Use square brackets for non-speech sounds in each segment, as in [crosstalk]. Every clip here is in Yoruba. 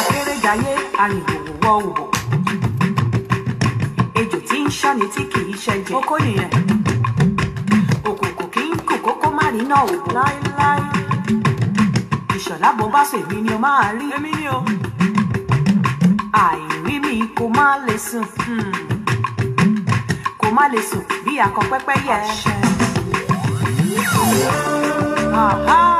akérèdáyé arìnrìn wọ òwò ejò tí ń ṣàní tí kì í ṣẹjẹ kókó nìyẹn òkòkò kì í kò kókó má rí náà òwò láéláé ìṣọ̀lá bó bá sọ ni o máa rí èmi ni o àìrí mi kò má lè sùn hmm. kò má lè sùn bí akọ pẹ́pẹ́yẹ. Ha ha!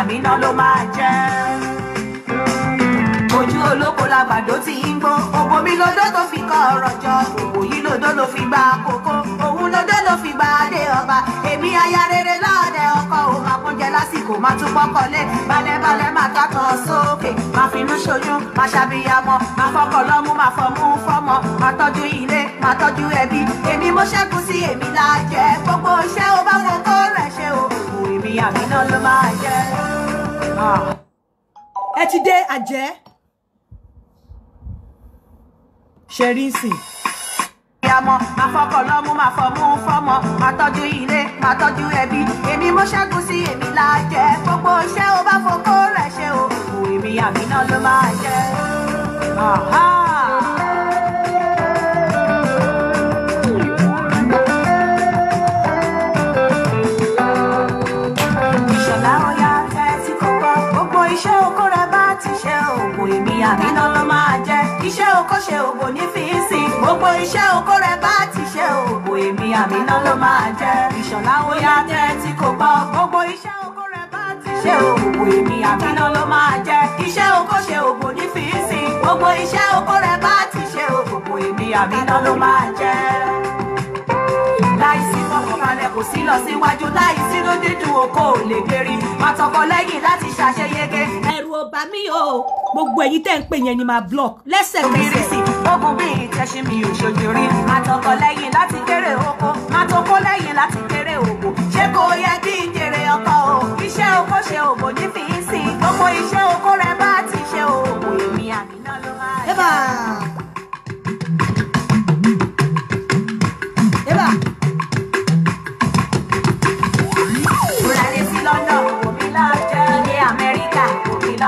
àmínà ló máa jẹ́. ojú olóko làgbàdo ti ń gbó òbomi lodó tó fi kọ ọ̀rọ̀ jọ òwò yìí ló fi gba kókó òun lodó ló fi gba adé ọba èmi aya rere lọ́ọ̀dẹ ọkọ òun àkúnjẹ lásìkò máa tún pọ́kọ́lé balẹ̀balẹ̀ máa tàkàn sókè máa finú ṣoyún máa ṣàbíyamọ máa fọkọ lọ́mú máa fọmú fọmọ máa tọ́jú ilé máa tọ́jú ẹbí èmi mo ṣẹ́kù sí èmi láàjẹ́ gbogbo iṣẹ́ ó bá wọn kó rẹ̀ ìyá mi náà ló máa jẹ́. ẹ ti dé àjẹ́ ṣerí sìn àmọ́ fọkọ̀ lọ́mú máa fọmú fọmọ máa tọ́jú ilé máa tọ́jú ẹbí èmi mo ṣẹ́gun sí èmi là gbogbo iṣẹ́ ó bá fokó rẹ̀ ṣe o èmi àmì náà ló máa jẹ. àmínà ló máa jẹ iṣẹ́ oko ṣe ògbò ní fíìsì gbogbo iṣẹ́ oko rẹ bá ti ṣe ògbò èmi àmínà ló máa jẹ ìṣọ̀lá oya tẹ tí kò gbọ́ gbogbo iṣẹ́ oko rẹ bá ti ṣe ògbò èmi àmínà ló máa jẹ iṣẹ́ oko ṣe ògbò ní fíìsì gbogbo iṣẹ́ oko rẹ bá ti ṣe ògbò èmi àmínà ló máa jẹ láìsí balẹ̀ kò sí lọ síwájú láì sínú dídùn oko lè bèrè àtọkọ lẹ́yìn láti ṣàṣeyege. ẹ̀rù ò bà o gbogbo ẹ̀yin tẹ́ ń pè yẹn ni máa block lẹ́sẹ̀ kẹsẹ̀. ogun bí ìtẹ̀sí mi ò ṣojú rí àtọkọ lẹ́yìn láti kéré oko àtọkọ lẹ́yìn láti kéré oko ṣé kò yẹ kí n jèrè ọkọ o iṣẹ́ oko ṣe òbò ní fi ń sìn gbogbo iṣẹ́ oko rẹ bá ti ṣe òbò èmi àmì náà ló máa yẹ.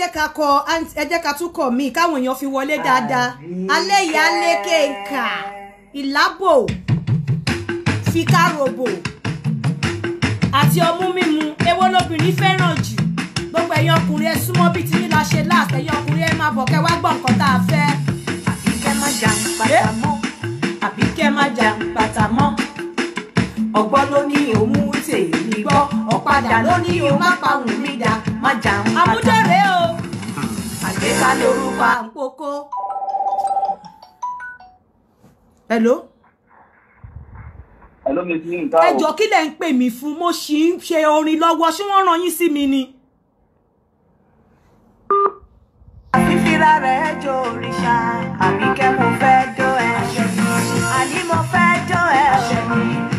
jẹ́ ká kọ ẹ jẹ́ ká tún kọ míì káwọn èèyàn fi wọlé dáadáa alẹ́ yìí alẹ́ kéka ìlábò fikarobo àti ọmú mímu èwo lobìnrin fẹ́ràn jù gbogbo ẹ̀yin ọkùnrin ẹ súnmọ́ bíi ti ní la ṣe láàtẹ̀ ẹ̀yin ọkùnrin ẹ máa bọ̀ kẹ́ wá gbọ́ nǹkan tá a fẹ́. àbí kẹ́ má jà ń pàtà mọ́ àbí kẹ́ má jà ń pàtà mọ́ ọ̀gbọ́n ló ní òun tèmi gbọ́ ọ̀padà ló ní òun má pa òun mi dà má jàun pátá. àmúdèrè o. àgbéká lorúkọ àpòkò. hello. hello mi ti ń ta o. ẹ kí lẹ ń pè mí fún mo ṣì ń ṣe orin lọ́wọ́ ṣé wọ́n rán yín sí mi ni. àfífíra rẹ̀ jó òrìṣà àbíkẹ́ mo fẹ́ jó ẹ àní mo fẹ́ jó ẹ o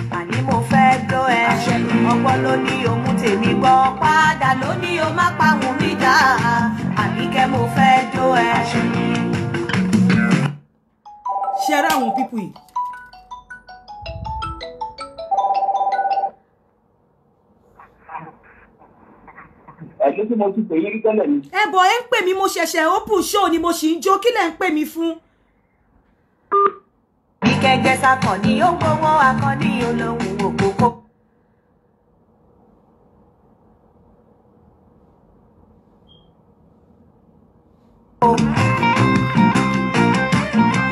ọ̀pọ̀ ló ní òun tèmi gbọ́ padà ló ní o má pa wùn mí dá àbíkẹ́ mo fẹ́ jó ẹ. ṣe ara àwọn pípù yìí. ẹ̀ṣẹ́ tí ni. ń pè mí mo ṣẹ̀ṣẹ̀ open show ni mo sì ń jó kí ń pè mí fún. bí kẹjẹ ni ó gbowó akọni olóhùn òkókó.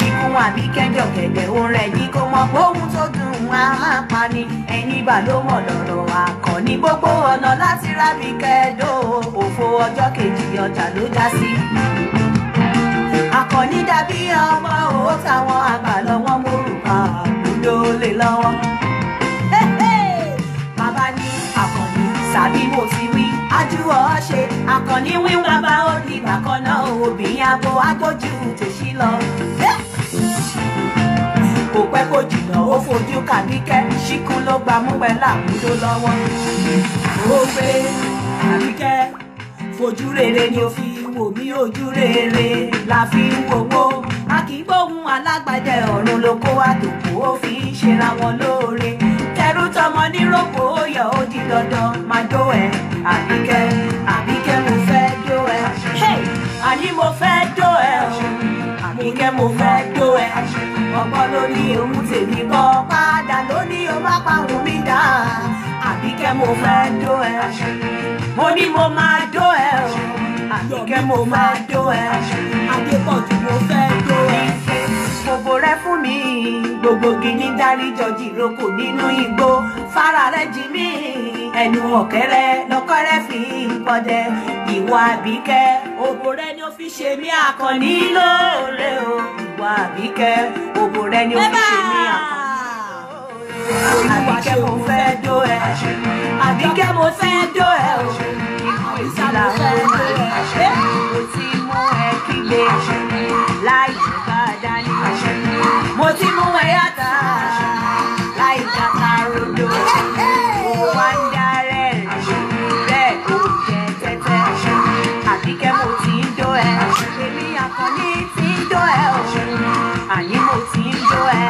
ikun àbí kẹ́jọ̀kẹ̀dẹ̀ ó rẹ̀ ní kó mọ̀ pé ohun tó dùn á pa ni ẹni bá ló mọ̀ lọ́rọ̀ àkànní gbogbo ọ̀nà láti rábì kẹ́dọ̀ òfo ọjọ́ kejì ọjà ló já sí. àkànní dàbí ọmọ òwò táwọn àgbà lọ́wọ́ mórùkà àbúdó lè lọ́wọ́. bàbá ní àkànní sàbí mo ti wí ajúwọ̀ ṣe àkànní wíwá bá orí bákan náà obìnrin abo agbójú tèṣí lọ. kò pẹ́ kó jìnnà ó fojú kàbíkẹ́ ṣíkún ló gba mú pẹ̀lú àmúdó lọ́wọ́. ó pé kàbíkẹ́ fojú rere ni ó fi wò mí ojú rere la fi ń wowó a alágbàjẹ ọ̀run ló kó àtòkù ó fi ń ṣera wọn lóore tẹrú tọmọ níròpò ó yọ ó di dandan máa jó ẹ àbíkẹ́ àbíkẹ́ mo fẹ́ jó ẹ àní mo fẹ́ jó ẹ o àbíkẹ́ mo fẹ́ jó ẹ ọ̀pọ̀ ló ní ohun tèmi kọ́ padà ló ní o mi dá àbíkẹ́ mo fẹ́ jó ẹ mo ní mo máa jó ẹ o àbíkẹ́ mo máa jó ẹ adépọ̀jù mo fẹ́ jó ẹ gbogbo rẹ fún mi gbogbo gini dáríjọ jìrókò nínú igbó fara rẹ jì mí ẹnu ọ̀kẹ́rẹ́ lọ́kọ́ rẹ fi kọdẹ ìwà àbíkẹ́ òbò rẹ ni ó fi ṣe mí àkànní lóore o ìwà àbíkẹ́ òbò rẹ ni ó fi ṣe mí àkànní àbíkẹ́ mo fẹ́ dó ẹ àbíkẹ́ mo fẹ́ dó ẹ o àbíkẹ́ mo fẹ́ dó mú ẹ kígbe láì mo ti mú ẹ yàtà láì jàkà rodo mo wá ń darẹ̀ bẹ́ẹ̀ kò jẹ tẹ́tẹ́ àbíkẹ́ mo ti ń dó ẹ èmi àkànní ti ń dó ẹ o àní mo ti ń dó ẹ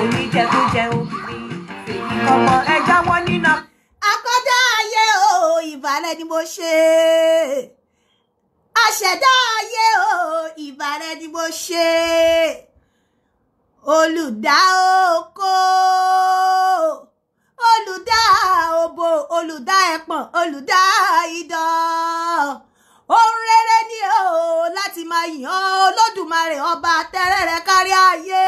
oníjẹkújẹ obìnrin fèyí kọ́kọ́ ẹ jáwọ́ nínà. akọ́dá ayé o ìbàlẹ̀ ni mo ṣe aṣẹ̀dá ayé o ìbàlẹ̀ ni mo ṣe olùdá oko olùdá obo olùdá ẹpọ̀n olùdá idán ohun rere ni o láti máa yàn olódùmarè ọba tẹrẹrẹ kárí ayé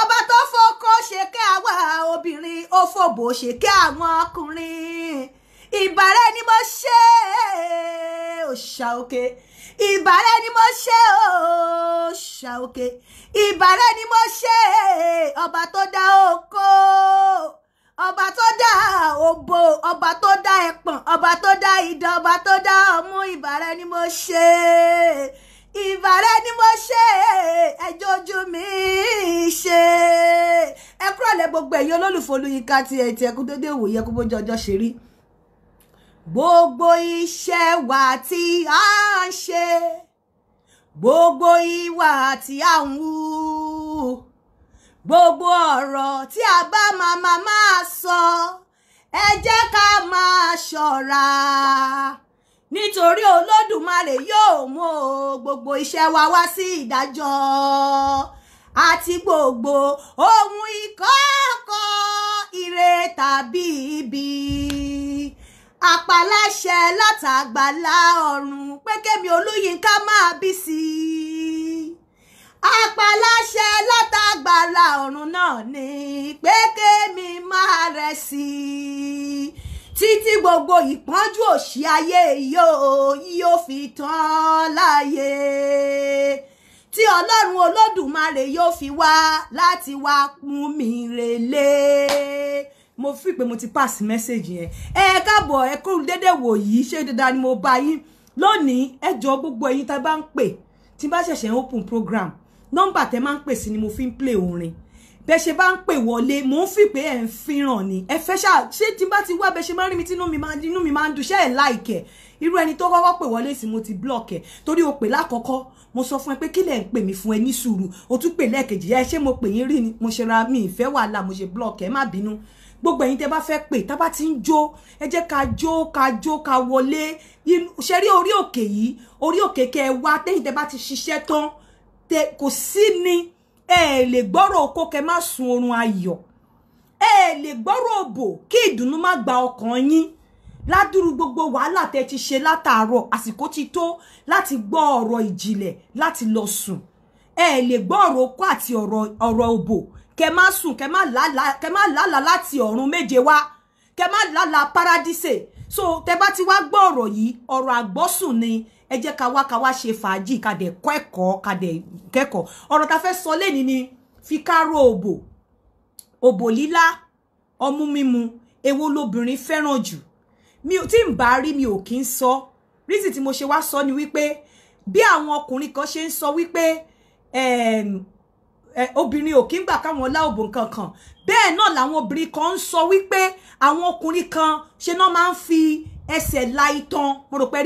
ọba tó fọkọ ṣèké àwa obìnrin ó fòbò ṣèké àwọn ọkùnrin ìbàrẹ ni mo ṣe òṣà òkè. Okay ìbàrẹ̀ ni mo ṣe o ṣàòkè ìbàrẹ̀ ni mo ṣe ọba tó dá oko ọba tó dá òbò ọba tó dá ẹpọ̀n ọba tó dá idán ọba tó dá ọmú ìbàrẹ̀ ni mo ṣe ìbàrẹ̀ ni mo ṣe ẹjọ́ ojú mi ṣe ẹ kúrọ̀lẹ́ gbogbo ẹ̀yin olólùfọ́ Olúyinká ti ẹ̀ tí ẹ kú dédé wòye kó bójú ọjọ́ ṣe rí gbogbo iṣẹ́ wa tí a ń ṣe gbogbo ìwà tí a ń hù gbogbo ọ̀rọ̀ tí a bá màmá máa sọ ẹ jẹ́ ká máa ṣọ́ra nítorí olódùmarè yóò mú gbogbo iṣẹ́ wa wá sí ìdájọ́ àti gbogbo ohun ìkọ̀kọ̀ ire tàbí ibi àpàláṣẹ látàgbàlá ọ̀run pé kémi olúyinká máa bí sí i àpàláṣẹ látàgbàlá ọ̀run náà ni pé kémi máa rẹ̀ sí i títí gbogbo ìpọ́njú òṣì ayé yóò yóò fi tán láyé tí ọlọ́run olódùmarè yóò fi wá láti wá mú mi relé mo fi pé mo ti pass message yẹn ẹ káàbọ̀ ẹ kó Dede wo yi ṣé dáadáa ni mo bá yín lónìí ẹ jọ gbogbo ẹ̀yin tá a bá ń pè tí bá open program nọ́mbà tẹ máa ń pè sí ni mo fi play orin Be ṣe bá ń pè wọlé mò ń fi pé ẹ̀ ń fìràn ni ẹ fẹ́ ṣáà ṣé tí bá ti wá bẹ́ẹ̀ ṣe máa ń rí mi tí inú mi máa ń dùn ṣé ẹ̀ láìkẹ̀ irú ẹni tó kọ́kọ́ pè wọlé sí mo ti block ẹ̀ torí o pè lakoko. mo sọ fún ẹ pé kí lẹ̀ ń pè mí fún ẹ ní sùúrù o tún pè lẹ́ẹ̀kejì ẹ ṣé mo pe yín rí ni mo ṣe ra mi ìfẹ́ wàhálà mo ṣe block ẹ ma binu gbogbo ẹ̀yin tẹ́ bá fẹ́ pè tá bá ti ń jó ẹ jẹ́ ká jó ká jó ká wọlé ṣe rí orí òkè yìí orí òkè kẹ ẹ wá tẹ́yìn tẹ́ bá ti ṣiṣẹ́ tán kò sí ni ẹ lè gbọ́rọ̀ okó kẹ má sun oorun ayọ̀ ẹ lè gbọ́rọ̀ òbò kí ìdùnnú má gba ọkàn yín ládùrú gbogbo wàhálà tẹ́ ti ṣe látàárọ̀ àsìkò ti tó láti gbọ́ ọ̀rọ̀ ìjìnlẹ̀ láti lọ sùn ẹ lè gbọ́ ọ̀rọ̀ okó àti ọ̀rọ̀ òbò kẹ má sùn kẹ má lálàá kẹ má lálàá láti ọ̀run méje wá kẹ má lálàá paradíṣe so tẹ bá ti wá gbọ́ ọ̀rọ̀ yìí ọ̀rọ̀ àgbọ́sùn ni ẹ jẹ́ ká wá ká wá ṣe fàájì ká dẹ̀ kọ́ ẹ̀kọ́ ká dẹ̀ kẹ́kọ̀ọ́ ta fẹ́ sọ lẹ́ni ni fi káró òbò òbò lílá ọmú mímu èwo lobìnrin fẹ́ràn jù mi ò tí ń bá rí mi ò kí ń reason tí mo ṣe wá sọ ni wípé bí àwọn ọkùnrin kan ṣe ń sọ wípé Eh, obìnrin ò kí ń gbà káwọn láòbò nǹkan kan bẹ́ẹ̀ náà làwọn obìnrin kan ń sọ wípé àwọn ọkùnrin kan ṣe náà máa ń fi ẹsẹ̀ la itan mo rò pé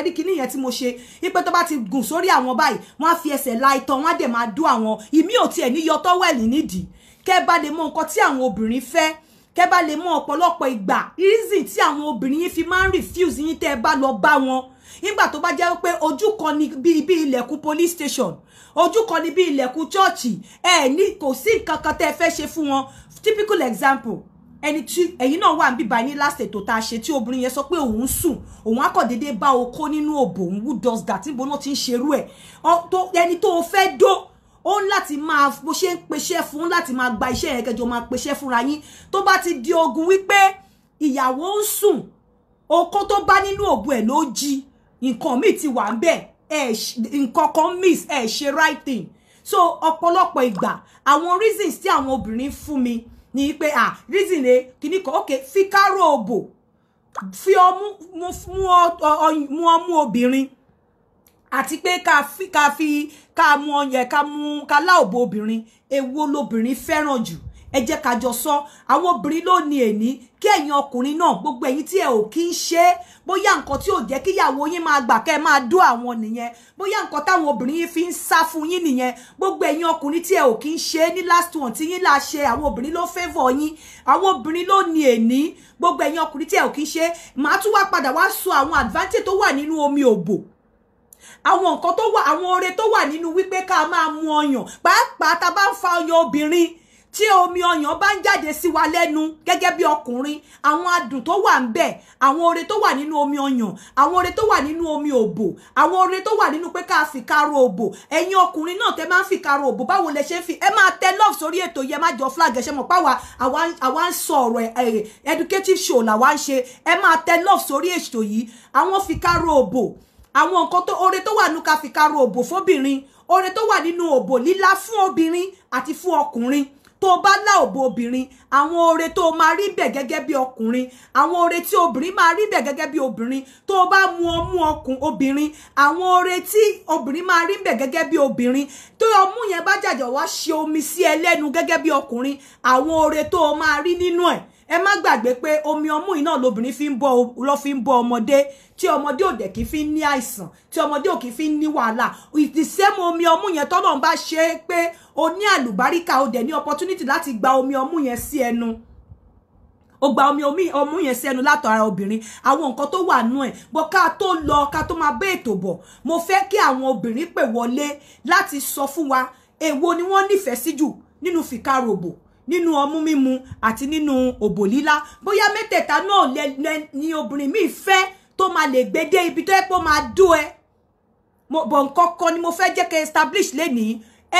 ẹrí kíní yẹn tí mo ṣe wípé tó bá ti gùn sórí àwọn báyìí wọ́n á fi ẹsẹ̀ la itan wọ́n á dẹ̀ máa dún àwọn ìmí ò tiẹ̀ níyọ tọ́wẹ̀lì nídìí kẹ́ bá lè mọ nǹkan tí àwọn obìnrin fẹ́ kẹ́ bá lè mọ ọ̀pọ̀lọpọ̀ ìgbà reason tí àwọn obìnrin yín fi máa ń refuse yín tẹ́ ẹ bá lọ bá wọn nígbà tó bá jẹ́ pé ojú kan ni bí ilẹ̀kùn police station ojú kan níbi ilẹ̀kùn chọ́ọ̀chì ẹ ní kò sí nǹkan kan tẹ́ ẹ fẹ́ ṣe fún wọn typical example ẹni tí ẹ̀yin náà wà ń bíbá yín last ètò tá a ṣe tí obìnrin yẹn sọ pé òun sùn òun akọ̀dédé bá okó nínú òbò òun who does that níbo náà ti ń ṣerú ẹ̀ ẹni tó o fẹ́ dó ó ń láti máa bó ṣe ń peṣẹ́ fún láti máa gba iṣẹ́ yẹn kẹjọ máa peṣẹ́ fúnra yín tó bá ti di ogun wípé ìyàwó ń sùn okó tó bá nínú òbu ẹ̀ ló jí nǹkan míì ti wà ń bẹ̀ nǹkan kan miss ẹ ṣe right thing so ọ̀pọ̀lọpọ̀ ìgbà àwọn reasons tí àwọn obìnrin fún mi ni pé ah reason e kìíní kan ok fi káró òbò fi ọmú mu ọmú obìnrin àti pé ká fi ká fi ká mu ọyàn ká mu ká lá òbò obìnrin èwo lobìnrin fẹ́ràn jù ẹ jẹ́ ká jọ sọ àwọn obìnrin ló ní èní kí ẹ̀yin ọkùnrin náà gbogbo ẹ̀yin tí ẹ ò kí ń ṣe é bóyá nǹkan tí ò jẹ́ kíyàwó yín máa gbà kẹ́ ẹ máa dó àwọn nìyẹn bóyá nǹkan táwọn obìnrin yín fi ń sá fún yín nìyẹn gbogbo ẹ̀yin ọkùnrin tí ẹ ò kí ń ṣe é ní last one tí yín là ṣe àwọn obìnrin ló favour yín àwọn obìnrin ló ní èní gbogbo ẹ̀yin ọkùnrin tí ẹ ò kí ń ṣe é màá tún wá padà wá sọ àwọn advantage tó wà nínú omi òbò àwọn nǹkan tó wà àwọn oore tó wà nínú wípé ká máa mu ọyàn pàápàá ta bá ń fa ọyàn obìnrin tí omi ọyàn bá ń jáde sí wa lẹ́nu gẹ́gẹ́ bí ọkùnrin àwọn adùn tó wà ń bẹ̀ àwọn oore tó wà nínú omi ọyàn àwọn oore tó wà nínú omi òbò àwọn oore tó wà nínú pé ká fi karo òbò ẹ̀yin ọkùnrin náà tẹ́ máa fi karo òbò báwo lẹ ṣe fi ẹ máa tẹ love sórí ètò yìí ẹ má flag ẹ ṣe mọ̀ páwa àwa ń sọ educative show la wa ṣe ẹ máa tẹ love sórí ètò yìí àwọn fi karo òbò àwọn nǹkan tó oore tó wà nínú ká fi karo òbò fóbìnrin oore tó wà nínú òbò lílá fún obìnrin àti fún ọkùnrin tó bá láòbò obìnrin àwọn oore tó máa rí bẹ̀ gẹ́gẹ́ bí ọkùnrin àwọn oore tí obìnrin máa rí bẹ̀ gẹ́gẹ́ bí obìnrin tó bá mu ọmú ọkùn obìnrin àwọn oore tí obìnrin máa rí bẹ̀ gẹ́gẹ́ bí obìnrin tó ọmú yẹn bá jàjọ̀ wá ṣe omi sí ẹlẹ́nu gẹ́gẹ́ bí ọkùnrin àwọn oore tó máa rí nínú ẹ̀ ẹ má gbàgbé pé omi ọmú iná lobìnrin fi ń bọ́ lọ fi ń bọ́ ọmọdé tí ọmọdé ò dẹ̀ kì í fi ní àìsàn tí ọmọdé ò kì fi ní wàhálà ìdìsẹ́mu omi ọmú yẹn tọ́nà ń bá ṣe é pé o ní àlùbáríkà o dẹ̀ ní opportunity láti gba omi ọmú yẹn sí ẹnu ó gba omi omi ọmú yẹn sẹ́nu látọ̀ ara obìnrin àwọn nǹkan tó wà nú ẹ̀ bọ́ ká tó lọ ká tó máa bẹ́ ètò bọ̀ mo fẹ́ kí àwọn obìnrin pè wọlé láti sọ fún wa èwo ni wọ́n nífẹ̀ẹ́ sí jù nínú fìkáròbò nínú ọmú mímu àti nínú òbò lílá bóyá mẹ́tẹ̀ẹ̀ta náà lẹ ni obìnrin mi fẹ́ tó máa lè gbé dé ibi tó yẹ pé ó máa dún ẹ mo bọ̀ nǹkan kan ni mo fẹ́ jẹ́ kẹ́ establish lénìí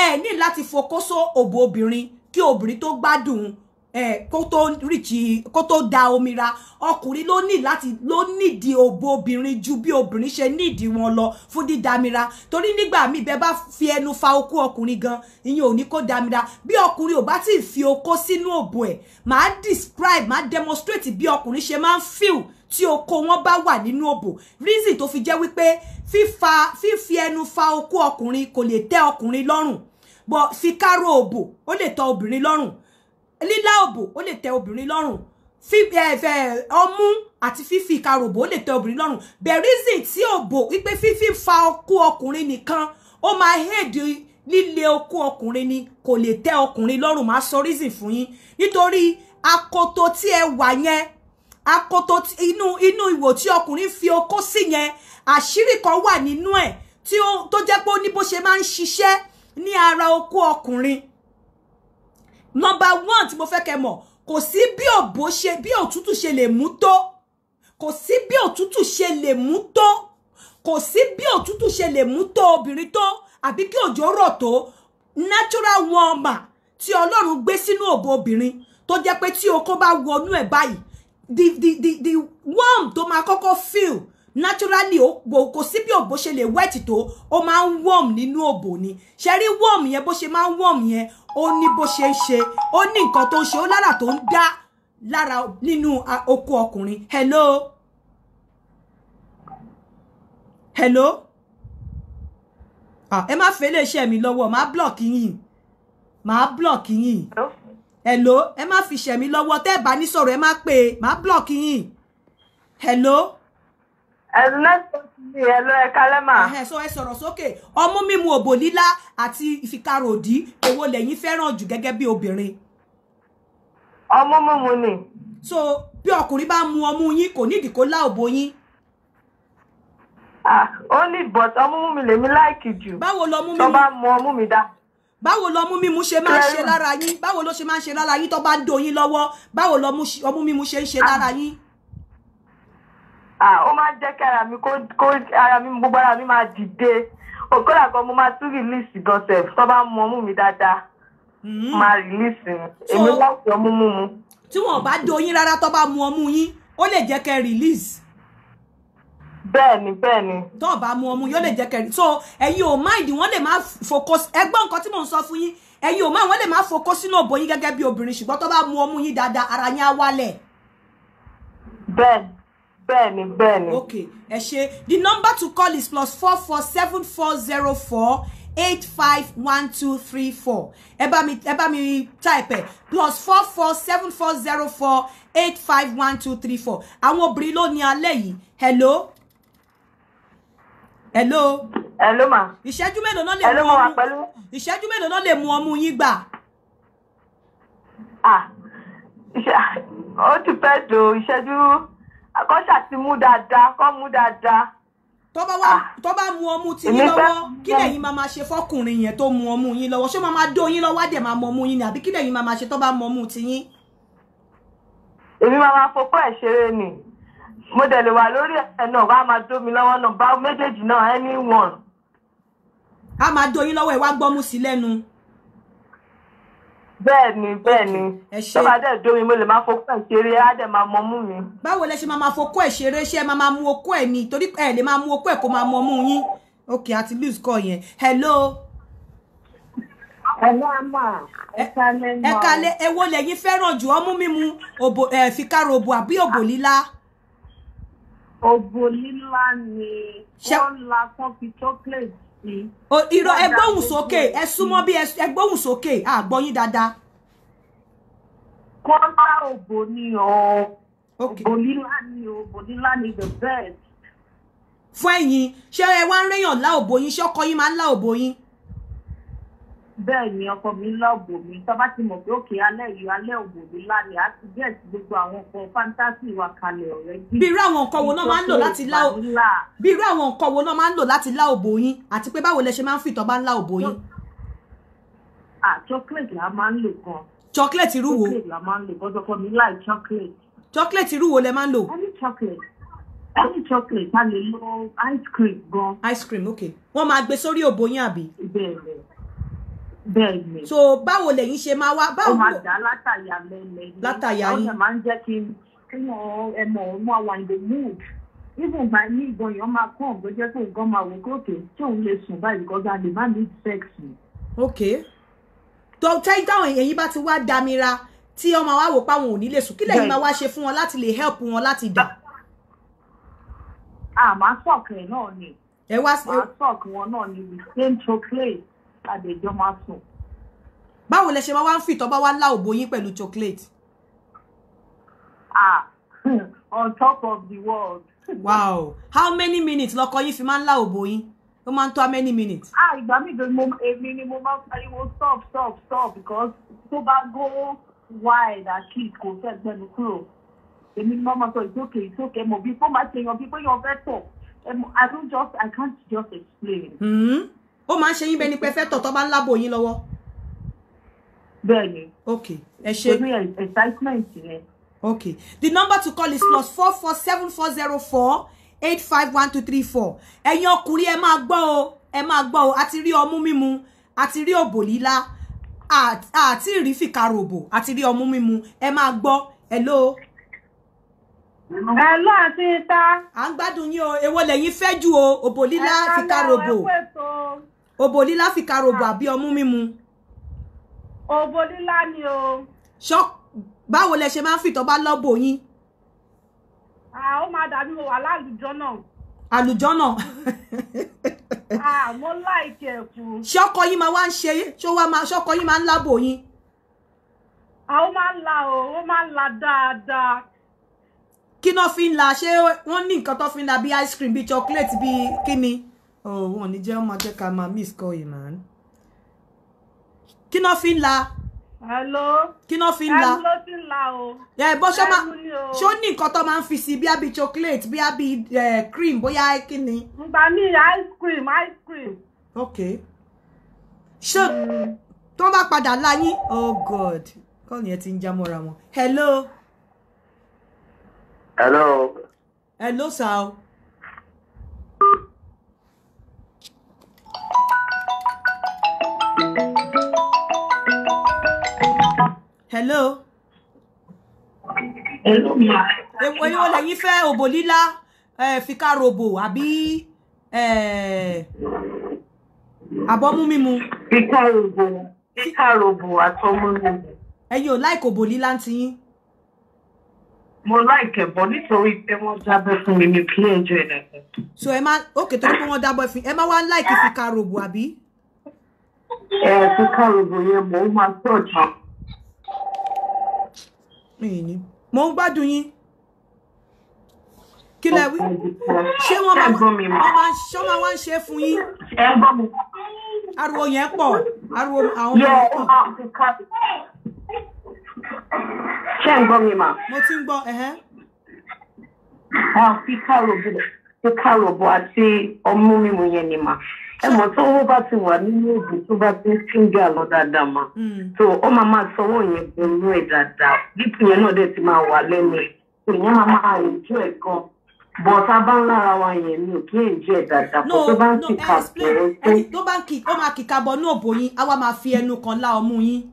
ẹ ní láti fokó só òbò obìnrin kí obìnrin tó gbádùn eh, kó tó ríkì kó tó da omi ra ọkùnrin ló ní láti ló nídìí òbo obìnrin ju bí obìnrin ṣe nídìí wọn lọ fún dídamira torí nígbà míì bẹ́ẹ̀ bá fi ẹnu fa okó ọkùnrin gan ìyẹn ò ní kó damira bí ọkùnrin ò bá ti fi okó sínú òbo ẹ̀ máa describe máa demonstrate bí ọkùnrin ṣe máa ń feel tí okó wọn bá wà nínú òbò reason tó fi jẹ́ wípé fífa fífi ẹnu fa okó ọkùnrin kò lè tẹ́ ọkùnrin lọ́rùn but fi káró òbò ó lè tọ́ obìnrin lọ́rùn lílá òbò ó lè tẹ obìnrin lọ́rùn ọmú àti fífi ìkaròbò ó lè tẹ obìnrin lọ́rùn bẹ̀rízì tí òbò wípé fífi fa okó ọkùnrin nìkan ó máa hèdè líle okó ọkùnrin ni kò lè tẹ ọkùnrin lọ́rùn máa sọ reason fún yín nítorí akoto tí ẹ wà yẹn akoto inú inú ìwò tí ọkùnrin fi okó sí yẹn àṣírí kan wà nínú ẹ̀ tí ó tó jẹ́ pé ó ní bó ṣe máa ń ṣiṣẹ́ ní ara okó ọkùnrin number one tí mo fẹ́ kẹ́ mọ̀ kò sí bí òbó ṣe bí òtútù ṣe lè mú tó kò sí bí òtútù ṣe lè mú tó kò sí bí òtútù ṣe lè mú tó obìnrin tó àbí kí òjò rọ̀ tó natural warmer Ti ọlọ́run gbé sínú òbò obìnrin tó jẹ́ pé tí okó bá wọnú ẹ̀ báyìí the the the the warm tó máa kọ́kọ́ feel naturally kò sí bí òbò ṣe lè wet tó ó máa warm nínú òbò ni ṣe rí warm yẹn bó ṣe máa warm yẹn ó ni bó ṣe ń ṣe ó ní nǹkan tó ń lara. ó lára tó ń dá oko ọkùnrin hello hello ah ẹ má fẹ́ lè ṣe mi lọ́wọ́ màá block yín màá block yín hello ẹ má fi ṣe mi lọ́wọ́ tẹ́ ẹ bá ní sọ̀rọ̀ Ma má pè block yín hello? ẹ̀lọ́ ẹ̀ka lẹ́mà. ẹ̀hẹ̀ sọ ẹ sọ̀rọ̀ sókè ọmú mímu òbò lílá àti ìfikaròdí èwo lẹ́yìn fẹ́ràn jù gẹ́gẹ́ bí obìnrin. ọmú mímu ni. so bí ọkùnrin bá mu ọmú yín kò nídìí kó lá òbò yín. Ah, ó ní but ọmú mímu lèmi láìkì jù. báwo lọ mú mímu. tó bá mu ọmú mi dá. báwo lọ mú mímu ṣe máa ń ṣe lára yín báwo ló ṣe máa ń ṣe lára yín tó bá ń do yín lọ́wọ́ báwo lọ mú mímu ṣe ń ṣe ah. lára yín. Ah Ah, ó máa ń jẹ́ kí ara mi kó ara mi gbogbo ara mi máa dìde òkúra kan mo máa tún rìlíìsì gan sef tó bá mú ọmú mi dáadáa hmm. máa rìlíìsì èmi wọ́n fi ọmú mú mu. tí wọn bá doyin rárá tó bá mu ọmú yín ó lè jẹ́ kẹ́ rìlíìsì bẹ́ẹ̀ni bẹ́ẹ̀ni. tó o bá mu ọmú yóò lè jẹ kẹrin so ẹ̀yin ò má ìdí wọn lè má focus ẹ̀gbọ́n nǹkan tí mò ń sọ fún yín ẹ̀yin ò má wọn lè má focus sínú òbò yín gẹ́gẹ́ bí obìnrin ṣùgbọ́n tó bá mu ọmú yín dáadáa ara yín á wálẹ̀. bẹ́ẹ̀ni bẹ́ẹ̀ni bẹ́ẹ̀ni. okay ẹ ṣe the number to call is plus four four seven four zero four eight five one two three four ẹ bá mi ẹ bá mi type ẹ plus four four seven four zero four eight five one two three four àwọn obìnrin ló ní alẹ́ yìí hello hello. hello ma. ìṣẹ́jú mélòó náà lè mú ọmú hello ma wà pẹ̀lú. ìṣẹ́jú mélòó náà lè mú ọmú yín gbà. ah ìṣe ó ti pẹ́ tó ìṣẹ́jú àkọ́ṣà ti mú dáadáa kọ́ mú dáadáa. tó bá wá ah. tó bá mu ọmú ti yín lọ́wọ́ kí lẹ́yìn máa máa ṣe fọ́kùnrin yẹn tó mu ọmú yín lọ́wọ́ ṣé máa máa dó yín lọ́wọ́ á máa mu ọmú yín ni àbí kí lẹ́yìn máa máa ṣe tó bá mu ọmú ti yín. èmi máa máa fọkọ́ ẹ̀ ṣeré ni mo dẹ̀ lè wà lórí ẹ̀ náà wá máa dó mi lọ́wọ́ náà bá méjèèjì náà anyone. a máa dó yín lọ́wọ́ ẹ̀ wá gbọ́mú sí lẹ́nu bẹ́ẹ̀ni bẹ́ẹ̀ni tó bá dẹ domi mo lè máa fokó ẹ ṣeré á dẹ máa mọmú mi. báwo lẹ ṣe máa máa fokó ẹ ṣeré ṣe máa máa mú okó ẹ ni torí ẹ lè máa mú okó ẹ kó máa mọmú yín ok àti lose call yẹn hello. hello ama ẹ kalẹ ẹ wo lẹ̀yin fẹ́ràn jù ọmú mímu òbò ẹ fìkàrọ òbò àbí òbò lílá. òbò lílá ni wọ́n la kán fi chocolate irọ́ ẹ gbóhùn sókè ẹ súnmọ́ bí ẹ gbóhùn sókè a gbọ́ yín dáadáa. kọ́ńtà òbò ni o òbò lílá ni o òbò ni the best. fún ẹ̀yin ṣé ẹ wá ń réyàn lá òbò yín ṣé ọkọ yín máa ń lá òbò yín bẹ́ẹ̀ ni ọkọ mi lọ́ọ̀bù mi tọ́ba ti mọ̀ pé òkè alẹ́ ìlú alẹ́ òbò mi lálẹ́ díẹ̀ sí gbogbo àwọn nǹkan fáńtásì wa kalẹ̀ ọ̀rẹ́ bí. bí irú àwọn nǹkan wo náà máa ń lò láti lá òbò bí irú àwọn nǹkan wo náà máa ń lò láti lá òbò yín àti pé báwo lẹ ṣe máa ń fi ìtọ́ba ńlá òbò yín. à ah, chocolate la máa ń lò gan. chocolate irú wo chocolate la máa ń lò gbọ́dọ̀ kọ́ mi láì chocolate. chocolate irú wo lẹ máa ń lò. any chocolate any chocolate a lè lo ice cream gan. ice cream ok wọ́n máa gbé sórí òbò yín àbí. bẹ́ẹ̀ bẹ́ẹ̀ni so báwo lẹ̀yin ṣe máa wá báwo. ó máa dá látàyà lẹ́lẹ́ yìí látàyà yìí ó máa ń jẹ́ kí ẹ mọ̀ ọ́ mọ́ àwọn in the mood even by me gan yan máa kàn bó jẹ́ pé nǹkan máa wò kókè tí òun lè sùn báyìí kọ́gá lè má ní sẹ́ẹ̀sì. ok tó tẹ́yìn táwọn èyí bá ti wá damira tí ọmọ wa wò páwọn ò ní lè sùn kí lẹ́yìn máa wá ṣe fún wọn láti lè help wọn láti dà. Ah, àmọ́ sọ̀kẹ̀ náà ni ẹ wá sọ̀kẹ̀ wọn náà ni we came to play ká lè máa sùn. báwo lẹ ṣe máa wá ń fìtọ́ bá wá lá òbò yín pẹ̀lú chocolate. ah [laughs] on top of the world. [laughs] wow how many minutes lọkọ yín fi máa ń lá òbò yín ó máa ń tó how many minutes. ah ìgbà mi gan mo èmi ni mo máa ń pariwo stop stop stop because tó bá go wide at least kò fẹ́ gbẹnu kúrò èmi ni wọ́n máa sọ ìsókè ìsókè mo bí fún máa ṣe yan bí pé yan fẹ́ tọ̀ I don't just I can't just explain. Mm -hmm ó máa ń ṣe yín bẹ́ẹ̀ ni pé fẹ́ tọ̀tọ̀ bá ń lábò yín lọ́wọ́. bẹ́ẹ̀ni. ok ẹ ṣe. torí excitement yẹn. ok the number to call is plus four four seven four zero four eight five one two three four ẹ̀yin ọkùnrin ẹ máa gbọ́ o ẹ máa gbọ́ o a ti rí ọmú mímu a ti rí òbò lílá àti rí fìkaròbò a ti rí ọmú mímu ẹ máa gbọ́ hello. Hello àti ìta. À ń gbádùn yín o, èwo lẹ̀yin fẹ́ jù o, òbò lílá, fìkaròbò. Hello, ẹ kú ètò obolila lílá sì ka robò ah. àbí ọmú mímu. òbò lílá ni o. ṣọ́ báwo lẹ ṣe máa ń fìtọ́ bá lọ́bò yín. Ah, ó máa dàbí mo wà lálùjọ náà. àlùjọ náà. Ah, mo láìkí ẹ̀kú. ṣọ́kọ yín máa wá ń ṣe ṣọ́kọ yín máa ń lábò yín. ó máa ń la o ó máa ń la dáadáa kí náà fi ń la ṣé wọ́n ní nǹkan tó fi ń la bí ice cream bí chocolate bí kíni òun oh, ò ní jẹ́ ọmọ jẹ́ ká máa miss call yìí man. kí náà fi ń la. hello. kí náà fi ń la. hello ti ń la o. ẹ bó ṣe máa ṣé ó ní nǹkan tó máa ń fi sí bí àbí chocolate bí àbí cream bóyá kí ni. ngbà mí ice cream ice cream. ok ṣé tó bá padà láyín oh god kọ́ọ̀nù yẹn ti ń já mọ́ra wọn. hello. hello. hello sir. hello. hello ma. èwo ni wọn lẹ́yìn fẹ́ òbò lílá eh, fikarobo àbí àbọ̀mú eh, mímu. fikarobo fikarobo àtọmú mímu. ẹ̀yin eh, ò láìkò òbò lílá ti yín. mo láìkẹ̀ e, bọ̀ nítorí pé wọ́n jábọ̀ fún mi ní kílẹ̀ ẹjọ́ ẹ̀dẹ̀kẹ́. so ẹ má òkè tó ní pé wọ́n jábọ̀ fún ẹ má wá láìkì fikarobo àbí. ẹ robo yẹn mò ń máa tọ́jà ìní mò ń gbádùn yín kí lẹ wí ṣé wọn máa wá ń ṣe fún yín ariwo yẹn pọ̀ ariwo àwọn ọmọ yẹn pọ̀. ṣé ń gbọ́ mi mà. mo ti ń gbọ́ ẹ̀hẹ́. fi kárò bò àti ọmú mímu yẹn ni mà. ẹmọ tó owó bá ti wà nínú tó bá ti ń hmm. so ó máa máa sanwó yẹn ẹ̀ dáadáa bípù yẹn wà lẹ́nu máa ẹ̀ bọ̀ bá ń lára wa yẹn mi ò kí ẹ̀ dáadáa tó bá ń eh, tó. bá ń kí ó fi ẹnu kan lá ọmú yẹn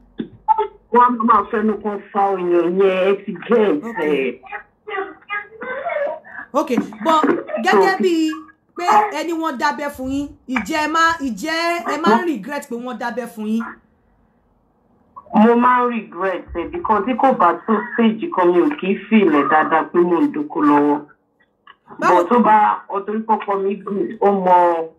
ẹ ti ok gẹ́gẹ́ bíi pé ẹni wọ́n dábẹ́ fún yín ìjẹ́ ẹ má ìjẹ́ ẹ má regret pé wọ́n dábẹ́ fún yín. mo máa ń regret ẹ because tí kò bá tó stage kan mi ò kì í fi ilẹ̀ dáadáa pé mo ń doko lọ́wọ́ bọ̀ tó bá ọtọ́rí pọ́pọ́ mi gùn ó mọ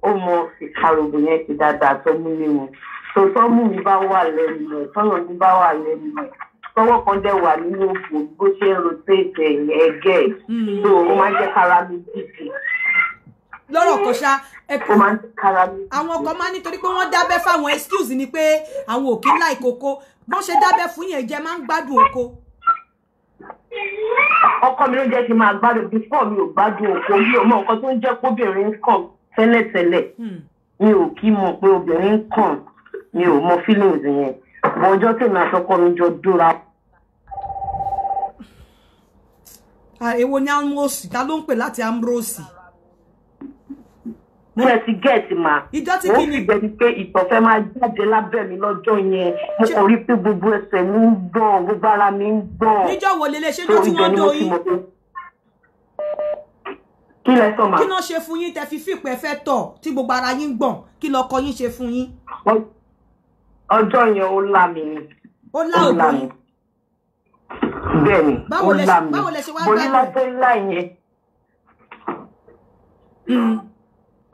ó mọ ìkarògùn yẹn ti dáadáa tó mú mi wọn tó tọ́mú mi bá wà lẹ́nu rẹ̀ tọ́rọ̀ mi bá wà lẹ́nu rẹ̀ tọwọ́ kan dẹ̀ wà nínú òfò bó ṣe ń rotate ẹ̀gẹ́ ẹ̀ tó hmm. o máa jẹ́ kára mi dìde lọ́rọ̀ kan ṣá àwọn kan máa nítorí pé wọ́n dábẹ́ fáwọn excuse ni pé àwọn òkè láì koko bọ́n ṣe dábẹ́ fún yẹn jẹ́ máa ń gbádùn oko. ọkọ mi ló jẹ́ kí n máa gbádùn bífọ́ mi ò gbádùn oko mi ò mọ nǹkan tó ń jẹ́ kóbìnrin ń kàn tẹ́lẹ̀tẹ́lẹ̀ hmm. mi ò kí mọ̀ pé obìnrin ń kàn mi ò mọ feelings yẹn bọ́ ọjọ́ tèmi àtọkọ mi jọ dóra. èwo ni ambrose ta ló ń pè láti ambrose mo ẹ ti gẹẹti ma mo fi gbẹni pé ìtọ̀fẹ́ máa jáde lábẹ́ mi lọ́jọ́ yẹn mo kàn rí pé gbogbo ẹsẹ̀ mi ń gbọ̀n gbogbo ara mi ń gbọ̀n níjọ́ wo lè lè ṣe ló ti wọ́n dó yín kí lẹ sọ ma kí lọ ṣe fún yín tẹ fi fìpẹ́ fẹ́ tọ̀ tí gbogbo ara yín gbọ̀n kí lọkọ yín ṣe fún yín. ọjọ́ yẹn ó lá mi ni ó lá òkú yín bẹ́ẹ̀ni ó lá mi mo ní lọ́jọ́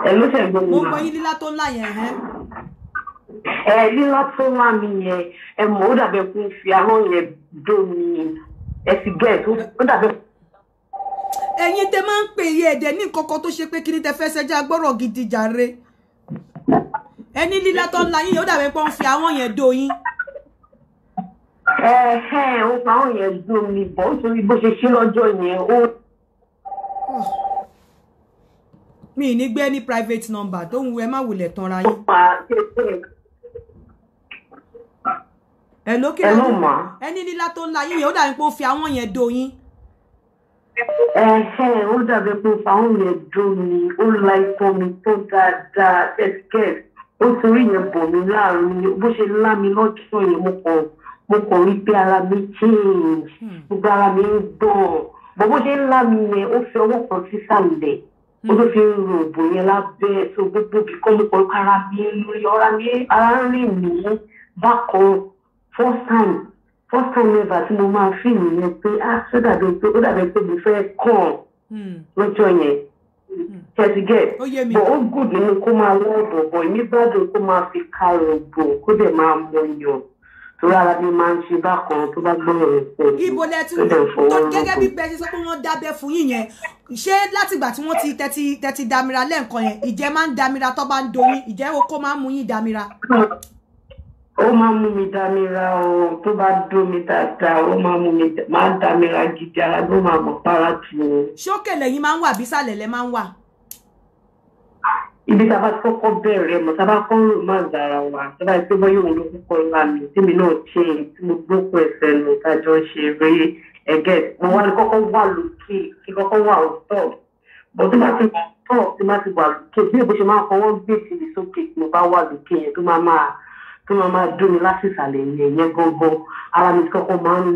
ẹ ló ṣe gbogbo mo gbọ́ yín lílá tó ńlá yẹn hẹ́. ẹ lílá tó ńlá mi yẹn ẹ mọ̀ ó dàbẹ̀ kó fi ahọ́n yẹn dó mi ẹ sì gẹ̀ ó dàbẹ̀. ẹ̀yin tẹ máa ń pè yé ẹdẹ ní kọkọ tó ṣe pé kí ni tẹ fẹ́ ṣẹjá gbọ́rọ̀ gidi jàre ẹni lílá tó ńlá yín ó dàbẹ̀ pé fi ahọ́n yẹn dó yín ẹ̀hẹ́n ó pa àwọn yẹn dùn mí bọ́ nítorí bó ṣe ṣí lọ́jọ́ yẹn ó. Ah mi ì ní gbé ní private number tó ń wu ẹ má wulẹ̀ tanra yín. ẹ lókè ọdún ẹni nílá tó ń la yín yẹn ó dàbí pé ó fi àwọn yẹn do yín. ẹ ẹ ó dàbí pé ó fi àwọn yẹn do mi ó la ikọ mi tó dáadáa ẹsikẹt ó torí yẹn bọ̀ mí láàrin bó ṣe lá mi lọ́jọ́ yẹn mo kọ̀ mo kọ̀ rí pé ara mi change hmm. gbogbo ara mi ń gbọ̀n bọ̀ bó ṣe ń lá mi yẹn ó fi ọwọ́ kan sísàlẹ̀ ó ló fi ń ro òbò yẹn lábẹ́ tó gbogbo bí kọ́ ló kọ́ ara mi lórí ọ̀rá mi ara ń rìn mí bákan first time first time ever tí mo máa fi ìyẹn pé á ah, ó dàbí pé ó dàbí pé mo fẹ́ kàn hmm. lọ́jọ́ yẹn hmm. tẹ̀sígẹ̀ bọ̀ ó gùn nínú kó máa wọ́ ọ̀bọ̀ bọ̀ nígbàdùn kó máa fi ka rògbò kó dẹ̀ máa mọ̀yàn torí ara mi máa ń ṣe bákan tó bá gbọ́rọ̀ rẹ̀ pẹ̀lú ibo lẹ́tí gẹ́gẹ́ bí pẹ́ẹ́sì sọ pé wọ́n dábẹ́ fún yín yẹn ṣé látìgbà tí wọ́n ti tẹ́tí tẹ́tí damira lẹ́ǹkan yẹn ìjẹ́ máa ń damira tó bá ń doyún ìjẹ́ oko máa ń mú yín damira. ó máa ń mú mi damira o tó bá dún mi dáadáa ó máa ń mú mi máa ń damira gidi ara ló máa mọ̀ para tù ú. ṣókè lẹ́yìn máa ń wà bísàlẹ̀ lẹ́ máa ń wà ibi tá a bá kọ́kọ́ bẹ̀rẹ̀ mọ̀ tá a bá kọ́ rò má dára wa tó bá yẹ pé bọ́yọ̀ òun ló kọ́kọ́ ńlá mi tèmi náà ṣe tí mo gbókùn ẹsẹ̀ nù tájọ ṣe eré ẹ̀gẹ́ mo wá ní kọ́kọ́ wà lókè kí kọ́kọ́ wà ọ̀tọ̀ bọ́ tó bá ti wà ọ̀tọ̀ tí má ti wà lókè bí èbó ṣe máa fọwọ́ gbèsè mi sókè tí mo bá wà lókè yẹn tó máa máa tó máa máa dún mi láti ìsàlẹ̀ yẹn gangan ara mi kọ́kọ́ máa ń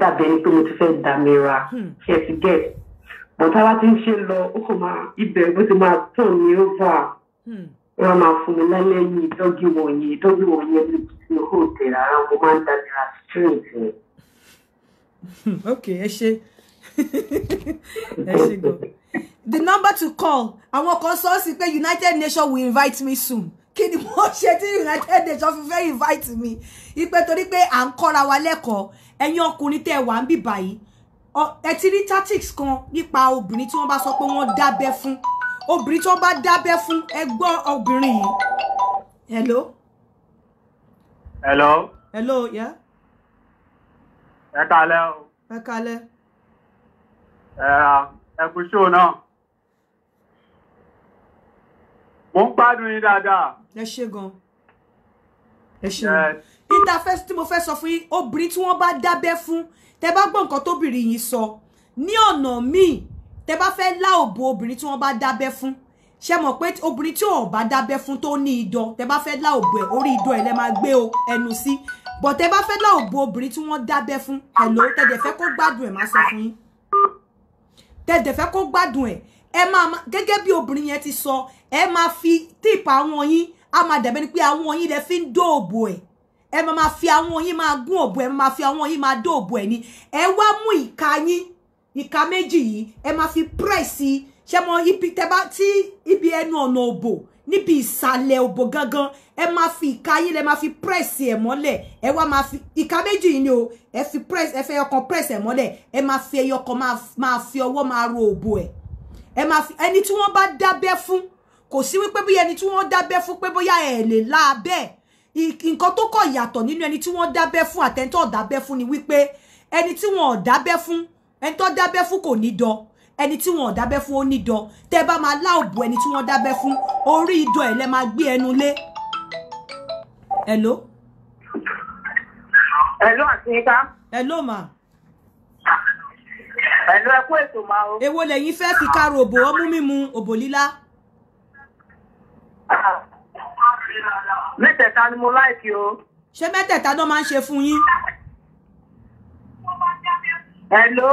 dàbẹ̀ ni pé mo ti fẹ́ dàmíra hmm. ṣe ti gẹ̀ẹ́ bọ̀tá bá ti ń ṣe lọ ó kàn máa ibẹ̀ bó ti máa tàn ní ova wọn máa fún mi lálẹ́ yìí dọ́gì wọ̀nyí dọ́gì wọ̀nyí ẹni tí ó hò tẹ̀ rárá mo máa ń dábìrà straight ni. ok ẹ ṣe [laughs] ẹ ṣe gan the number to call àwọn kan sọ sí pé united nations will invite me soon kí ni mo ṣe tí united nations fi fẹ́ invite me ipe torí pé à ń kọ́ra wa lẹ́kọ̀ọ́ ẹ̀yin ọkùnrin tẹ́ wà ń bì báyìí ẹ ti rí tactics kan nípa obìnrin tí wọ́n bá sọ pé wọ́n dábẹ́ fún obìnrin tí wọ́n bá dábẹ́ fún ẹ obìnrin yìí. hello. hello. hello yẹ. ẹ kalẹ́ o. ẹ kalẹ́. ẹ kú ṣó náà. mo ń gbádùn yín dáadáa. ẹ ṣe gan. ẹ ṣe gan. ìta tí mo fẹ́ sọ fún yín obìnrin tí wọ́n bá dábẹ́ fún tẹ bá gbọ́ nǹkan tóbìnrin yìí sọ ní ọ̀nà míì tẹ bá fẹ́ lá òbò obìnrin tí wọ́n bá dábẹ́ fún ṣe mọ̀ pé obìnrin tí ò bá dábẹ́ fún tó ní idọ̀ tẹ bá fẹ́ lá òbò ẹ̀ orí idọ̀ ẹ̀ lẹ́ máa gbé o ẹnu sí bọ̀ tẹ bá fẹ́ lá òbò obìnrin tí wọ́n dábẹ́ fún ẹ̀lò tẹ̀dẹ̀ fẹ́ kó gbádùn ẹ̀ máa sọ fún yín tẹ̀dẹ̀ fẹ́ kó gbádùn ẹ̀ ẹ máa gẹ́gẹ́ bí obìnrin yẹn ti sọ ẹ máa fi tíìpù àwọn yín á máa dàbẹ́ ni pé àwọn yín lẹ fi ń dó òbò ẹ̀ E ma máa fi àwọn yín ma gún òbò E ma máa fi àwọn yín ma do òbò ẹ ni E wa mu ìka yín ìka méjì yìí ẹ máa fi pírẹ́sì ṣé mo ibi tẹ bá tí ibi ẹnu ọ̀nà òbò níbi ìsàlẹ̀ òbò gangan ẹ máa fi ìka yín lẹ máa fi pírẹ́sì E mọ́lẹ̀ E wa ma fi ìka méjì yìí ni o E fi press. E fẹ́ ọkàn press. E mọ́lẹ̀ E ma fi ma ma fi ọwọ́ ma ro òbò E ẹ máa fi ẹni tí wọ́n bá dábẹ́ fún kò sí wípé bí ẹni tí wọ́n dábẹ́ fún pé bóyá ẹ lè láabẹ́ ẹ̀ nǹkan tó kọ̀ yàtọ̀ nínú ẹni tí wọ́n dábẹ́ fún àtẹni tó dábẹ́ fún ni wípé ẹni tí wọn dábẹ́ fún ẹni tó dábẹ́ fún kò ní dán ẹni tí wọn dábẹ́ fún ó ní dán tẹ́ bá máa lá ẹni tí wọ́n dábẹ́ fún orí idán ẹ̀ lẹ́ máa gbé ẹnu lé. hello. hello àti yín ká. hello ma. hello ẹ kú ètò máa o. èwo lẹ́yìn fẹ́ fi kárò òbò ọmú mímu òbò lílá. Ah, mẹ́tẹ̀ẹ̀ta ni mo láìkí o. ṣé mẹ́tẹ̀ẹ̀ta ló máa ń ṣe fún yín. hello.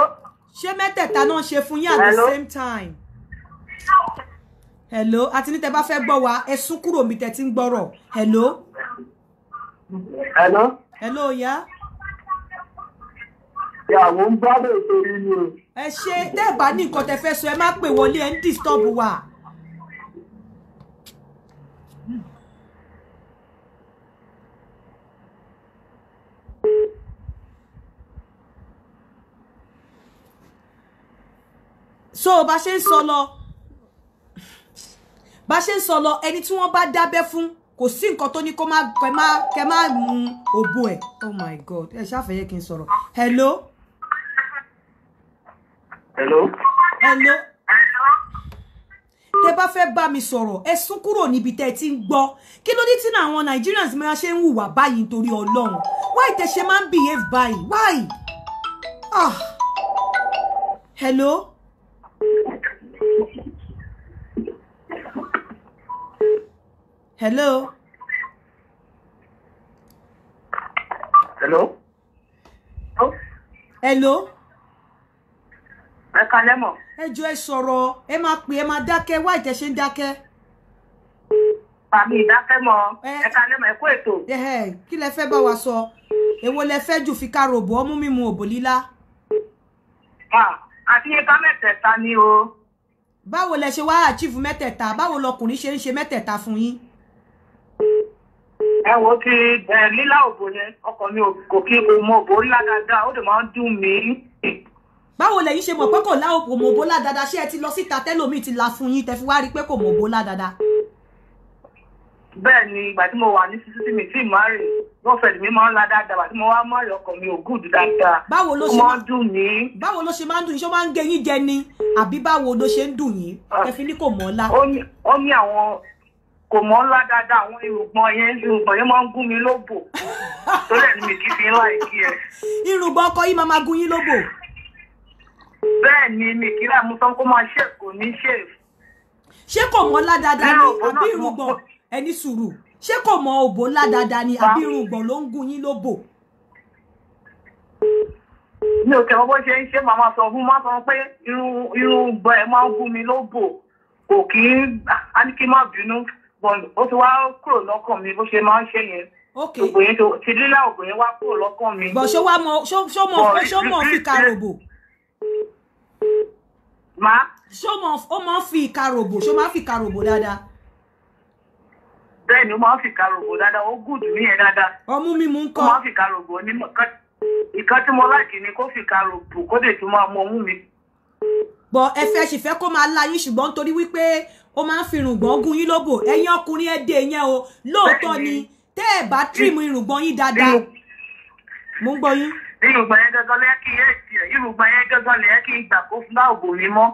ṣé mẹ́tẹ̀ẹ̀ta náà ṣe fún yín at the same time. hello àti ní tẹ bá fẹ́ gbọ́ wa ẹ kúrò mi tẹ ti ń gbọ́rọ̀ hello. hello. hello ya. ìyàwó ń bá lè ṣe yín ni o. ẹ ṣe tẹ́ ẹ bá ní nǹkan tẹ fẹ́ sọ ẹ má pè wọlé ẹ ń disturb wa. so bá ṣe ń sọ lọ bá ṣe ń sọ lọ ẹni tí wọ́n bá dábẹ́ fún kò sí nǹkan tó ní kó má kẹ má kẹ má oh my god ẹ ṣàfẹ́yẹ kí n sọ̀rọ̀ hello. hello. hello. tẹ bá fẹ́ bá mi sọ̀rọ̀ ẹ sún kúrò níbi tẹ́ ẹ ti ń gbọ́ kí ló dé tí Nigerians máa ṣe ń hùwà báyìí nítorí ọlọ́run why te ṣe máa behave báyìí why. ah hello. Hello. Hello. Hello. Hello. Ẹ kalẹ́ mọ̀. Ẹ jọ ẹ sọ̀rọ̀, ẹ máa pè é máa dákẹ́, wá ìtẹ̀sẹ̀ ń dákẹ́. Bàbí ìdákẹ́ mọ̀, ẹ kalẹ́ mọ̀, ẹ kó ètò. Kí lẹ fẹ́ bá wa sọ? Èwo lẹ fẹ́ jù fi ká ròbò ọmú mímu òbò lílá? Àti yẹn mẹ́tẹ̀ẹ̀ta ni o. Báwo lẹ ṣe wá àchífù mẹ́tẹ̀ẹ̀ta? Báwo lọkùnrin ṣe ń ṣe mẹ́tẹ̀ẹ̀ta fún yín? ẹ wo kí ẹ lílá òbò yẹn ọkọ mi kò kí o mọ òbò ńlá dáadáa ó dẹ̀ máa ń dùn mí. báwo lẹ̀yin ṣe mọ̀ pé kò lá òbò mọ̀ òbò lá ṣé ẹ ti lọ síta tẹ́lòmíì ti la fún yín tẹ fi wá rí i pé kò mọ̀ òbò lá bẹ́ẹ̀ ni ìgbà tí mo wà ní sísí mi tí mari girlfriend mi máa ń la dáadáa àti mo wá mari ọkọ mi ò gùd dáadáa. báwo máa ń dùn mí. báwo ló ṣe máa ń dùn yín ṣé ó máa ń gé yín jẹ ni àbí báwo ló ṣe ń dùn yín ah. tẹ ní kò mọ̀ ọ́ lá. ó ní àwọn kò mọ́ ńlá dáadáa àwọn irùngbọ̀n yẹn irùngbọ̀n yẹn máa ń gún mi lóbò tó lẹ̀ ní mi kí fi ńlá ìkí ẹ. irùngbọ̀n ọkọ yìí máa máa gún yín lóbò. bẹ́ẹ̀ ni mi kí rà mú tán kó máa ṣe kò ní ṣe. ṣé kò mọ́ ńlá dáadáa ni àbí irùngbọ̀n ẹni sùúrù ṣé kò mọ òbò ńlá dáadáa ni àbí irùngbọ̀n ló ń gún yín lóbò. mi ò kẹ́ wọ́n bó ṣe ń ṣe màmá sọ fún má sọ pé irùngbọ̀n ẹ máa ń gún mi lóbò kò kí á ó ti wá kúrò lọ́kàn mi bó ṣe máa ń ṣe yẹn ògbò yẹn ti lílá ògbò yẹn wá kúrò lọ́kàn mi. bọ̀ ṣó wá mọ ṣó mọ ṣó mọ fi karòbò. má. ṣó mọ ó mọ fi karòbò ṣó máa fi karòbò dáadáa. bẹ́ẹ̀ni ó máa fi karòbò dáadáa ó gùdù mí yẹn dáadáa. ọmú mímu ń kọ́. ó máa fi karòbò onímọ̀ ìkan tí mo láàkì ni kó fi karòbò kó dè tún máa mọ ọmú mi. bọ̀ ẹ fẹ́ ṣì fẹ́ kó máa láyé ṣùgbọ́n torí wípé o máa ń fi irùngbọ̀n gún yín lóbò ẹ̀yin ọkùnrin o lóòótọ́ ni tẹ́ ẹ̀ bá tírìmù irùngbọ̀n yín dáadáa mo ń gbọ́ yín. irùngbọ̀n yẹn gangan lẹ́yìn kí yẹn ti irùngbọ̀n yẹn gangan lẹ́yìn kí n gbà kó fún mi mọ́.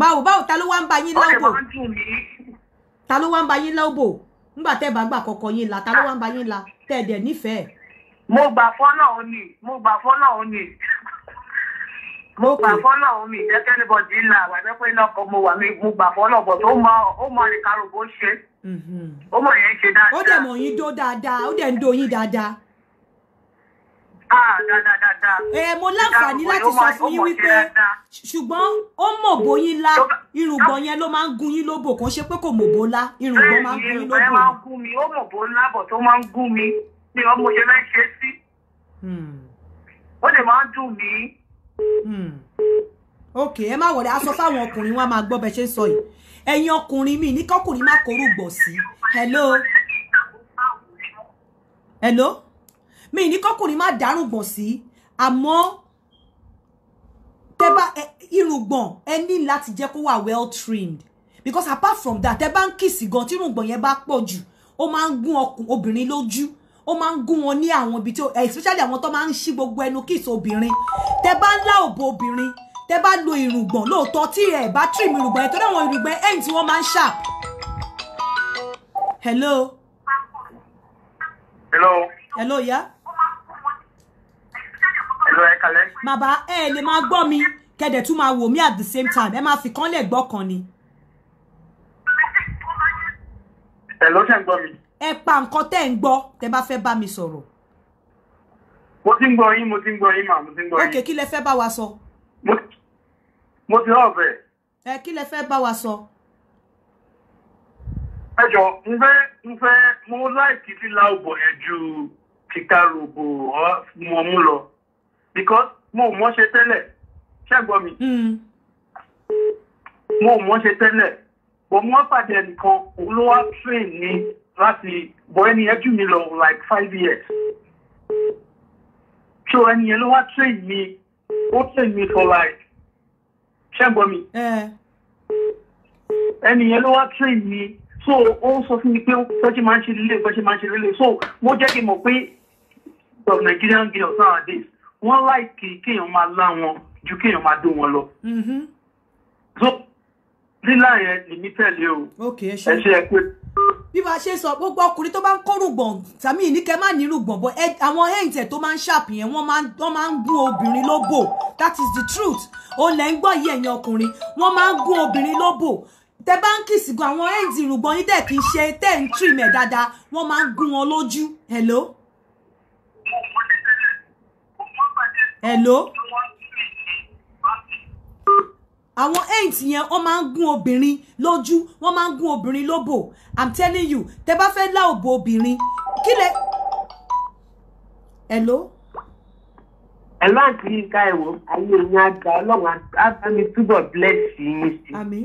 báwo báwo ta ló wá ń ba yín ta ló wá ń la ta ló wá la tẹ́ dẹ̀ gbà mo gbà fọ́nà omi ìjẹ́kẹ́ni bọ̀dì ńlá àgbàdo pé lọ́kọ̀ mo wà mo gbà bọ̀ tó ó mọ ní bó ṣe. Mm-hmm. ó mọ yẹn ṣe dáadáa. ó dẹ̀ mọ̀ yín dáadáa ó dẹ̀ ń dáadáa. ẹ ah, eh, mo láǹfààní láti sọ fún yín wípé ṣùgbọ́n ó mọ̀ gun yín lóbò kò ṣe pé kò mọ̀ bó lá irùngbọ̀n máa ń gun yín lóbò. ẹ máa gún mi ó mọ̀ bó lá mi Hmm. ok ẹ má wọlé aṣọ fáwọn ọkùnrin wọn a máa gbọ́ bẹ ṣe ń sọ yìí ẹ̀yin ọkùnrin mi ní kọkùnrin má korú gbọ̀ sí hello hello mi ní kọkùnrin má dárùn gbọ̀ sí àmọ́ tẹ́ bá irùngbọ̀n ẹ ní láti jẹ́ kó wà well trimmed because apart from that tẹ́ bá ń kìsì gan tí irùngbọ̀n yẹn bá pọ̀ jù ó máa ń gún ọkùn obìnrin lójú ó máa ń gún wọn ní àwọn ibi tí especially àwọn tó máa ń ṣí gbogbo ẹnu kiss obìnrin tẹ bá ń lá òbò obìnrin tẹ bá lo ìrùngbọ̀n lóòótọ́ tí ẹ bá trim ìrùngbọ̀n ẹ tó dáwọn ìrùngbọ̀n ẹ̀yìn tí wọ́n máa ń sharp. hello. hello. hello ya. Yeah? hello ẹ kalẹ. bàbá ẹ eh, lè máa gbọ́ mi kẹ̀dẹ̀ tún máa wò mí at the same time ẹ máa fi kán lẹ̀ gbọ́ kan ni. ẹ ṣe ń gbọ́ mi ẹ pa nǹkan tẹ́ ń gbọ́ tẹ́ bá fẹ́ bá mi sọ̀rọ̀. mo ti ń gbọ́ yín mo ti ń gbọ́ yín mà mo ti ń gbọ́ yín. òkè kí lẹ fẹ́ bá wa sọ. mo ti hàn ọ̀fẹ́. ẹ kí lẹ fẹ́ bá wa sọ. ẹ jọ n fẹ́ n fẹ́ mo láìkí líla òbò yẹn ju kíkà robo mọ mú lọ because mo ò mọ̀ ṣe tẹ́lẹ̀ mi. Hmm. mo ò mọ̀ ṣe tẹ́lẹ̀ pàdé ẹnìkan òun ló wá train ní láti bọ ẹni yẹn jù mí lọ like five years so ẹni yẹn ló wá train mi ó train mi for like ṣé ń gbọ́ mi ẹni yẹn ló wá train mi so ó sọ fún mi pé bẹ́ẹ̀ máa ń ṣe lílé bẹ́ẹ̀ máa ń ṣe lílé so mo jẹ́ kí n mọ̀ pé of Nigerian girls nowadays wọ́n láìkì kéèyàn máa lá wọn ju kéèyàn máa dún wọn lọ. Mm-hmm. so lílá yẹn lèmi tẹ̀lé o ẹ ṣe ẹ pé bí wàá ṣe sọ gbogbo ọkùnrin tó bá ń kó rùgbọ̀n tàbí ìníkẹ́ má ní rùgbọ̀n bọ́ àwọn ẹ̀ǹtẹ̀ tó máa ń ṣàpìyàn wọ́n máa ń gún obìnrin lóbò that is the truth òun lẹ́ ń gbọ́ yí ẹ̀yin ọkùnrin wọ́n máa ń gún obìnrin lóbò tẹ bá ń kìsì gan àwọn ẹ̀ǹtì rùgbọ̀n yín dẹ̀ kì í ṣe tẹ̀ ń tù ìmẹ̀ dáadáa wọ́n máa ń gún wọn lójú hello hello àwọn eight yẹn wọ́n máa ń gún obìnrin lójú wọ́n máa ń gún obìnrin lóbò i'm telling you tẹ bá fẹ́ lá òbò obìnrin kí lẹ. hello. hello àti yíká ẹ̀wọ̀ ayé yín àgbà ọlọ́run àbámi túbọ̀ bless yín sí. àmín.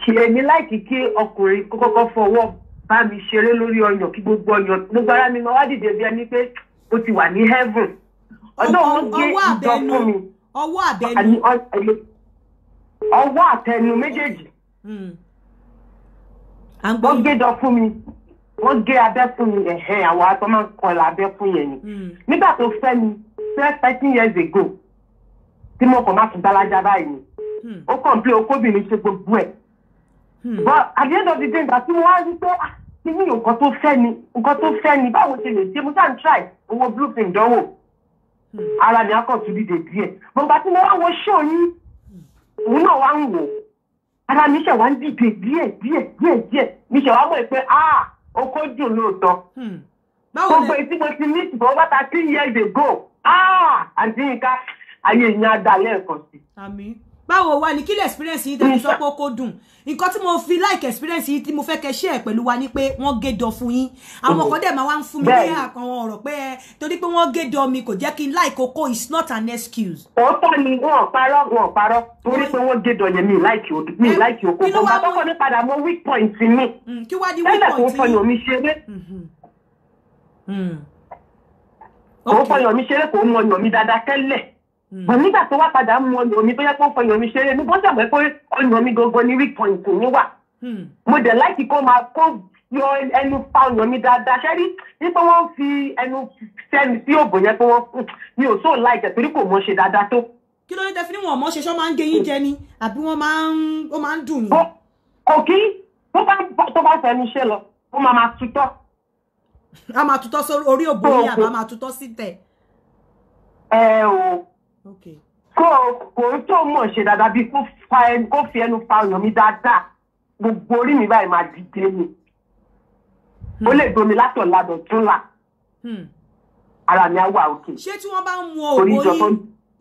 kì í ẹni láìkí kí ọkùnrin kọ́kọ́ fọwọ́ bá mi ṣeré lórí ọyàn kí gbogbo ọyàn gbogbo ara mi máa wá dìde bí ẹni pé ó ti wà ní heaven. ọlọ́run ó gbé ìjọ fún mi. ọwọ́ àbẹnú ọwọ́ àtẹnu méjèèjì wọ́n hmm. gé dán fún mi wọ́n gé abẹ́ fún mi ẹ̀hẹ́n àwọn atọ́ máa ń kọlà abẹ́ fún yẹn ni hmm. nígbà tó fẹ́ mi thirteen years ago tí mo kàn má fi gbalaja báyìí ni hmm. ó kàn bí okóbìnrin ṣe gbogbo ẹ̀ but at the end of the day nígbà tí mo wá rí pé ah, kí ni nǹkan tó fẹ́ ni nǹkan tó fẹ́ ni báwo ṣe lè ṣe mo ṣáà ń try owó blueprint dánwò ara mi á kàn tún dìde díẹ̀ mo gbà tí mo wá wo ṣóò yín òun náà wá ń wò ó ara mi ṣẹ̀ wá ń dìde díẹ̀ díẹ̀ díẹ̀ díẹ̀ mi ṣẹ̀ wá mọ̀ pé ah oko dùn lóòótọ́ hmm. gbogbo etí mo ti ní ìfowópamọ́ bàtà three years ago ah àǹtí Yinka ayé ìyẹn adalẹ́ ẹ̀kan sí. àmín báwo wá ní kí lè experience yìí tẹ́lẹ̀ sọ pé ó kó dùn nǹkan tí mo fi like experience yìí tí mo fẹ́ kẹ́ share pẹ̀lú wa ni pé wọ́n gédọ̀ fún yín àwọn mm-hmm. kan dẹ̀ máa wá ń fún mi ní àwọn ọ̀rọ̀ pé torí pé wọ́n gédọ̀ mi kò jẹ́ kí n like oko is not an excuse. òótọ́ ni wọn ò parọ́ wọn ò parọ́ torí mm. pé wọ́n gédọ̀ yẹn mi like oko mi eh, like oko kò bá tọ́kọ ní padà mọ weak point mi mm, kí wá ní weak point mi tẹ́lẹ̀ kò fọyọ̀ mi mm-hmm. mm. ṣeré kò fọyọ̀ mi ṣeré kò mọyọ̀ mi dáadáa tẹ́lẹ̀ bọ̀ hmm. nígbà tó wá padà mú ọyàn mi bóyá tó fọyàn mi ṣeré mi bọ́ sàgbẹ́ pé ọyàn mi gangan ní weak point mi wà. Hmm. mo dẹ̀ láìsí kó máa kó yọ ẹnu fa ọyàn mi dáadáa ṣẹ́rí nípa wọ́n fi ẹnu sẹ́mi sí òbò yẹn pé wọ́n mi ò sóò láìsẹ̀ torí kò mọ̀ ṣe dáadáa tó. kí ló ní tẹ fi ní wọn ọmọ ṣe ṣọ máa ń gé yín jẹ ni àbí wọn máa ń dùn yín. kò kí tó bá fẹnu ṣe lọ ó máa máa tutọ́. a máa tutọ́ sórí òbò yín àbá máa tutọ́ sí tẹ̀. ẹ o kó kò ń tó mọ̀ ṣe dáadáa bíi kó fi ẹnu fa ọyàn mi dáadáa gbogbo orí mi báyìí máa dìde ni ó lè domi látọ̀ladọ̀ tún là hmm. ara mi á wà òkè. ṣé tí wọ́n bá ń mu òògùn yìí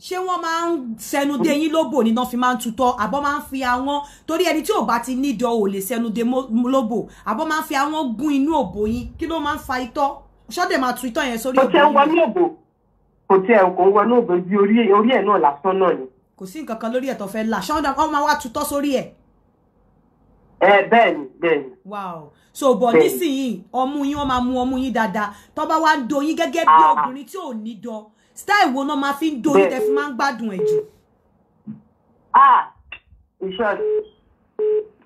ṣé wọ́n máa ń sẹnu yín lóbò níná fi máa ń tutọ́ àbọ̀ máa ń fi àwọn torí ẹni tí ò bá ti nídọ̀ ò lè sẹnu lóbò àbọ̀ máa ń fi àwọn gún inú òbò yín kí ló máa ń fa itọ́ ṣọ́dẹ̀ máa tu itọ́ yẹn sórí òbò yín. mo ti ń wọnú òbò kò tí ẹ kò ń wọnú ògbójú orí ẹ náà lásán náà ni. kò sí nǹkan kan lórí ẹ tó fẹ́ là ṣọ́nà ọmọ wa tutọ́ sórí ẹ. ẹ bẹ́ẹ̀ ni bẹ́ẹ̀ ni. wow so bọ̀ nísìnyìí ọmú yín wọ́n máa mú ọmú yín dáadáa tó bá wá ń do yín gẹ́gẹ́ bí ah. obìnrin tí ò ní dán style wo náà máa fi ń do yín tẹ́ fi máa ń gbádùn ẹ̀ jù. ah ìṣọ́ọ̀tì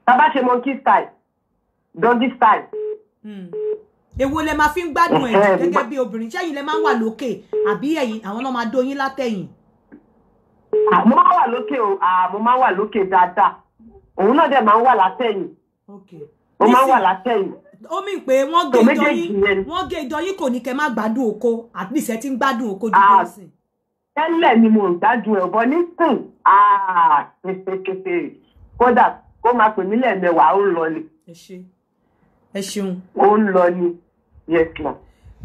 tá a bá ṣe monkey style doggy style. Mm èwo lẹ máa fi ń gbádùn ẹ̀jẹ̀ gẹ́gẹ́ bí obìnrin ṣẹ́yìn lẹ máa ń wà lókè àbí ẹ̀yìn àwọn náà máa dóyin látẹ̀yìn. mo máa wà lókè o mo máa wà lókè dáadáa òun náà dẹ̀ máa ń wà látẹ̀yìn ó máa ń wà látẹ̀yìn. ó mì pé wọ́n gé ìdọ́yìn wọ́n gé ìdọ́yìn kò ní kẹ́ má gbádùn oko àbí ìṣẹ́ ti ń gbádùn oko jù lọ sí. tẹ́lẹ̀ ni mo gbádùn ẹ̀ bọ́ nísìn kódà kó máa pè mí lẹ́ẹ̀mẹwàá ó ń lọ ni. ẹ ṣeun. ó ń lọ ni yes ma.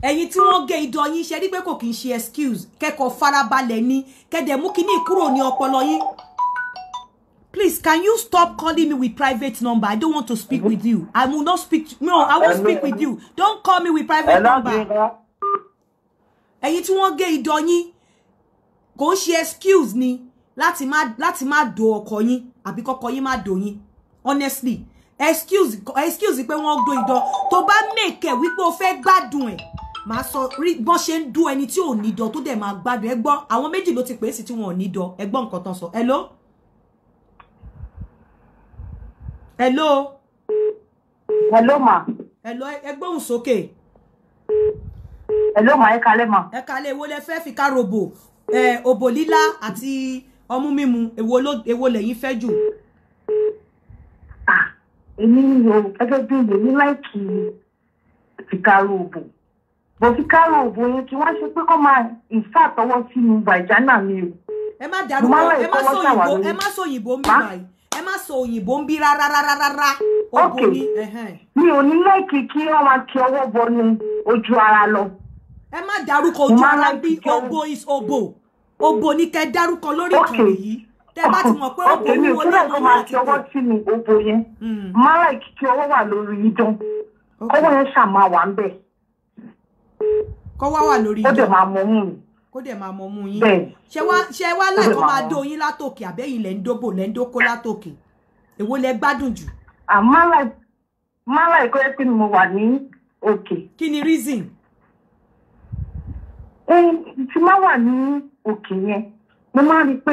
ẹ̀yin tí wọ́n gé idọ̀ yín ṣe rí pé kò kì í ṣe excuse kẹ́kọ̀ọ́ farabalẹ̀ ni kẹ́dẹ̀ mú kíní kúrò ní ọpọlọ yín. Please, can you stop calling me with private number? I don't want to speak with you. I will not speak. To, no, I won't speak with you. Don't call me with private number. Ẹ̀yin tí wọ́n gé idọ̀ yín kò ń ṣe excuse ni láti má láti má do ọkọ yín àbí kọ́kọ́ yín má do yín honestly excuse excuse pé wọ́n do idán tó bá make ẹ̀ wípé o fẹ́ gbádùn ẹ̀ màá sọ rí bọ́n ṣe ń dú ẹni tí ò ní dán tó dẹ̀ máa gbádùn ẹ gbọ́ àwọn méjì ló ti pè é sí tí wọn ní dán ẹ gbọ́ nǹkan tán sọ hello hello hello ma hello ẹ gbóhùn sókè hello ma ẹ kalẹ̀ ma ẹ kalẹ̀ èwo lẹ fẹ́ fi ká robo eh òbò lílá àti ọmú mímu èwo ló èwo lẹ́yìn fẹ́ jù èmi ni o gẹ́gẹ́ bí èmi láìkì fìkàrọ̀ òbò òbò yẹn kí wọ́n ṣe pé kọ́ mi o. ẹ má ẹ má òyìnbó ẹ má òyìnbó ń bí báyìí ẹ má òyìnbó ń bí rárá rárá rárá mi ò ní láìkì kí máa kí bọnu ojú ara lọ. ẹ má ojú ara bí tẹ́ ti mọ̀ pé ó borí wọn náà ló máa ti ọwọ́ tí mi ò yẹn mike kí ọwọ́ wà lórí idán kọ́wọ́ yẹn ṣàmà wà ń bẹ̀. kọ́wọ́ wà lórí idán kó dẹ̀ máa mọ mú mi. kó dẹ̀ máa mọ mú yín ṣé wá ṣé wá láìkọ́ máa dó yín látòkè àbẹ́yìn lẹ́ ń dóbò lẹ́ ń dókó látòkè èwo lẹ gbádùn jù. àmọ́ láìkọ́ yẹ pé mo wà ní òkè. kí ni reason. ẹ ti máa wà ní òkè yẹn mo máa rí i pé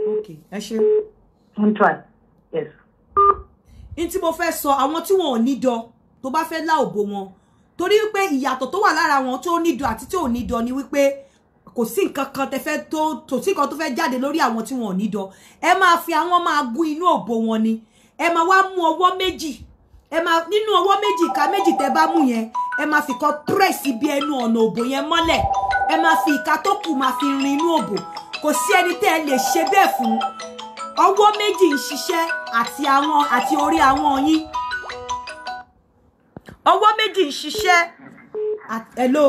Okay, ẹ ṣe. n yes. n tí mo fẹ́ sọ àwọn tí wọn ò ní dọ tó bá fẹ́ lá òbò wọn torí wípé ìyàtọ̀ tó wà lára wọn tó ní dọ àti tí ò ní dọ ni wípé kò sí nǹkan kan tẹ fẹ́ tó tò sí nǹkan tó fẹ́ jáde lórí àwọn tí wọn ò ní dọ ẹ máa fi àwọn máa gún inú òbò wọn ni ẹ máa wá mú ọwọ́ méjì ẹ máa nínú ọwọ́ méjì ìka méjì tẹ bá mú yẹn ẹ máa fi kan press bí ẹnu ọ̀nà òbò yẹn mọ́lẹ̀ ẹ máa fi ìka tó kù máa fi rin inú òbò kò sí ẹni tẹ́ ẹ lè ṣe bẹ́ẹ̀ fún ọwọ́ méjì ń ṣiṣẹ́ àti àwọn àti orí àwọn yín ọwọ́ méjì ń ṣiṣẹ́ hello.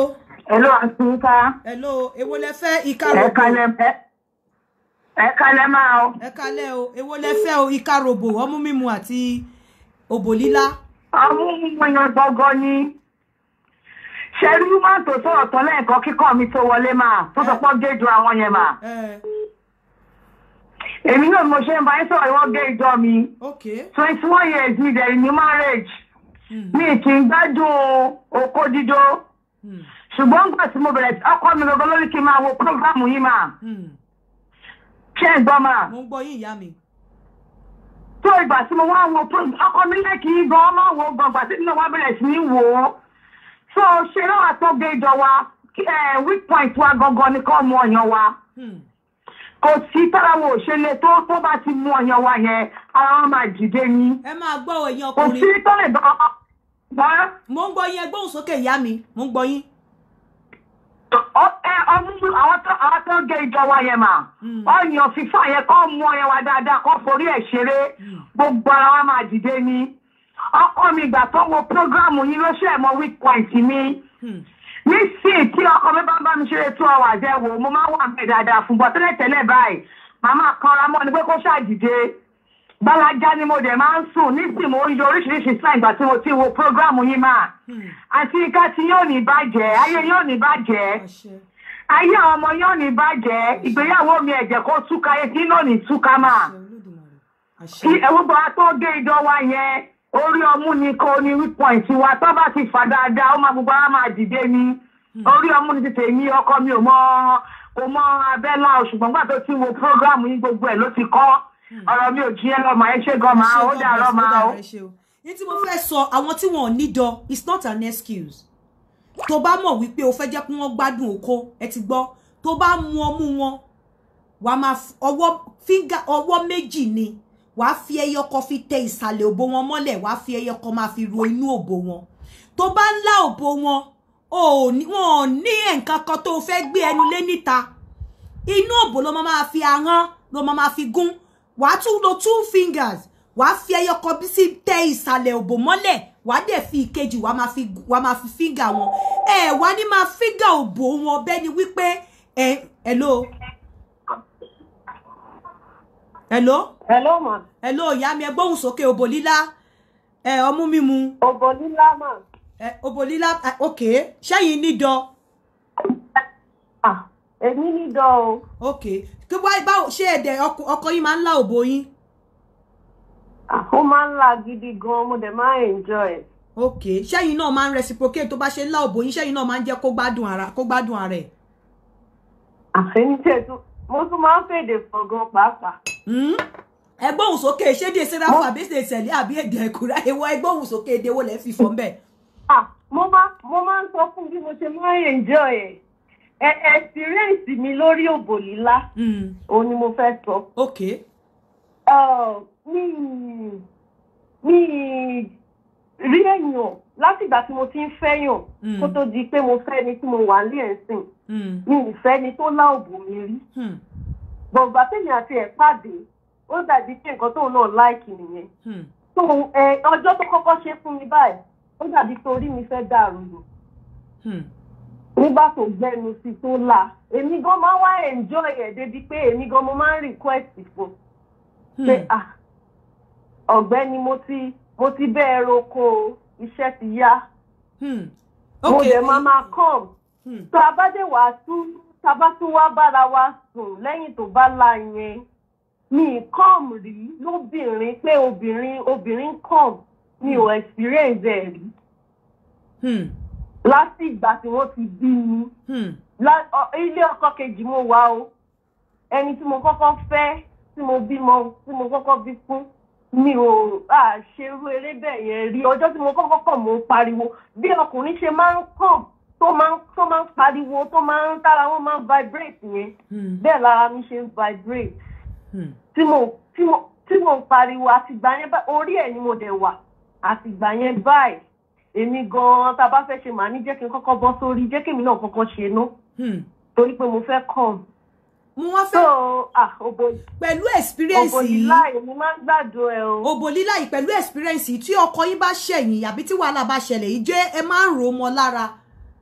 hello àti ika. hello èwo lẹ fẹ́ ika robo. ẹ̀ka lẹ fẹ́ ẹ̀ka lẹ máa o. ẹ̀ka lẹ o èwo lẹ fẹ́ o ika robo ọmú mímu àti òbò lílá. ọmú mímu yan gbọgọ ni ṣẹ́rí woman tó sọ̀rọ̀ tán lẹ́ẹ̀kan kíkọ́ mi tó wọlé máa tó sọ pé gé ju àwọn yẹn máa. Eh, eh. èmi náà mo ṣe ń bá yín sọ̀rọ̀ ìwọ́n gé ìjọ mi twenty one years mi dẹ̀ ní marriage hmm. mi kì í gbádùn okó dídó hmm. ṣùgbọ́n nígbà tí mo bẹ̀rẹ̀ ọkọ mi gbogbo lórí kí n máa wo prógrámù yìí máa hmm. ṣé ẹ gbọ́ máa. mo ń gbọ́ yín ìyá mi. tó ìgbà tí mo wá wo ọkọ mi lẹ́kìí gan-an máa wo gbọ̀ngbà tí mo wá bẹ̀rẹ̀ sí ní wò ó so ṣeré àtọ́gbé ìjọ wa weak point wa gangan ni kò mú ọyàn wa hmm. kò sí tára wo òṣèlè tó tó bá ti mú ọyàn wa yẹn ara wọn máa dìde ní. ẹ máa gbọ́ ẹ̀yin ọkùnrin kò sí tó lè dán. mo ń gbọ́ yín ẹgbẹ́ òsókè ìyá mi mo ń gbọ́ yín. àwọn tó gé ìjọ wa yẹn mà hmm. ọyàn fífà yẹn kọ́ mú ọyàn wa dáadáa kọ́ forí ẹ̀ ṣeré hmm. gbogbo ara wa máa dìde ní. ọkọ mi ìgbà tó wo programu yi ló ṣe é point mi hmm. ọkọ mi bá ń bá mi two hours wò mo máa wà mí dáadáa fún bọ́ tẹ́lẹ̀ tẹ́lẹ̀ báyìí màmá kanra mọ́ ni pé gbalaja ni mo dẹ̀ máa ń sùn nísìnyí mo yọ oríṣiríṣi sáà ìgbà tí mo ti wo programu yi ma. Hmm. àti ika ti yóò ní bàjẹ́ ayé yóò ní bàjẹ́ ayé ọmọ yóò ní bàjẹ́ ìgbéyàwó mi ẹ̀jẹ̀ kó kí yẹn. orí ọmú ni kò ní weak point tó bá ti fà dáadáa ó máa gbogbo ara máa dìde ni orí ọmú ni tètè mi ọkọ mi ò mọ kò mọ abẹ́lá ṣùgbọ́n gbà tó ti wo prógráàmù yín gbogbo ẹ̀ ló ti kọ́ ọ̀rọ̀ mi ò jí ẹ lọ́mọ ẹ ṣe gan máa ó dàrọ́ máa ó. ní tí mo fẹ́ sọ àwọn tí wọn ò ní dọ it's not an excuse tó bá mọ̀ wípé o fẹ́ jẹ́ kí wọ́n gbádùn oko ẹ ti gbọ́ tó bá mu ọmú wọn wàá máa ọwọ́ méjì ni wàá fi ẹyọ kan fi tẹ ìsàlẹ̀ òbò wọn mọ́lẹ̀ wàá fi ẹyọ kan máa fi ro inú òbò wọn tó bá ń lá òbò wọn ò ní wọn ò ní nǹkan kan tó fẹ́ gbé ẹnu lé níta inú òbò ló máa fi ahọ́n ló máa fi gún wàá tún lo two fingers wàá fi ẹyọ kan bí sí tẹ ìsàlẹ̀ òbò mọ́lẹ̀ wàá dẹ̀ fi ìkejì wàá máa fi wàá máa fi fíńgà wọn ẹ wàá ní máa fíńgà òbò wọn bẹ́ẹ̀ ni wípé ẹ ẹ hello. hello ma. hello ìyá mi ẹ gbóhùn sókè òbò lílá ẹ Obolila, mímu. Eh, obolila, mà. ẹ òbò lílá ok ṣẹ́yìn nídọ̀. èmi nídọ̀ o. ok kí wáyé báwo ṣé ẹ̀dẹ̀ ọkọ yín máa ń la òbò yín. ó máa ń la gidi gan mo dẹ̀ máa enjoy Okay. ok ṣẹ́yìn náà máa reciprocate tó bá ṣe ń la òbò yín ṣẹ́yìn náà máa ń jẹ́ kó gbádùn ara kó gbádùn ara ẹ̀. àfẹnitẹ́ tó mo tún máa ń fèdè fọ̀gàn pàápàá. Hmm? ẹgbọ́n òsókè ṣédè sẹ́ráfà bí ṣe ṣẹlẹ̀ àbí èdè ẹ̀kúrá ìwọ ẹgbọ́n òsókè èdè wo lẹ́ fi fọ́ mbẹ́. mo máa ń sọ fún bí mo ṣe máa ń enjoy ẹ̀ experience mi lórí òbò lílá hmm. òun ni mo fẹ́ sọ. okay. mi mi rí èèyàn látìgbà tí mo ti ń fẹ́yàn hmm. kó tó di pé mo fẹ́ ni tí mo wà nílé ẹ̀sìn hmm. mi ò fẹ́ ni tó láòbò mi rí gbọ̀ngbà hmm. tèmi àti ẹ̀ pàdé ó dàbí pé nǹkan tóun náà láìkì nìyẹn tó ọjọ́ tó kọ́kọ́ ṣe fún mi báyìí ó dàbí pé orí mi fẹ́ dàrú lò nígbà tó gbẹnu sí tó la èmi gan máa wá enjoy ẹ̀ débi pé èmi gan mo máa ń request fún pé ah ọ̀gbẹ́ni mo ti mo ti bẹ́ẹ̀ roko o iṣẹ́ ti yá hmm. mo dẹ̀ máa máa come hmm. tó a bá dé wàá tún tá a bá tún wá bára wa sùn lẹ́yìn tó bá la yẹn mi come rí lóbìnrin pé obìnrin obìnrin come mi ò hmm. experience ẹ̀ rí láti ìgbà tí wọ́n ti bí mi ilé ọkọ kejì mo wà o ẹni tí mo kọ́kọ́ fẹ́ tí mo bímọ tí mo kọ́kọ́ bí fún mi ò ṣerú eré bẹ́ẹ̀ yẹn rí ọjọ́ tí mo kọ́kọ́ kọ̀ mo pariwo bí ọkùnrin ṣe máa ń kàn tó máa ń tó máa ń pariwo tó máa ń tára wọn máa ń vibrate yẹn hmm. bẹ́ẹ̀ lára mi ṣe ń vibrate hmm. tí mo tí mo tí mo ń pariwo àtìgbà yẹn báyìí orí ẹ̀ ni mo dẹ̀ wà àtìgbà yẹn báyìí èmi gan-an tá a bá fẹ́ ṣe màá ní jẹ́ kí n kọ́kọ́ bọ́ sórí jẹ́ kí èmi náà kọ́kọ́ ṣe ná hmm. torí pé mo fẹ́ kàn mo wá fẹ́. so ah oboli. yìí. pẹ̀lú experience yìí. Oboli lílá yìí mo máa ń gbàdo ẹ o. obo lílá yìí pẹ̀lú experience yìí tí ọkọ yín bá ṣẹ̀yìn àbí tí wàhálà bá ṣẹlẹ̀ yìí jẹ́ ẹ máa ń rò ó lára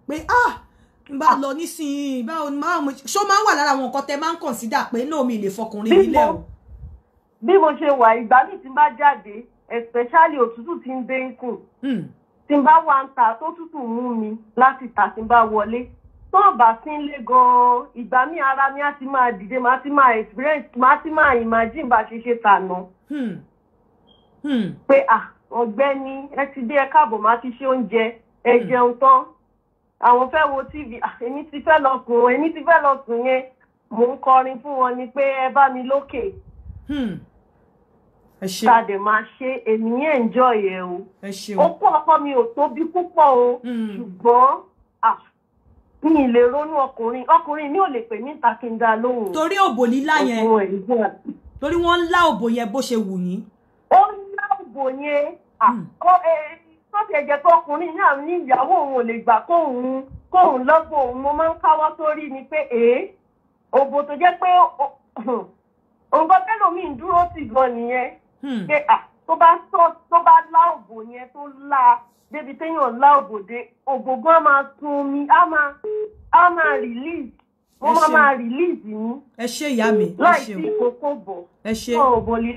pé ah n bá lọ nísìnyí báwo ni máa mo ṣó máa ń wà lára àwọn nǹkan tẹ máa ń consider pé náà mi lè fọkùnrin mi lẹ o. bí mo ṣe wà ìgbà míì tí bá jáde especially òtútù tí ń dé ń kù hmm. tí n bá wà ń ta tó tútù mú mi láti ta tí n bá wọlé tó bá sí ń lé gan-an ìgbà mi ara mi á ti máa dìde máa ti máa experience máa ti máa imagine bá a ṣe ṣe tànà. Hmm. Hmm. pé ọ̀gbẹ́ni ẹ ti dé ẹ káàbọ̀ máa ti ṣe oúnjẹ ẹ hmm. jẹun tán àwọn fẹ́ wo tv èmi ti fẹ́ lọ sùn èmi ti fẹ́ lọ sùn yẹn mò ń kọrin fún wọn ni pé ẹ bá mi lókè. ta dẹ̀ máa ṣe èmi yẹn enjoy ẹ̀ o. ó kọ́ ọkọ mi ò tóbi púpọ̀ o ṣùgbọ́n mi ì lè ronú ọkùnrin ọkùnrin mi ò lè pè mí ta kí n dá lóhùn. torí òbò lílá yẹn torí wọ́n ń lá òbò yẹn bó ṣe wù yín. ó ń lá òbò yẹn hmm. tó ṣe jẹ́ pé ọkùnrin náà ní ìyàwó òun ò lè gbà kóun kóun lọ́gbọ̀n òun mo máa ń káwọ́ sórí ni pé èé òbò tó jẹ́ pé [clears throat] nǹkan tẹ́lòmíì ń dúró sí gan nìyẹn hmm. pé tó bá lá òbò yẹn tó lá débi téèyàn lá òbòdè ògògùn á máa sun omi á máa á máa release mo máa máa release ní. ẹ ṣe ìyá mi ẹ ṣe o láì sí ìkókó bọ ẹ ṣe ọ̀bọ̀ lè.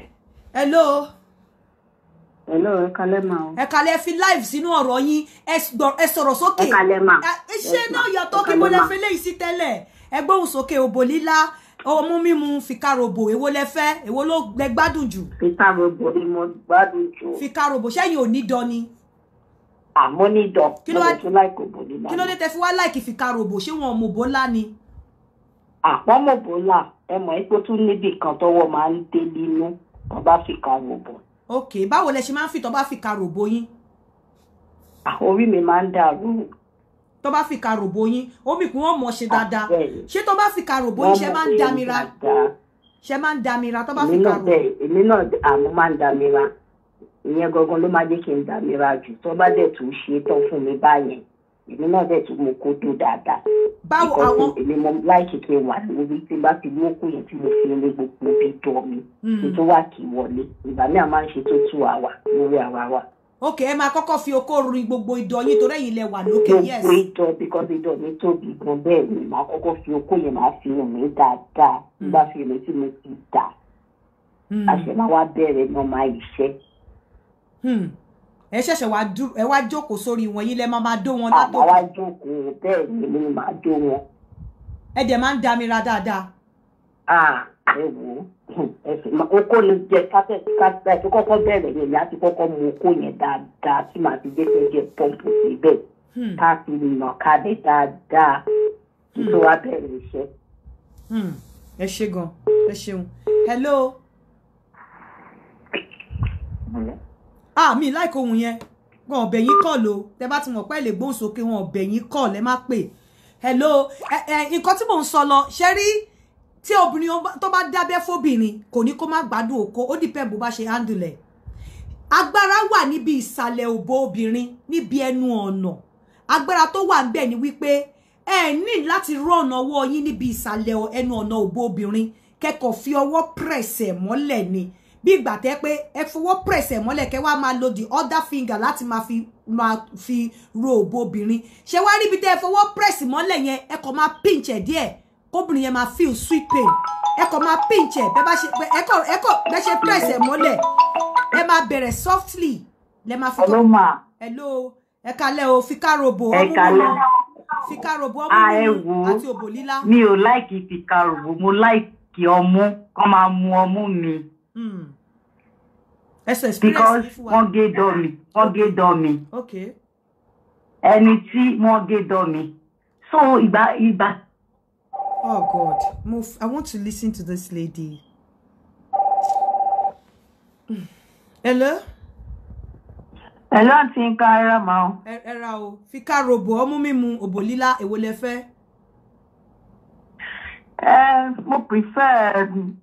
hello. hello ẹ kalẹ́ ma o. ẹ kalẹ́ fi live sínú ọ̀rọ̀ yín ẹ sọ̀rọ̀ sókè. ẹ kalẹ́ ma. ẹ ṣe náà yàtọ̀ kí mo lè fi léyìí sí tẹ́lẹ̀ ẹ gbóhùn sókè òbò lílá ọmú mímu fìkaròbò èwo lẹ fẹ́ èwo ló lẹ gbádùn jù. fìkaròbò ni mo gbádùn jù. fìkaròbò sẹ́yìn ò ní dán ni àmọ́ ní ìdán lọ́dọ̀ tó láìkò òbò nílá. kí ló dé tẹ fi wá láìkì fi ka ròbò ṣé wọn mò bó lá ni. àpọ́n mò bó là ẹ mọ̀ ipò tún níbi kan tọwọ́ máa ń dé nínú tó bá fi ka ròbò. ok báwo lẹ ṣe máa ń fi tó bá fi ka ròbò yín. Ah, orí mi máa ń dàrú. tó bá fi ka ròbò yín omi kún wọn mọ̀ ṣe ah, dáadáa ṣé tó bá fi ka ròbò yín ṣe máa ń damira ṣe máa ń damira tó bá fi ka ròbò. èmi náà àmọ́ ah, máa ń damira ìyẹn gangan ló máa jẹ́ kí n dàmíra jù tó bá dẹ̀ tún ṣe tán fún mi báyẹn èmi náà dẹ̀ tún mo kó tó dáadáa. báwo àwọn èmi mo láìkí kí n wà lórí tí n bá fi mú òkú yẹn tí mo fi lé gbogbo bí tọ́ mi hmm. kí tó wà kí wọlé ìgbà míì a máa ń ṣe tó tú àwà lórí àwa wa. ok ẹ máa kọ́kọ́ fi okó rin gbogbo idọ̀ yín torí ẹ̀yin lẹ wà lókè yes. gbogbo idọ̀ because idọ̀ mi tóbi gan bẹ́ẹ̀ ni màá kọ́kọ́ fi okó yẹn máa fi hàn mí dáadáa nígbà hmm. fi hàn mí tí mo ti dà. àṣẹ hmm. máa wá bẹ̀rẹ̀ náà Hmm. ẹ ṣẹ̀ṣẹ̀ ẹ wá jókòó sórí wọn yìí lẹ́ máa máa dó wọn látòkè. àmọ́ wá jókòó bẹ́ẹ̀ ni mi máa dó wọn. ẹ dẹ̀ máa ń damira dáadáa. ẹ wò ó oko ni jẹ kápẹ́ kápẹ́ tó kọ́kọ́ bẹ̀rẹ̀ yẹn ni a ti kọ́kọ́ mu oko yẹn dáadáa tí màá fi jẹ́ kí n jẹ pọ́ǹpù síbẹ̀ hmm. ká fi nà kalẹ̀ dáadáa wá hmm. bẹ̀rẹ̀ iṣẹ́. ẹ ṣe gan ẹ ṣeun hello. Mm -hmm ah mi like ohun yẹn wọn ọbẹ yín call o tẹ bá ti mọ̀ pé lè gbóhùn sókè wọn ọbẹ yín call ẹ má pè hello ẹ ẹ nǹkan tí mò ń sọ lọ ṣe rí tí obìnrin tó bá dábẹ́ fóbìnrin kò ní kó má gbádùn oko ó dìpẹ́ bó bá ṣe handle ẹ̀ agbára wà níbi ìsàlẹ̀ òbò obìnrin níbi ẹnu ọ̀nà agbára tó wà ńbẹ̀ ni wípé ẹ ní láti rán ọwọ́ yín níbi ìsàlẹ̀ ẹnu ọ̀nà òbò obìnrin kẹ́kọ̀ọ́ fi ọwọ́ press ẹ̀ mọ́lẹ̀ ni bí ìgbà tẹ́ pé ẹ fọwọ́ pẹ̀sẹ̀ mọ́lẹ̀ kẹ́ wá máa lo the other finger láti máa fi máa fi ro òbò obìnrin ṣé wá rí ibi tẹ́ ẹ fọwọ́ pẹ̀sì mọ́lẹ̀ yẹn ẹ kàn máa pinch ẹ̀ díẹ̀ kóbìnrin yẹn máa feel sweet pain ẹ kàn máa pinch ẹ̀ bẹ́ẹ̀ bá ṣe ẹ kàn ẹ kàn bẹ́ẹ̀ ṣe pẹ̀sẹ̀ mọ́lẹ̀ ẹ máa bẹ̀rẹ̀ softly lẹ máa fi kọ́ hello ma hello ẹ kalẹ́ o fi ká robo ọmú mi fi ká robo ọmú mi àti òbò lílá. mi ò láìkì fi ká robo mo láìkì ọmú kọ́ máa mu ọmú mi. Hmm. ẹ sọ experience because wọ́n gé dọ́ mi wọ́n gé dọ́ mi ẹni tí wọ́n gé dọ́ mi so ìgbà ìgbà. oh god move i want to listen to this lady. [sighs] hello. Hello, àti nǹkan ara mà o. Ẹ̀ra o, fi ká robo ọmú mímu òbò lílá èwo lẹ fẹ́? Ẹ eh, mo prefer um,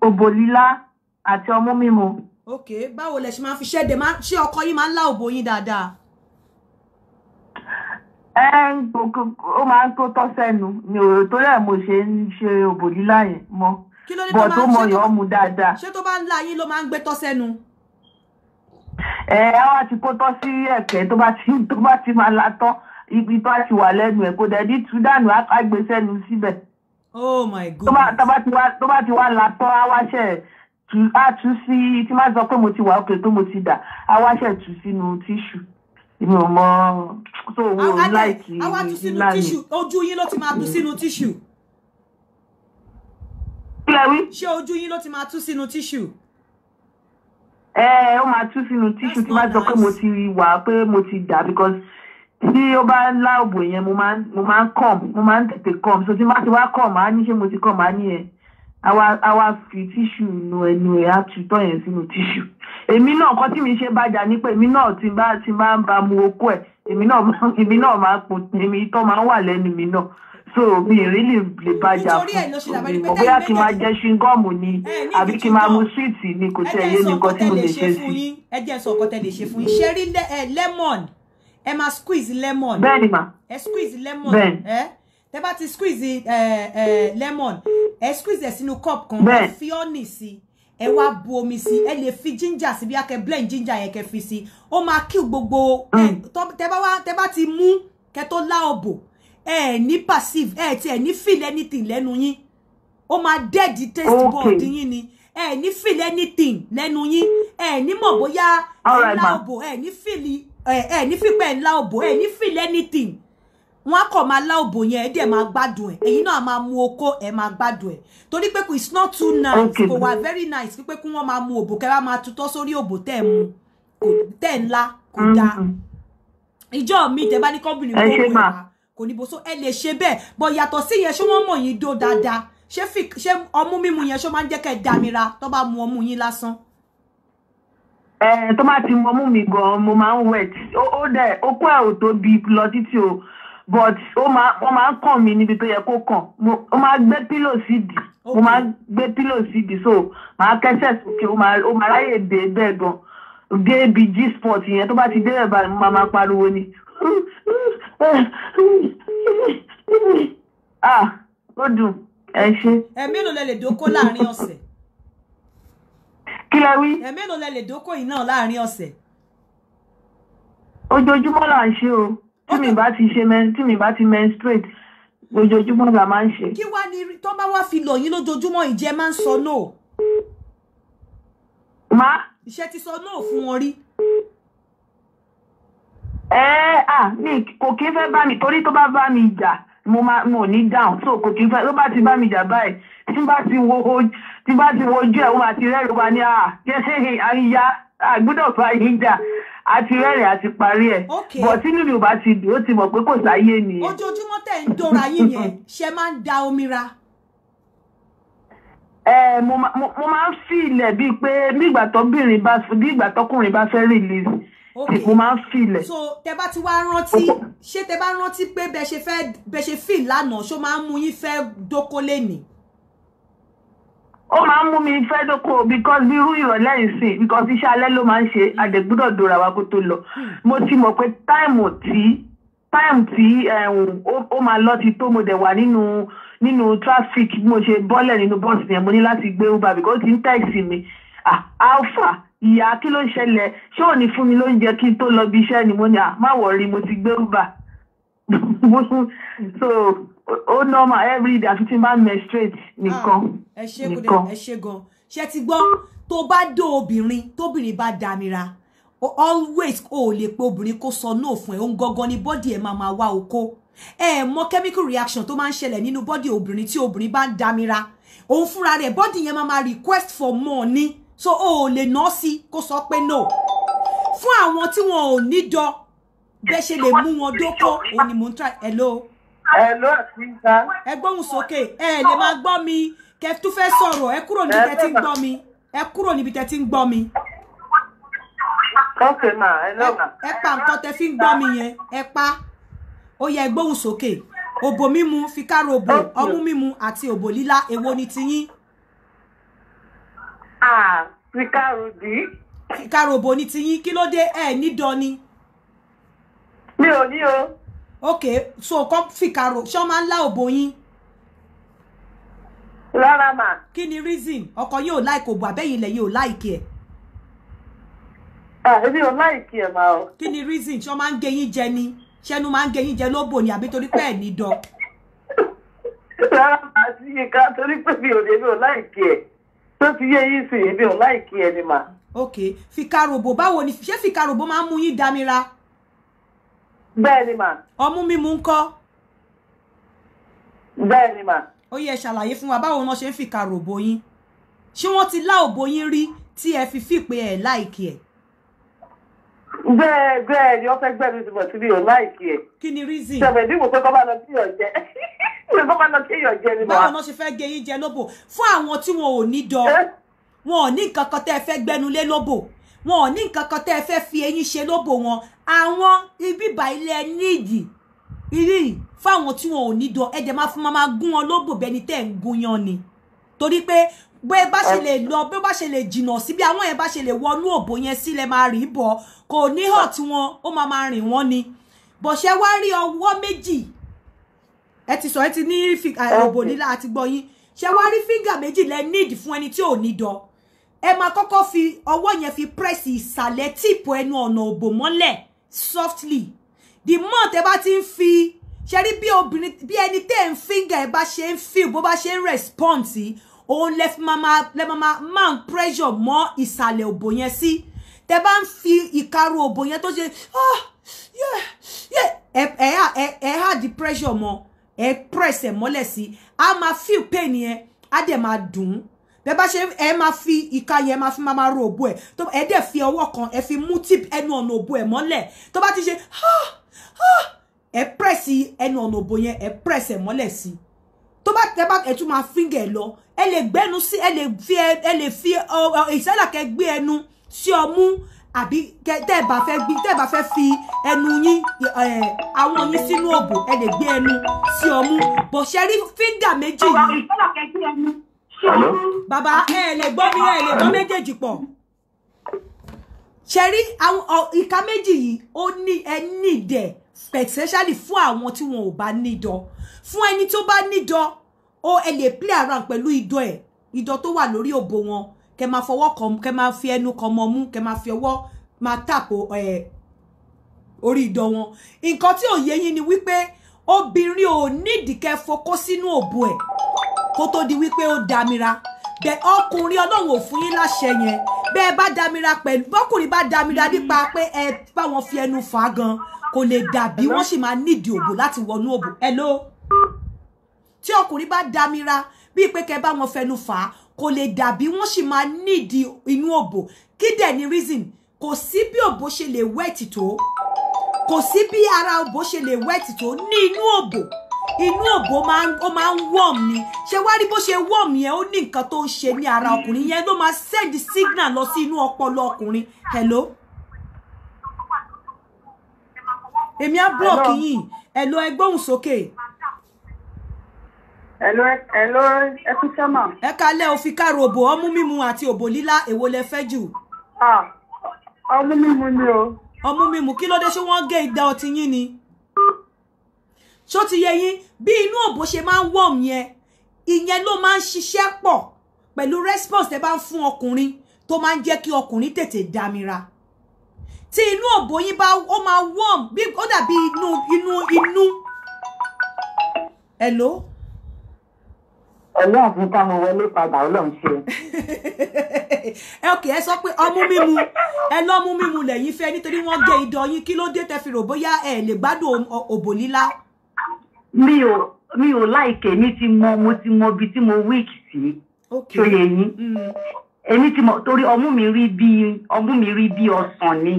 òbò lílá àti ọmú mímu. ok báwo lẹ ṣe máa fi ṣẹ́dẹ̀ ṣé ọkọ yín máa ń lá òbò yín dáadáa. ẹ ó máa ń tó tọ́ mi ò torí ẹ̀ mo ṣe ń ṣe òbò lílá yẹn mọ́ bọ̀ tó mọ yọ̀ ọ́ mu dáadáa. ṣé tó bá ń lá yín ló máa ń gbé tọ́ sẹ́nu. ẹ ẹ wá ti kó tọ́ sí ẹ̀kẹ́ tó bá ti tó bá ti máa la tọ́ ibi tó a ti wà lẹ́nu ẹ̀ kó dẹ̀ ní tú á gbé sẹ́nu síbẹ̀ oh my god. tó bá ti wá tó bá ti wá la tán awáṣẹ tù á tú sí tí má sọ pé mo ti wà ókè tó mo ti dà awáṣẹ tù sínú tíṣù mi ò mọ tó owó láìkí ńlá mi. ojú yín ló ti máa tú mm. sínú tíṣù. ṣé ojú yín ló ti máa tú sínú tíṣù. ẹ eh, ẹ ó máa tú sínú tíṣù tí má sọ pé mo ti wà pé mo ti dà because tí ó bá láàbò yẹn mo máa mo máa ń kọ̀m mo máa ń tètè kọ̀m so tí má ti wá kọ̀m á ní ṣé mo ti kọ̀m á ní ẹ̀ á wá fi tíṣù nu ẹnu ẹ̀ á tu tọ́ yẹn sínú tíṣù èmi náà nǹkan tí mi ṣe bàjá ni pé èmi náà ti bá ti máa ń ba mu okó ẹ̀ èmi náà èmi náà máa pò èmi tó máa ń wà lẹ́nu mi náà so mi really lè bàjá fún mi mọ̀ bóyá kí n máa jẹ ṣingọ́ọ̀mù ni àbí kí n máa mu swiiti ni kò tẹ̀ yé mi tí mo lè ṣe sí. ẹ jẹ́ sọ ọkọ tẹ lè ṣe fún yín ṣe rí lẹ́mọ̀nì ẹ máa squeeze lemon bẹ́ẹ̀ni ma ẹ squeeze lemon ẹ tẹ bá ti squeeze ẹ ẹ lemon E squeeze ẹ sínú cup kan ẹ fi oni si. E wa bu omi si. E le fi ginger si bí a kẹ blend ginger yẹn ke fi si. O ma kill gbogbo mm. tẹ bá wá tẹ bá ti mú kẹ tó lá òbò Eh? Ni passive Eh? ti ẹ ní feel anything lẹ́nu yín O ma dead taste board yín ni Eh? Ni feel anything lẹ́nu yín ẹ ní mọ̀ bóyá ẹ lá òbò Eh? Ni feel ẹ eh, ẹ eh, ní fípẹ́ ńlá òbò ẹ eh, ní feel anything wọn á kọ̀ máa lá òbò yẹn ẹ dẹ̀ máa gbádùn ẹ̀ ẹ̀yin náà máa mu okó ẹ̀ máa gbádùn ẹ̀ torí pé it's not too nice kò wà very nice pípé kí wọ́n máa mu òbò kẹ́rẹ́ máa tutọ́ sórí òbò tẹ̀ mu kò tẹ̀ ńlá kò mm-hmm. dáa ìjọ mi tẹ bá ní kọ́bìnrin kó wẹ̀ wá kò ní bó so ẹ lè ṣe bẹ́ẹ̀ bọ̀ yàtọ̀ sí yẹn ṣé wọ́n mọ̀ yín dó dáadáa ṣé ọmú mímu yẹn ṣó máa ń jẹ́ kẹ́ dámira tó bá mu ọmú yín lásán ẹ eh, tó bá ti mọmú mi gan mo máa ń wet ó dẹ ó kó ẹ ò tóbi lọ títí o but ó máa ń kàn mí níbi tó yẹ kó kàn ó máa gbé pílò sídìí mo máa gbé pílò sídìí so máa kẹsẹ̀ sókè ó máa ráyè dé bẹ́ẹ̀ gan dé ibi g sport yẹn tó bá ti dé bẹ́ẹ̀ báyìí mo máa máa pariwo ni ah ó dùn ẹ ṣe. ẹ mélòó lẹ lè dóko láàrin ọ̀sẹ̀ kí lẹ wí. ẹ mélòó lẹ lè dóko yìí náà láàrin ọ̀sẹ̀. ojoojúmọ́ là ń ṣe o tí mi bá ti ṣe tí mi bá ti menstruate ojoojúmọ́ la máa ń ṣe. kí wàá ní tó bá wá fi lọ yín lójoojúmọ́ ìjẹ́ máa ń sọ no. má. iṣẹ́ ti sọ no fún wọn rí. ẹ ẹ à mi kò kí n fẹ́ bá mi torí tó bá bá mi jà mo máa mo ní down so kò kí n fẹ́ ló bá ti bá mi jà báyìí tí n bá ti wo tí bá ti wojú ẹ̀ wọ́n àti rẹ́rìn wa ní à kẹsẹ́ àyíyá àgbúdọ̀ fa ìjà àti rẹ́rìn àti parí ẹ̀ bọ̀ tínú mi ò bá ti dùn ó ti mọ̀ pé kò sáyé nìyẹn. ojoojúmọ́ tẹ̀ ń dóra yín yẹn [laughs] ṣe máa ń da omi ra. ẹ mo máa ń fi ilẹ̀ bíi pé bígbà tọ́bìnrin bá bígbà tọkùnrin bá fẹ́ rìlíìsì mo máa ń fi ilẹ̀. so tẹ bá ti wá rántí ṣé tẹ bá rántí pé bẹ ṣe fẹ́ bẹ ṣe fi lánàá ṣó máa ń mú yín fẹ́ dókólé nìí ó máa ń mú mi fẹ́ dóko because bí irú ìrọ̀lẹ́ yìí sìn because iṣẹ́ alẹ́ ló máa ń ṣe àdẹ̀gbúdọ̀ dòra wa kó tó lọ mo ti mọ̀ pé táìmù tí táìmù tí ó máa lọ ti tó mo dẹ̀ wà nínú nínú traffic bí mo ṣe bọ́lẹ̀ nínú bọ́ọ̀sì yẹn mo ní láti gbé uber because ó ti ń tẹ̀sí mi alpha ìyá kí ló ṣẹlẹ̀ ṣé ò ní fún mi lóúnjẹ kí n tó lọ bí iṣẹ́ ni mo ní à má wọ̀rí mo ti gbé uber [laughs] so ó normal everyday àti tí n bá menstruate nìkan ah, nìkan. ẹ ṣe gan ṣe ti gbọ́ tó bá dó obìnrin tóbìnrin bá damira always o ò lè pe obìnrin kó sọ náà fún ẹ òun gangan ni bọ́dì ẹ̀ máa máa wá oko ẹ eh, mọ chemical reaction tó máa ń ṣẹlẹ̀ nínú bọ́dì obìnrin tí obìnrin bá ń damira òun fúnra rẹ̀ bọ́dì yẹn máa máa request for more ni so o ò lè ná sí kó sọ pé no fún àwọn tí wọn ò ní dọ bẹ́ẹ̀ ṣe lè mú wọn dóko òun ni mò ń tra hello. Hello, Atinka. Ẹ gbóhùn sókè. Ẹ lè máa gbọ́ mi. Kẹ tún fẹ́ sọ̀rọ̀. Ẹ kúrò níbi tẹ́ ti ń gbọ́ mi. Ẹ kúrò níbi tẹ́ ti ń gbọ́ mi. Okay ma, hello ma. Ẹ pa nǹkan tẹ́ fi ń gbọ́ mi yẹn. Ẹ pa. Ó yẹ ẹ gbóhùn sókè. Òbò mímu, fikárò òbò, ọmú mímu àti òbò lílá. Èwo ni tiyín? Ah, fikárò dì. Fikárò robo, ni tiyín. Kí ló dé? Ẹ ní ni. Mi ò ní o okay so kọ́ fìkàrò ṣé wọ́n máa ń lá òbò yín. rárá mà. kí ni reason ọkọ yín ò láìkò òbò àbẹ́yìn ilẹ̀ yín ò láìkì ẹ̀. èmi ò láìkì ẹ̀ máa o. kí ni reason ṣé wọ́n máa ń gé yín jẹ ni ṣẹ́nu máa ń gé yín jẹ lóbò ni àbí torí pé ẹ̀ ní dán. rárá mà á sí yín ká torí pé mi ò lè mi ò láìkì ẹ̀ tó ti yé yín sí èmi ò láìkì ẹ̀ ni mà. ok fìkàròbò báwo ni ṣé fìkàròbò máa ń mú yín damira bẹ́ẹ̀ ma. mà. ọmú mímu ń kọ́. bẹ́ẹ̀ ni mà. ó yẹ ṣàlàyé fún wa báwo wọn ṣe ń fìkà ròbó yín ṣé wọ́n ti lá òbó yín rí tí ẹ fi fi pé ẹ láìkí ẹ. bẹ́ẹ̀ bẹ́ẹ̀ ni wọ́n fẹ́ gbẹ̀rù ìdìbò tí mi ò láìkí ẹ. kí ni reason. ṣàbẹ̀dì wò pé kọ́ bá lọ sí ọ̀jẹ́ [laughs] báwo ló ṣe fẹ́ gé yín jẹ lóbò fún àwọn tí wọn ò ní dọ eh? wọn ò ní nǹkan kan tẹ́ ẹ fẹ́ gbẹnulé lóbò wọn ò ní nǹkan kan tẹ́ ẹ fẹ́ fi eyín ṣe lóbò wọn àwọn ibìbà ilẹ̀ níìdì ìrí fáwọn tí wọn ò ní dọ ẹ dẹ̀ máa fún máa gún wọn lóbò bẹni tẹ́ ń gúnyan ni torí pé bó bá ṣe lè lọ bó bá ṣe lè jìnnà sí bí àwọn yẹn bá ṣe lè wọnú òbò yẹn sílẹ̀ máa rìn bọ̀ kò ní hàn tí wọn ó máa máa rìn wọ́n ni bọ̀ṣẹ́ wá rí ọwọ́ méjì ẹ ti sọ ẹ ti ní òbò líla àti gbọ̀yìn ṣẹ wá rí fíńgà méjì lẹ níìdì fún ẹni tí ò ní dọ ẹ máa kọ́kọ́ fi ọwọ́ yẹn fi press ìsàlẹ̀ tíìpù ẹnu ọ̀nà òbò mọ́lẹ̀ softly the more tẹ bá ti ń fi ṣe rí bí obìnrin bí ẹni tẹ́ ń fíngà ẹ bá ṣe ń feel bó bá ṣe ń respond òun lẹ fi máa máa máa ń pressure mọ́ ìsàlẹ̀ òbò yẹn sí tẹ bá ń fi ìkarò òbò yẹn tó ṣe ah, ẹ hà di pressure mọ́ ẹ press ẹ mọ́lẹ̀ sí a máa feel pain yẹn a dẹ̀ máa dùn bẹ́ẹ̀ bá ṣe ẹ máa fi ìka yẹn máa fi máa máa ro òbò ẹ̀ tó ẹ dẹ̀ fi ọwọ́ kan ẹ fi mú tip ẹnu ọ̀nà òbò ẹ̀ mọ́lẹ̀ tó bá ti ṣe ẹ press ẹnu ọ̀nà òbò yẹn ẹ press ẹ̀ mọ́lẹ̀ sí tó bá tẹ bá ẹ tún máa fíngẹ̀ lọ ẹ lè gbẹ́nu sí ẹ lè fi ẹ lè fi ìsẹ́là kẹ gbé ẹnu sí ọmú àbí te bá fẹ́ gbí tẹ́ bá fẹ́ fi ẹnu yín àwọn yín sínú òbò ẹ lè gbé ẹnu sí ọmú bọ̀ṣẹ́rí fíngà méjì yìí. Baba, ẹ lè gbọ́ mi ẹ lè gbọ́ méjèèjì pọ̀ ṣẹ̀rí àwọn ìka méjì yìí ó ní ẹ nídẹ̀ especially fún àwọn tí wọn ò bá nídọ fún ẹni tó bá nídọ ó ẹ lè play around pẹ̀lú idọ ẹ̀ idọ tó wà lórí òbò wọn kẹ máa fọwọ́ kàn kẹ máa fi ẹnu kàn mọ́ mú kẹ máa fi ọwọ́ máa tàpò ẹ̀ orí idọ wọn nǹkan tí ò yé yín ni wípé obìnrin ò nídìí kẹ fokó sínú òbò ẹ̀ kó tó di wípé ó damira bẹ ọkùnrin ọlọ́run ò fún yín láṣẹ yẹn bẹ ẹ bá damira pẹ̀lú bọ́kùnrin bá damira nípa pé ẹ bá wọn fi ẹnu fà á gan kò lè dàbí wọ́n sì máa nídìí òbò láti wọnú òbò ẹ tí ọkùnrin bá damira bíi pé kẹ bá wọn fẹnu fà á kò lè dàbí wọ́n sì máa nídìí inú òbò kí dẹ̀ ni reason kò sí bí òbò ṣe lè wẹ́ẹ̀tì tó kò sí bí ara òbò ṣe lè wẹ́ẹ̀tì tó ní inú òbò inú òbó ó máa ń wọ́ọ̀m ni ṣé wá rí bó ṣe wọ́ọ̀m yẹn ó ní nǹkan tó ń ṣe ní ara ọkùnrin yẹn ló máa send signal lọ sí inú ọpọlọ ọkùnrin hello. èmi á block yìí hello ẹ sókè. hello hello ẹ sẹ́mà. ẹ kalẹ́ òfin kárò òbò ọmú mímu àti òbò lílá èwo lẹ fẹ́ jù. Ah, ọmú mímu ni o. ọmú mímu kí ló dé ṣé wọ́n gé ìdá ọtí yín ni ṣó ti yẹ yín bí inú òbò ṣe máa ń wọ̀m yẹn ìyẹn ló máa ń ṣiṣẹ́ pọ̀ pẹ̀lú response tẹ́ bá ń fún ọkùnrin tó máa ń jẹ́ kí ọkùnrin tètè dámira tí inú òbò yín bá ó máa wọ̀m bí ó dàbí inú inú inú. hello. Ọlọ́run fi ká mo wọlé padà Ọlọ́run ṣe. ẹ [laughs] ọkẹ ẹ sọ pé ọmú mímu ẹ lọ́mú mímu lẹ́yìn fẹ́ nítorí wọ́n gé idọ̀ yín kí ló dé tẹ́ fi rò bóyá ẹ lè gbádùn òbò lílá mi ò mi ò láìkè mi ti mọ mo ti mọ ibi tí mo weak sí tó yẹ yín mm. èmi ti mọ torí ọmú mi rí bí ọmú mi rí bí ọsàn ni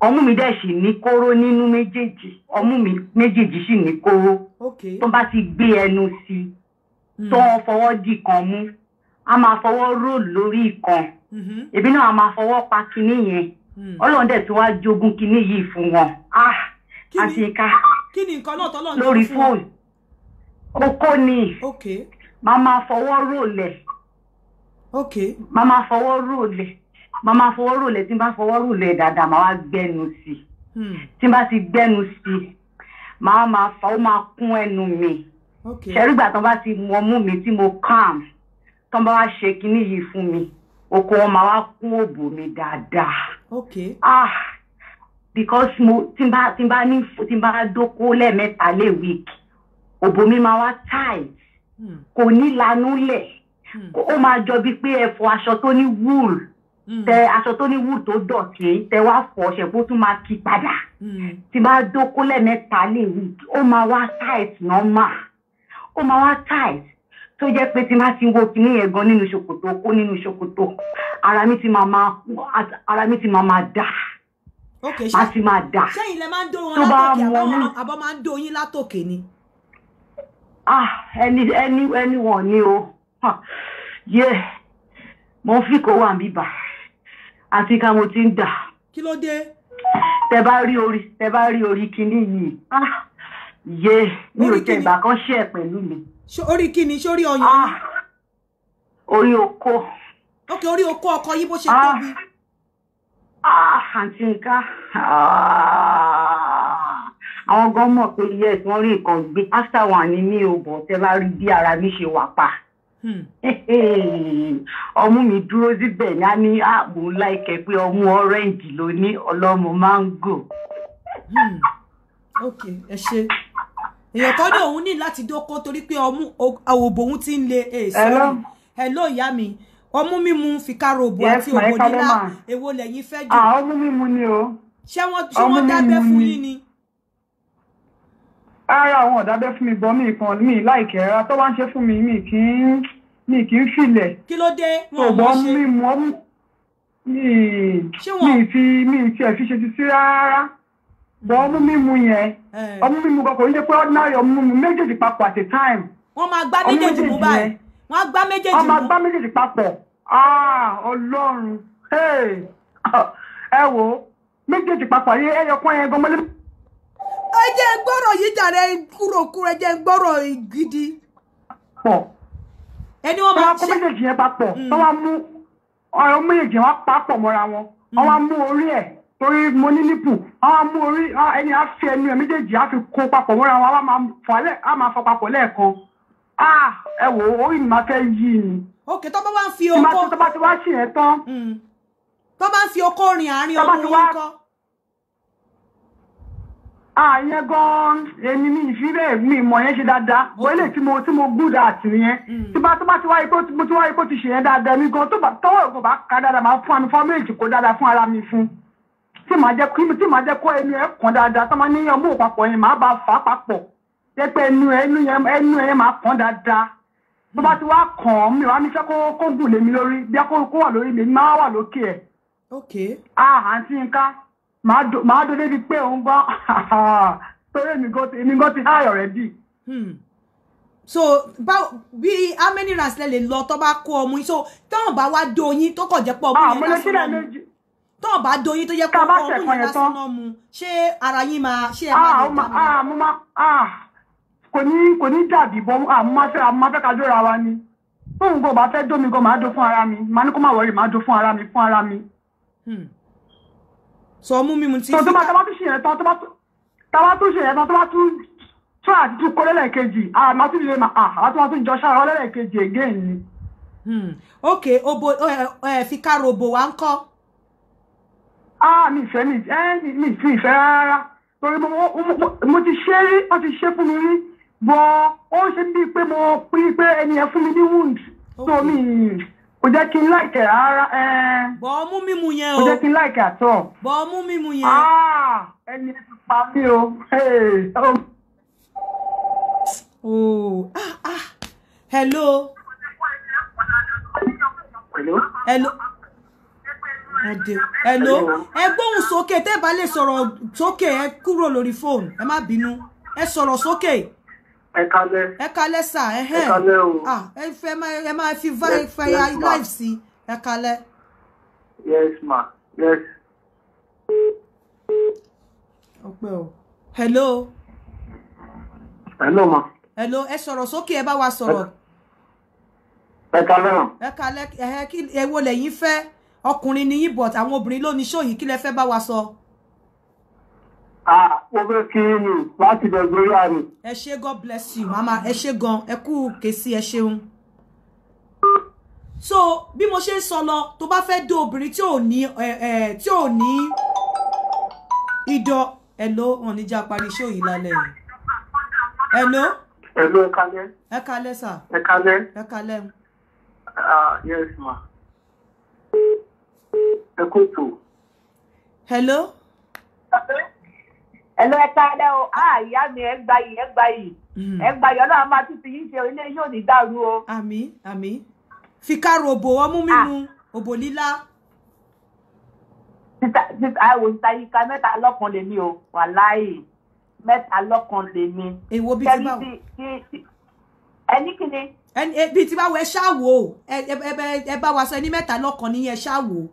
ọmú mi dẹ̀ sì ní kóró nínú méjèèjì ọmú mi méjèèjì sì ní kóró tó bá ti gbé ẹnu sí i mm. tó fọwọ́ dì kan mú a máa fọwọ́ róòlù lórí ìkan mm-hmm. èmi náà a máa fọwọ́ pa kinní yẹn mm. ọlọ́run dẹ̀ tí wàá jogún kinní yìí fún wọn ah àti ká kí ni nǹkan náà tọ́lọ́ lórí fóònù okó ni màmá fọwọ́ rólẹ̀ màmá fọwọ́ rólẹ̀ màmá fọwọ́ rólẹ̀ tí n bá fọwọ́ rólẹ̀ dáadáa màá wá gbẹ́nu sí i hmm. tí n bá ti gbẹ́nu sí i màá máa fà ó máa kún ẹnu mi ṣẹ́rìgbà tán bá ti mu ọmú mi tí mo calm tán bá wá ṣe kinní yìí fún mi okó wọn máa wá kún òbò mi dáadáa. Ah because mo tí n bá tí n bá ní tí n bá dóko lẹ́ẹ̀mẹ́ta lé week òbò mi máa wá tight hmm. kò ní lanú lẹ̀ hmm. ó máa jọ bíi pé ẹ fọ aṣọ tó ní wool hmm. tẹ aṣọ tó ní wool tó dọ̀tí tẹ wá fọ ọṣẹ kó tún máa kí padà tí n bá dóko lẹ́ẹ̀mẹ́ta lé week ó máa wá tight normal ó máa wá tight tó jẹ́ pé tí máa ti wo kinní yẹn gan nínú ṣòkòtò kó nínú ṣòkòtò ara mi ti máa máa ara mi ti máa máa dà a sì máa dà sẹ́yìn lẹ máa ń dó wọn látòkè àbọ̀ máa ń dó yín látòkè ni. Ah, ẹni ẹni ẹni wọn ni o yé mo fi kó wà mí bà àti ká mo ti ń dà. kí ló dé. tẹ bá rí orí tẹ bá rí orí kinní yìí ah, yé mi ò tẹ ìgbà kan ṣe ẹ pẹ̀lú mi. orí kinní sórí ọyàn. Ah, orí oko. ok orí oko ọkọ yín bó ṣe tóbi ah, àwọn gan mọ̀ pé yes wọ́n rí nǹkan gbé after one ni mi ò bọ̀ tẹ́ bá rí bí ara mi ṣe wà pa hmm. [laughs] ọmú mi dúró síbẹ̀ ní a ní ààbò ńlá ike pé ọmú ọ́rẹ́ǹjì ló ní ọlọ́mọ máńgò. Hmm. ok ẹ ṣe èèyàn tọ́jú òun ní láti dóko torí pé ọmú òbò òun ti ń le èèso hello ìyá mi ọmú mímu fìkárò òbò àti òbò nílá èwo lẹ́yìn fẹ́ jù. ọmú mímu ni o. ṣé wọ́n dábẹ́ fún yín ni. ara àwọn ọ̀dábẹ́ fún mi bọ́ mi kan mi láìkẹ́ ara tó wá ń ṣe fún mi mi kì í mi kì í filẹ̀. kí ló dé wọn ò mọ ṣe. ọmú mímu ọmú mi fi mi fi ẹ̀ ṣe ti sí rárá bọ́ ọmú mímu yẹn eh. ọmú mímu kọkọ yín jẹ́ pé ordinary ọmú mímu méjèèjì papọ̀ at a time. wọ́n máa gbá méjèèjì mú báyìí wọ́n á gbá méjèèjì. wọ́n máa gbá méjèèjì papọ̀ ah, ọlọ́run [laughs] ẹ wò ó méjèèjì papọ̀ yé ẹyọ kan yẹn gan mọ́lẹ́. ẹ jẹ́ gbọ́rọ̀ yìí jàre kúròkúrò ẹ jẹ́ gbọ́rọ̀ gidi. ẹni wọ́n máa ṣe. wọ́n á kó méjèèjì yẹn papọ̀ hmm. wọ́n á mú ọ̀rọ̀ méjèèjì wọn á papọ̀ mọ́ra wọn wọ́n á hmm. mú orí ẹ̀ torí mo ní nípù àwọn amú orí ah, ẹni á fi ẹnu ẹ méjèèjì á fi kó papọ̀ mọ́ra wọn á máa fọ papọ̀ lẹ́ẹ̀kan ah ẹ wo, ó orí mi máa fẹ́ yí ni. ok tó bá wá ń fi okó tó bá ti wá ṣì yẹn tán. Hmm. tó bá ń fi okó rin àárín ọdún yín kọ́. àyẹn ah, gan èmi mi ìfilẹ̀ mi ìmọ̀ yẹn ṣe dáadáa wọ́n lè tí mo tí mo gbúdà àti yẹn hmm. tí bá tó bá ti wá ipò tí mo ti wá ipò ti ṣe yẹn dáadáa mi gan tọ́wọ́ ìgò bá ka dáadáa máa fún àmì fọ́mẹ́ẹ̀jì kó dáadáa fún ara mi fún tí màá jẹ́ kó ẹni ẹ̀ kàn dáadáa tó máa ní ọmọ òpapọ̀ yẹn màá bá fà á papọ̀. pé ẹnu ẹnu yẹn ẹnu yẹn máa dáadáa bá ti wá kàn án mi wá ní sẹ́ kó gùn lèmi lórí bí kó wà lórí mi máa wà lókè ẹ. ok. ah àǹtí nǹkan máa bi débi pé òun gbọ́ [laughs] torí èmi gan ti èmi gan ti rẹ hmm. so báwo bí how lè lọ tó bá kó so tọ́hún bá wá do yín tó kàn jẹ́ pọ̀ ọmú ah, yẹn lásán lọ́mú bá do tó yẹ lásán ṣé ara yín máa ṣé ah, kò ní kò ní dàbí bọ́ àmúmáfẹ́ àmúmáfẹ́ kájọ́ ra wa ni tóun kò bá fẹ́ dómi gan máa dó fún ara mi máa ní kó má wọrí máa dó fún ara mi fún ara mi. Hmm. sọ mú mímu tí. tó tó bá tábà tún ṣe yẹn tán tó bá tún tábà tún ṣe yẹn tán tó bá tún tún àti tún kó lẹ́lẹ́kejì àmọ́ tún lè máa àtúntò tún jọ ṣára lẹ́lẹ́kejì again ni. Hmm. ok obo fi káro obo wa ń kọ́. ah mi ìfẹ́ mi ìfẹ́ rárá torí mo ti ṣe é wọ́n ti ṣe fún mi rí bọ́ ó ṣe bíi pé mo pín pé ẹni yẹn fún mi ní wound so mi kò jẹ́ kí n láìkẹ̀ rárá. bọ́ ọmú mímu yẹn o kò jẹ́ kí n láìkẹ̀ àtọ̀. bọ́ ọmú mímu yẹn. Ah, ẹni ẹ ti pa mí o. Oh. oh. Ah, ah. Hello. Hello. Hello. Ẹ̀dẹ̀ ẹ̀lò ẹ gbóhùn sókè tẹ́ bá lè sọ̀rọ̀ sókè ẹ kúrò lórí fóònù ẹ má bínú ẹ sọ̀rọ̀ sókè. ẹ sa, ẹ kalẹ ẹ ẹ fi va ya si ẹ ma yes. o hello. hello ma. hello ẹ sókè bá wa sọrọ. ẹ ma. ẹ ẹ kí fẹ́ ọkùnrin ni yín but àwọn obìnrin ló ní fẹ́ bá wa sọ. Ah, mo fẹ́ kí ni láti nàìjíríà ni. ẹ ṣé god bless you mama ẹ ṣé gan ẹ kú kèsì ẹ ṣeun so bí mo ṣe ń sọ lọ tó bá fẹ́ dé obìnrin tí ò ní tí ò ní idọ ẹ̀lò wọn ní já parí iṣẹ́ òyìn lálẹ́ yìí ẹ̀lò. ẹ̀lò ẹ kalẹ́. ẹ kalẹ́ sà. ẹ kalẹ́. ẹ kalẹ́. Ah, yes ma. ẹ kò tó. hello. hello ẹ lọ ẹ kálẹ̀ o a ah, ìyá mi ẹ gba yìí ẹ gba yìí mm. ẹ gba yìí Ọlọ́run máa tún fi yín ṣe ilé yóò ní dàrú o. àmín àmín fi káàrò òbò ọmú mímu ah. òbò lílá. àwò síta yìí ka mẹ́ta lọ́kàn lèmi o wàláì mẹ́ta lọ́kàn lèmi. èwo bíi ti báwo. ẹni kìíní. ẹni bíi ti báwo ẹ ṣáà wò ó ẹ bá wa sọ ẹni mẹ́ta lọ́kàn ní ẹ ṣáà wò ó.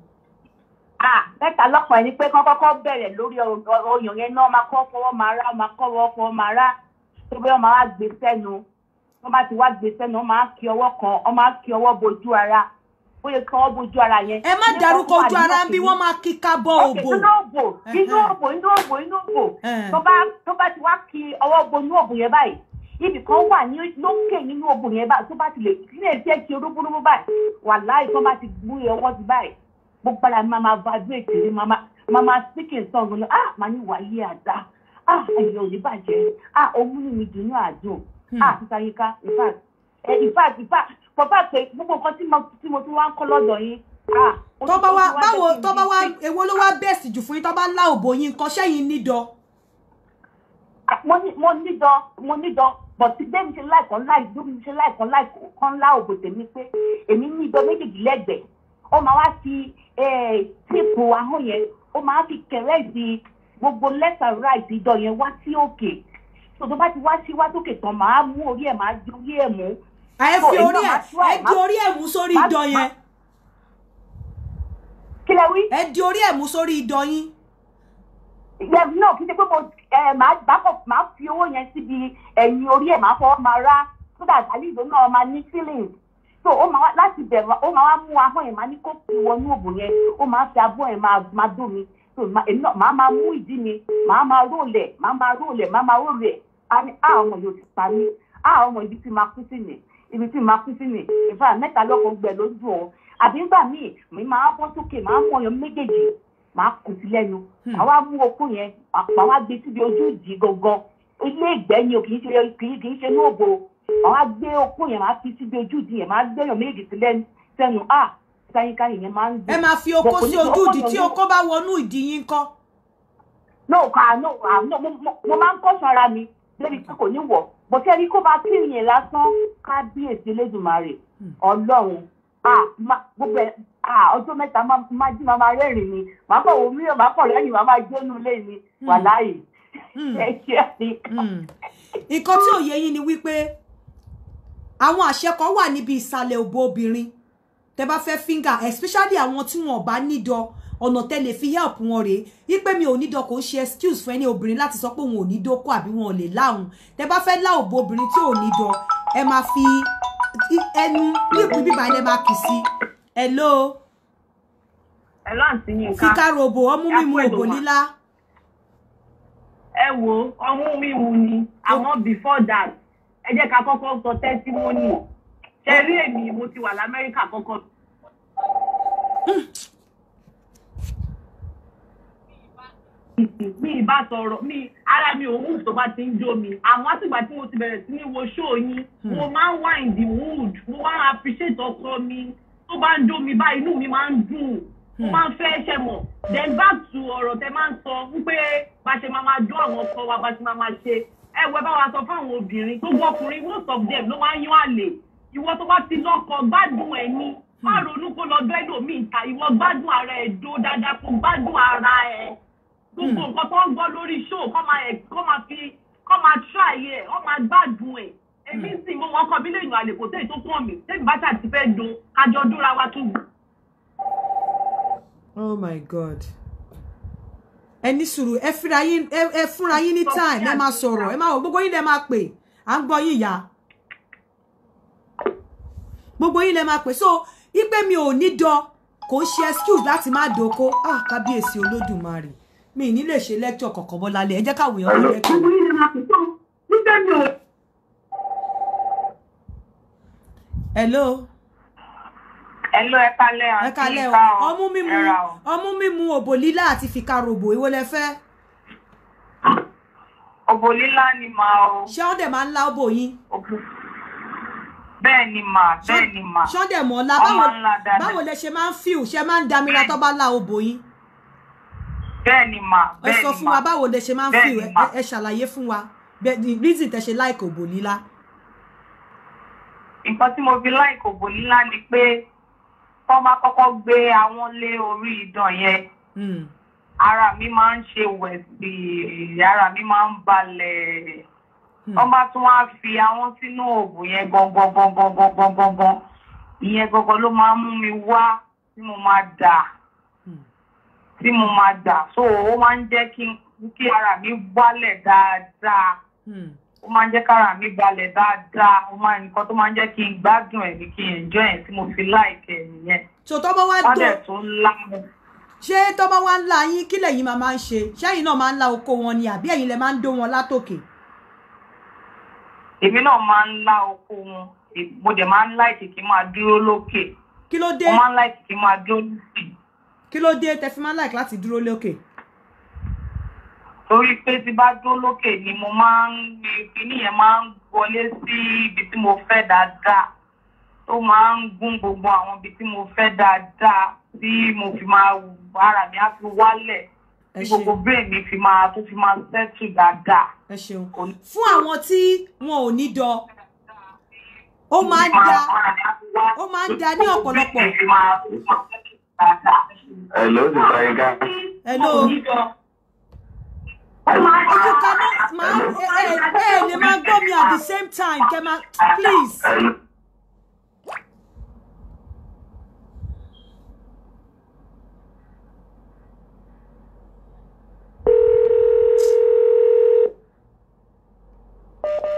mẹ́ta lọ́pọ̀ ẹni pé kọ́kọ́kọ́ bẹ̀rẹ̀ lórí oyún yẹn náà máa kọ́ fọwọ́ máa rá máa kọ́ ọwọ́ fọwọ́ máa rá tó bẹ́ẹ̀ máa wá gbé sẹ́nu wọ́n bá ti wá gbé kan wọ́n máa kí ọwọ́ ara ó yẹ kí wọ́n ara yẹn. ẹ má ojú ara ń bí máa kí ká òbò. inú òbò inú òbò inú òbò inú òbò tó bá ti wá kí ọwọ́ bo inú òbò yẹn báyìí ibì kan wà ní lókè gbogbo ara mi máa vibrate mi máa máa speaking song lọ ah màá ní wàyí àdá ah ẹ̀yìn ò ní bàjẹ́ ah òun mi dùnú àdùn hmm. ah títa yíká eh, in fact in fact in gbogbo nǹkan tí mo tún wá ń kọ́ lọ́dọ̀ yín ah tó bá báwo tó bá èwo ló wá bẹ́ẹ̀sì jù fún yín tó bá òbò yín nǹkan sẹ́yìn nídọ̀. Ah, mo nídọ̀ mo nídọ̀ bọ̀ tí bẹ́ẹ̀ mi ṣe láìkọ́ láì bí mi ṣe láìkọ́ láìkọ́ kan òbò tèmi pé èmi nídọ̀ méjèèjì ó máa wá fi eh, tíìpù ahọ́n yẹn ó máa fi kẹ̀rẹ́ di gbogbo left and right ìjọ yẹn wá sí òkè tó tó bá ti wá sí wá sókè tán máa mú orí ẹ̀ máa di orí ẹ̀ mú. ẹ fi orí ẹ ẹ di orí ẹ mú sórí ìdọ yẹn. kí lẹ wí. ẹ di orí ẹ mú sórí ìdọ yín. náà kí n ṣe pé mo eh, máa fi owó yẹn síbi ẹ̀yìn orí ẹ̀ máa fọwọ́ máa rá so that àlejò náà máa ní feelings so ó máa láti bẹ̀rẹ̀ ó máa mú ahọ́n ẹ̀ máa ní kó fi wọnú òbò yẹn ó máa fi abọ́ ẹ̀ máa dùn mi so èmi náà máa máa mú ìdí mi máa máa rólẹ̀ máa máa rólẹ̀ máa máa rólẹ̀ a ní a ọmọ yóò ti pa a ọmọ ibi tí máa kú sí ni ibi tí máa kú sí ni ìfà mẹ́ta lọ́kọ̀ gbẹ ló dùn ọ́ àbí ńgbà míì mi máa bọ́ sókè máa mú ọyàn méjèèjì máa kù sí lẹ́nu hmm. àwa mú okùn yẹn àpá wa gbé síbi ojú ìdí gangan ilé ìgbẹ́ ni o kì í ṣe inú òbò màá gbé okó yẹn màá fi síbi ojú di yẹn màá gbẹ́yàn méjì sí lẹ́nu ah káyínkáyín yẹn máa ń gbé. ẹ máa fi okó sí ojú ìdí tí okó bá wọnú ìdí yín kọ́. no àánú àánú mo máa ń kọ́sọ̀ ara mi débi pé kò ní wọ̀ bó ṣe rí kó bá kí ìyẹn lásán kábíyèsí elédùnmarè ọlọ́run gbogbo ẹ̀ ọjọ́ mẹ́ta máa jí máa rẹ́rìn ni màá kọ̀ wọ́n mìíràn màá kọ̀ lẹ́yìn màá máa jónú lé ni hmm. wàláyé hmm. [laughs] ẹ ṣe àníkàn. Hmm. nǹkan tí òye yín ni wípé àwọn àṣẹ kan wà níbi ìsàlẹ̀ òbò obìnrin tẹ́ bá fẹ́ fíngà especially àwọn tí wọn bá nídọ̀ ọ̀nà tẹ́lẹ̀ fi help wọn rèé wípé mi ò nídọ̀ kò ń ṣe excuse fún ẹni obìnrin láti sọ pé òun ò ní dókò àbí wọn ò lè láhùn tẹ́ bá fẹ́ lá òbò obìnrin tí ò nídọ̀ ẹ máa fi ẹnu nípìn bíbá ẹni ẹ máa kì sí hello. hello àǹtí Yínká fíkàrọ̀ òbò ọmú mímu òbò lílá. ẹ wo ọmú mímu ni àmọ́ before that ẹ jẹ́ ká kọ́kọ́ sọ tẹ́símọ́nì ṣe rí èmi mo ti wà lamẹ́ríkà kọ́kọ́. mi ìbá sọ̀rọ̀ mi ara mi ò mood tó bá ti ń jó mi àmọ́ àtìgbà tí mo ti bẹ̀rẹ̀ sí ní wo ṣó yín mo máa ń wà in the mood mo wá appreciate ọkọ mi tó bá ń jó mi bá inú mi máa ń dùn mo máa ń fẹ́ ṣe mọ̀ then back to ọ̀rọ̀ tẹ máa ń sọ wípé bá ṣe máa máa jó àwọn ọkọ wa bá ṣe máa máa ṣe ẹ wẹ bá wa sọ fáwọn obìnrin gbogbo ọkùnrin most of them ló máa ń àlè ìwọ tó bá ti lọ́kọ gbádùn ẹ ní má hmm. kó lọ bẹ́ẹ̀ lómi ìta ìwọ gbádùn ara ẹ dó dáadáa kó gbádùn ara ẹ gbogbo hmm. nǹkan tó ń gbọ́ lórí show kọ́ máa ẹ̀ kọ́ máa fi kọ́ máa try ẹ̀ kọ́ máa gbádùn ẹ̀ èmi hmm. sì mo wọn kọ bílẹ̀ ìyàn àlè kò tẹ́yì tó kàn mí tẹ́yì bá ṣàtì dun kájọ dúnra wa kí. Oh my God ẹ ní sùúrù ẹ fúnra yín ẹ fúnra yín ní time ẹ máa sọ̀rọ̀ ẹ máa wọ gbogbo yín lẹ máa pè à ń gbọ́ yín ìyá gbogbo yín lẹ máa pè so ipe mi ò ní dọ kò ń ṣe excuse láti má doko ah kábíyèsí olódùmarè mi ní lè ṣe lecture kọ̀ọ̀kan bọ́ lálẹ́ ẹ jẹ́ káwọn èèyàn lọ lecture. gbogbo yín lẹ máa pè so nígbà mi ò. hello ẹlò ẹ kalẹ àti ìka ọ ẹ kalẹ ọ ọmú mímu ọmú mímu òbò lílá àti fìkaròbò èwo lẹ fẹ́. òbò lílá ni màá o. ṣé máa ń la òbò yín. bẹ́ẹ̀ ni màá bẹ́ẹ̀ ni màá. ṣé wọn dẹ̀ mọ̀ ọ́ la báwo lẹ ṣe máa ń fíù ṣe máa ń damira tó bá la òbò yín. bẹ́ẹ̀ ni màá bẹ́ẹ̀ ni màá. ẹ sọ fún wa báwo lẹ ṣe máa ń fíù ẹ ṣàlàyé fún wa reason tẹ ṣe láìkò òbò lílá. nǹkan tí mo fi láìkò òbò lílá ni pé kọ́ máa kọ́kọ́ gbé àwọn lé orí idán yẹn hmm. ara mi máa ń ṣe wẹ̀sì ara mi máa ń balẹ̀ hmm. wọ́n bá tún wá fi àwọn sínú oògùn yẹn gangan gangan gangan gangan ìyẹn gangan ló máa ń mú mi wá tí mo máa dà hmm. tí mo máa dà so ó máa ń jẹ́ kí ara mi wálẹ̀ dáadáa ó máa ń jẹ́ kára mi balẹ̀ dáadáa ó máa nǹkan tó máa ń jẹ́ kí n gbádùn ẹ̀ ní kí n enjoy ẹ̀ tí mo fi like ẹ̀ nìyẹn. tó tọ́ bá wá dùn lálẹ́ tó ń lá mi. ṣé tọ́ bá wá ń la yín kí lẹ̀yin máa ń ṣe ṣẹ́yìn náà máa ń la oko wọn ni àbí ẹ̀yin lẹ máa ń dó wọn látòkè. èmi náà máa ń la oko wọn mo dẹ̀ máa ń like kí n máa dúró lókè. kí ló dé mo máa ń like kí máa dúró lókè. kí ló dé tẹ fi máa ń like láti dúró lókè. Okay? torí pé tí bá dúró lókè ni mo máa ń ní kíní yẹn máa ń wọlé sí ibi tí mo fẹ́ dáadáa tó máa ń gún gbogbo àwọn ibi tí mo fẹ́ dáadáa tí mo fi máa ara mi á fi wálẹ̀ tí gbogbo brain mi fi máa tó fi máa settle dáadáa. ẹ ṣeun fún àwọn tí wọn ò ní dọ ó máa ń da ó máa ń da ní ọ̀pọ̀lọpọ̀. hello sista yinka. hello. hello if ẹ ẹ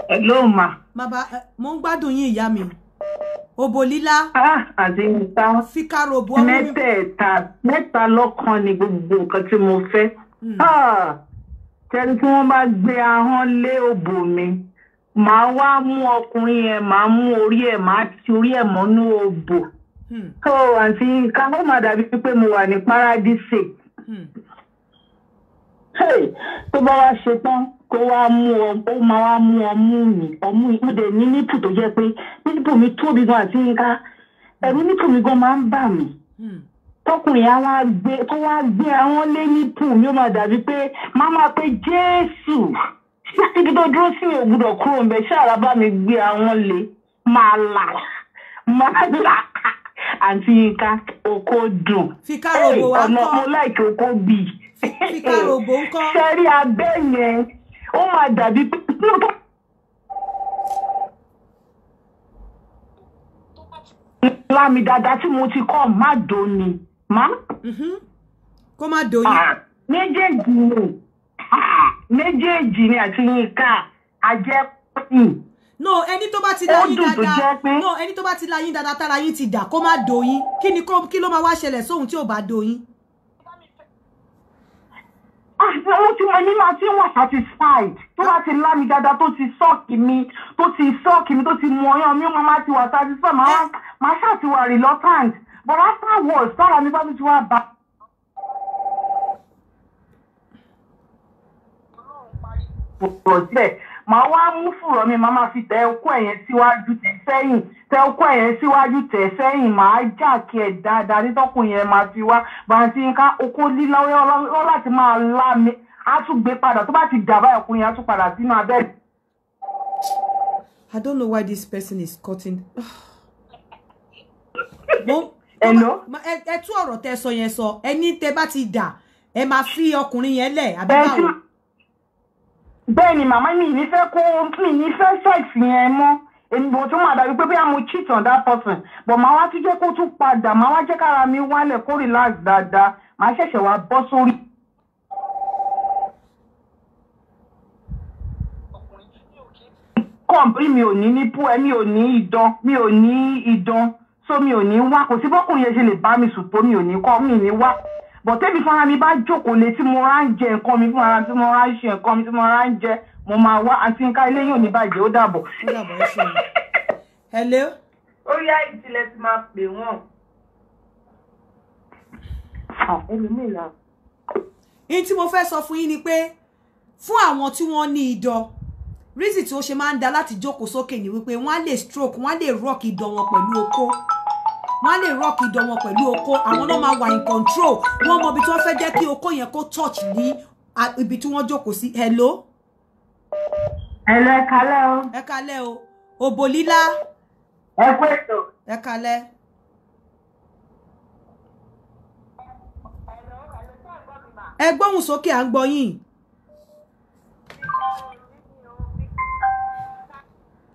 Hello, ma. Bàbá, eh, mo ń gbádùn yín ìyá mi. Òbò lílá. Àti níta. Fíkà robo ọmọ mi. Mẹ́tẹ̀ẹ̀ta mẹ́ta lọ́kàn ni gbogbo nǹkan tí mo fẹ́. Hmm. Ah, tẹ́ni tí wọ́n bá gbé ahọ́n lé òbò mi màá wá mú ọkùnrin yẹn màá mú orí ẹ̀ màá ti orí ẹ̀ mọ́nú òbò. Hmm. so àǹtí nǹkan ó máa dàbí pé mo wà ní paradise. Hmm. tó bá wá ṣe tán kó wá mú ọ ó máa wá mú ọmú mi ọmú mi dẹ̀ ní nípù tó jẹ́ pé nípù mi tóbi gan àti nǹkan ẹ̀rú nípù mi gan máa ń bà mí. Hmm tọkùnrin àwọn àgbẹ tó wá gbé àwọn lé ní pù yóò máa dàbí pé màmá pé jésù ibi tó dúró sí mi ò gbúdọ̀ kúrò ńbẹ ṣé àràbà mi gbé àwọn lé máa là máa là àǹtí yínká oko dùn ọ̀nà mo láìkí oko bì ṣẹ́rí abẹ́ yẹn ó máa dàbí pé. lámì dáadáa tí mo ti kọ́ má dóni màmá. Mhm. kó má doyún. Ah, méjèèjì ni ah, méjèèjì ni àti Yinka àjẹpọ̀jù. no ẹni tó bá ti láyín dáadáa no ẹni tó bá ti láyín dáadáa tára yín ti dà kó má doyún kí ni kí ló máa wá ṣẹlẹ̀ sóhun tí ò bá doyún. Àwọn ah, tí mo ní máa ti wà satisfied tó bá ti lá mi dáadáa tó ti sọ́ọ̀kì mi tó ti sọ́ọ̀kì mi tó ti mú ọyàn mi ó máa ti wà satisfied máa eh. ṣàtiwà reluctant But afterwards, tára mi bá mi ti wá bá. ọ̀rọ̀ màá wá mú fùrọ̀ mi màá máa fi tẹ ọkọ ẹ̀yẹn síwájú tẹ sẹ́yìn tẹ ọkọ ẹ̀yẹn síwájú tẹ sẹ́yìn màá já kí ẹ̀ dáadáa nítọ́kùn yẹn máa fi wá bàǹtí nǹkan oko líla ọ láti máa lá mi á tún gbé padà tó bá ti dàbá ọkùnrin á tún padà sínú abẹ́. I don't know why this person is cutting. [sighs] hello. ẹ tú ọ̀rọ̀ tẹ sọ yẹn sọ ẹni tẹ bá ti dà ẹ máa fi ọkùnrin yẹn lẹ̀ àbí báwo. bẹ́ẹ̀ ni màmá mi ní fẹ́ kó mi ní fẹ́ sex yẹn mọ́ èmi bò tún máa dàbí pé bóyá mo cheat on that person but màá wá tún jẹ́ kó tún padà màá wá jẹ́ kára mi wálẹ̀ kó relax dáadáa màá ṣẹ̀ṣẹ̀ wá bọ́ sórí. kọ́ńpì mi ò ní ní pú ẹ mi ò ní ìdán mi ò ní ìdán so mi ò ní wá kò sí bọ́kùnrin yẹn ṣe lè bá mi sùn tó ò ní kọ́ mi ní wá bọ̀tẹ́mi fúnra mi bá jókòó lé tí mo rá ń jẹ nǹkan mi fúnra tí mo rá ń ṣe nǹkan mi tí mo rá ń jẹ mo máa wá àti nǹkan ilé yóò ní bàjẹ́ ó dàbọ̀. ó dàbọ̀ ó ti máa pè wọ́n. Ah, ní tí mo fẹ́ sọ fún yín ni pé fún àwọn tí wọ́n ní idán rísì tí ó ṣe máa ń da láti jókòó sókè ni wípé wọ́n á lè stroke wọ́n á lè rock idán wọn pẹ̀lú okó wọ́n á lè rock ìdọ̀ wọn pẹ̀lú oko àwọn náà máa wà in control wọ́n mọ ibi tí wọ́n fẹ́ jẹ́ kí oko yẹn kó touch ní ibi tí wọ́n jókòó sí hello. hello ẹ kalẹ́ o. ẹ kalẹ́ o òbò lílá. ẹ kú ètò. ẹ kalẹ́. ẹ gbóhùn sókè à ń gbọ́ yín.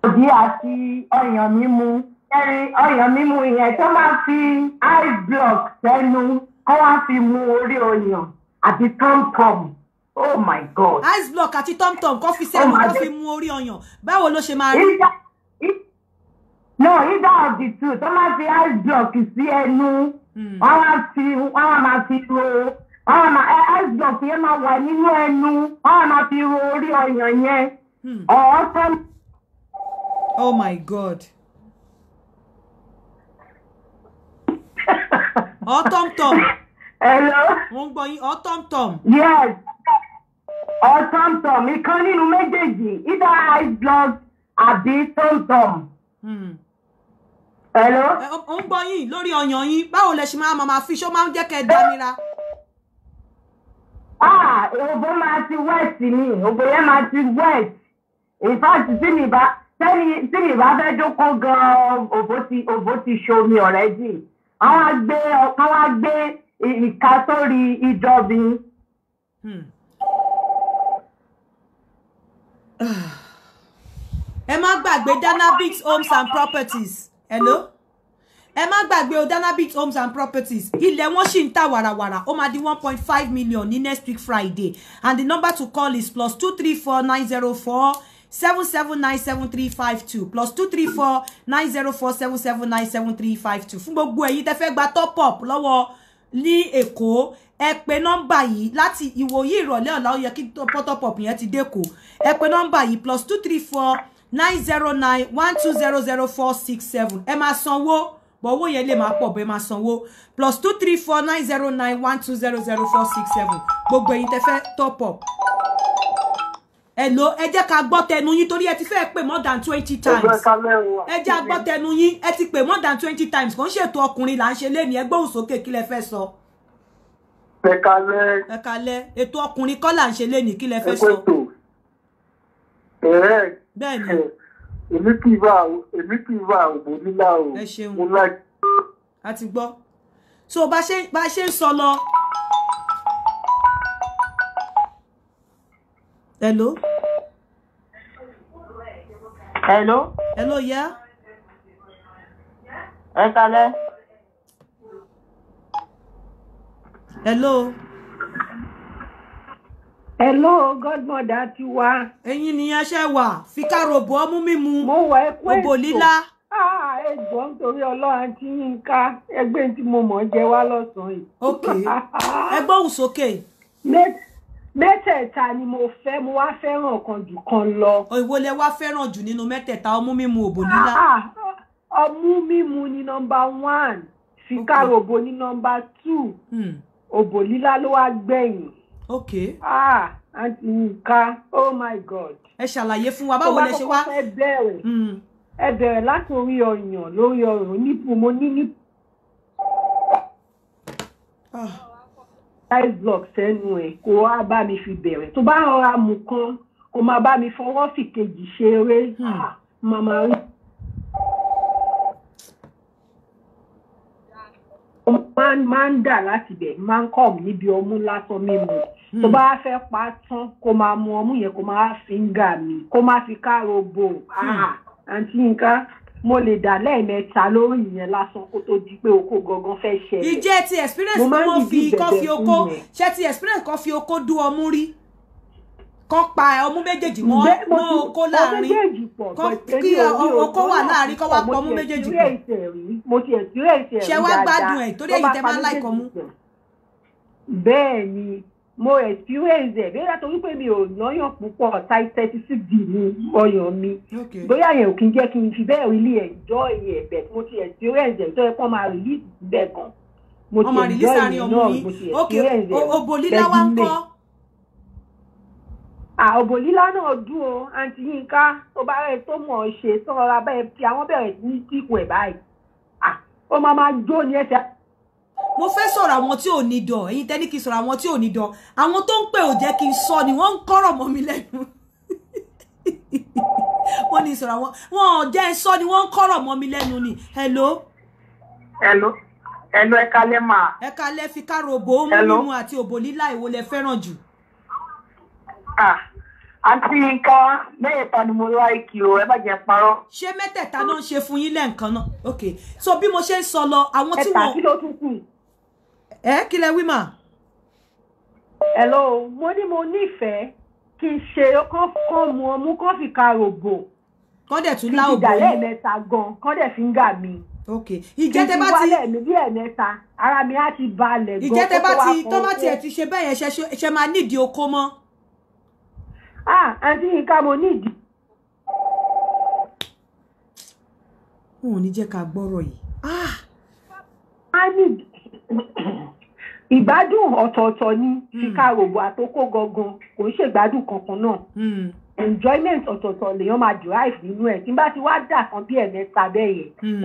òdì àti ọyàn mímu. ẹ̀rín ọyàn mímu yẹn tó máa fi eye block sẹ́nu kó wá fi mu orí ọyàn àti tom-tom oh my god. ice block àti tom-tom kó fi sẹ́nu oh kó fi mu orí ọyàn báwo ló ṣe máa rí. E, no either of the two tó máa fi ice block sí ẹnu hmm. wọ́n wá fi wọ́n wá máa fi ro wọ́n máa ice block yẹn máa wà nínú ẹnu wọ́n máa fi ro orí ọyàn yẹn ọ̀ọ́ hmm. tó. oh my god. Or Tom Tom. Hello. Mo ń gbọ́ yín, or Tom Tom. Yes. Or Tom Tom. Ìkan nínú méjèèjì. Either I blog àbí Tom Tom. Hmm. Hello. Ó ń gbọ́ yín lórí ọyàn yín. Báwo lẹ ṣe máa máa fi ṣó máa ń jẹ́ kẹ́ ẹ dámira? Ah, òbó máa ti west ni, òbó yẹn máa ti west. In fact, tí mi bá tẹ́ni tí mi bá fẹ́ jókòó gan-an, òbó ti òbó ti ṣomi ọ̀rẹ́dì àwọn àgbẹ̀ ìka sórí ìjọbi. [sighs] ẹ má gbàgbé danabix homes and properties hello ẹ má gbàgbé o danabix homes and properties ilẹ̀ wọn ṣì ń tà wàràwàrà ó máa di one point five million ní next week friday and the number to call is plus two three four nine zero four seven seven nine seven three five two plus two three four nine zero four seven seven nine seven three five two fún gbogbo ẹ̀yin tẹ́ gba top up lọ́wọ́ ní Èkó ẹ pè nọ́mbà yìí láti ìwòyí ìrọ̀lẹ́ ọ̀la ó yẹ kí top up yẹn ti dẹkọ ẹ pè nọ́mbà yìí plus two three four nine zero nine one two zero zero four six seven ẹ máa sanwó bọ̀ owó yẹn lè máa pọ̀ bẹ́ẹ̀ máa sanwó plus two three four nine zero nine one two zero zero four six seven gbogbo ẹ̀yin tẹ́ top up. Hello. ló ẹ jẹ́ ká gbọ́ tẹnu yín torí ẹ ti fẹ́ pè more than twenty times ẹ jẹ́ àgbọ́ tẹnu yín ẹ ti pè more than twenty times kò ń ṣètò ọkùnrin là ń ṣe léèní ẹ gbóhùn sókè kí lẹ fẹ́ sọ. ẹ kalẹ̀ ẹ kalẹ̀ ètò ọkùnrin kọ́ là ń ṣe léèní kí lẹ fẹ́ sọ. bẹ́ẹ̀ni èmi kì í bá èmi kì í bá òbò nílá o mo láì. a ti gbọ́ so bá ṣe ń sọ lọ. Hello? Hello? Hello, yeah? Ẹ kalẹ́. Hello? Hello, godmother ti wá. Ẹ̀yin ni aṣẹ́ wà, fi káròbó ọmú mímu, òbò lílá. Ah, ẹ jọ̀ọ́ nítorí Ọlọ́run tí yín ká ẹgbẹ́ tí mo mọ̀ jẹ wá lọ́sàn-án yìí. Ok, [laughs] ẹ gbóhùn sókè. Next mẹ́tẹ̀ẹ̀ta ni mo fẹ́ mo wá fẹ́ràn kan jù kan lọ. ìwo lẹ wá fẹ́ràn jù nínú mẹ́tẹ̀ẹ̀ta ọmú mímu òbò nílá. Ah, ah, ọmú mímu ni nọ́mbà one fìkàrò òbò ni nọ́mbà two hmm. òbò lílá ló wá gbẹ̀yìn. ok. ah àǹtí nǹkan oh my god. ẹ ṣàlàyé fún wa báwo lẹ ṣe wá. ọba kọ́kọ́ fẹ́ bẹ̀rẹ̀ hmm. ẹ bẹ̀rẹ̀ láti orí ọyàn lórí ọrùn nípò mo ní nípò. Ah ice block sẹ́nu ẹ̀ kó wá bá mi fi bẹ̀rẹ̀ tó bá rọra mú kan kó máa bá mi fọwọ́ sí kejì ṣeré màmá hmm. ah, rí. máa ń dà láti bẹ̀ máa ń kọ̀ níbi ọmú lásán mímu hmm. tó bá fẹ́ pa tán kó máa mu ọmú yẹn kó máa fi ń gà mí kó máa fi káàró bò hmm. ah, àǹtí nǹkan mo lè dà lẹ́ẹ̀mẹ́ta lórí ìyẹn lásán kó tó di pé oko gangan fẹ́ ṣẹlẹ̀. ìjẹ́ ti experience ni wọ́n fi kọ́ fi oko ṣé ti experience kọ́ fi oko dú ọmú rí kọ́ pa ọmú méjèèjì mọ́ oko láàrin kọ́ kí oko wà láàrin kọ́ wá pọ̀ ọmú méjèèjì pọ̀ ṣé wá gbádùn ẹ̀ torí èyí tẹ́ máa ń láìkọ́ mú. bẹ́ẹ̀ ni mo experience ẹ bóyá torí pé mi ò lọ́yàn púpọ̀ size thirty six d ni ọyàn mi bóyá yẹn ò kí n jẹ́ kí n fi bẹ́ẹ̀ really enjoy ẹ̀ bẹ̀ mo ti experience ẹ̀ tó yẹ kó máa release bẹ́ẹ̀ gan mo ti enjoy ẹ̀ náà mo ti experience ẹ̀ obolilawa ń kọ́. òbòlílá ah, náà dùn o àǹtí Yínká tó bá rẹ̀ tó mọ̀ ọ́ ṣe sọ́ra bẹ́ẹ̀ fi àwọn bẹ̀rẹ̀ ní kíkù ẹ̀ báyìí ah, mo fẹ́ sọ̀rọ̀ àwọn tí ò ní dán ẹ̀yin tẹ́ ní kí n sọ̀rọ̀ àwọn tí ò ní dán àwọn tó ń pè ò jẹ́ kí n sọ ni wọ́n ń kọ́rọ̀ mọ́ mi lẹ́nu [laughs] wọ́n ní sọ̀rọ̀ àwọn wọn ò jẹ́ sọ ni wọ́n ń kọ́rọ̀ mọ́ mi lẹ́nu ni hello. hello hello ẹ kalẹ́ máa. ẹ kalẹ́ fi kárò òbò mímu àti òbò lílá ìwo fẹ́ràn jù. ah àǹtí nǹka mẹ́ẹ̀ta ni mo láìkì o ẹ má jẹ́ parọ́. ṣé mẹ́tẹ̀ẹ̀ta náà ṣe fún yín lẹ́ǹkan náà ok so bí mo ṣe ń sọ lọ àwọn tí wọn. ẹ̀ta kí ló tún kù. ẹ kí lẹ wí mà. hello mo ní mo nífẹ̀ẹ́ kí n ṣe kọ́ mu ọmú kọ́ fi ka rògbò. kọ́ dẹ̀ tún lá ògbó yìí. kí n dàlẹ́ mẹ́ta gan kọ́ dẹ̀ fi ń gà mí. ok ìjẹ́ tẹ bá ti. kí n wálẹ̀ mi bí ẹ̀mẹ́ta ara mi á ti balẹ̀ gan. ìjẹ́ tẹ bá ti ah àǹtí Yínká mo ní ìdí. wọn ò ní jẹ́ ká gbọ́rọ̀ yìí. a ah! ní ìgbádùn ọ̀tọ̀ọ̀tọ̀ ni Yínká hmm. rògbò àtòkò gangan kò ń ṣègbádùn kankan náà hmm. enjoyment ọ̀tọ̀ọ̀tọ̀ lèèyàn máa derive nínú ẹ̀ tí n bá ti wá dà kan bí ẹ̀mẹ́ta bẹ́ẹ̀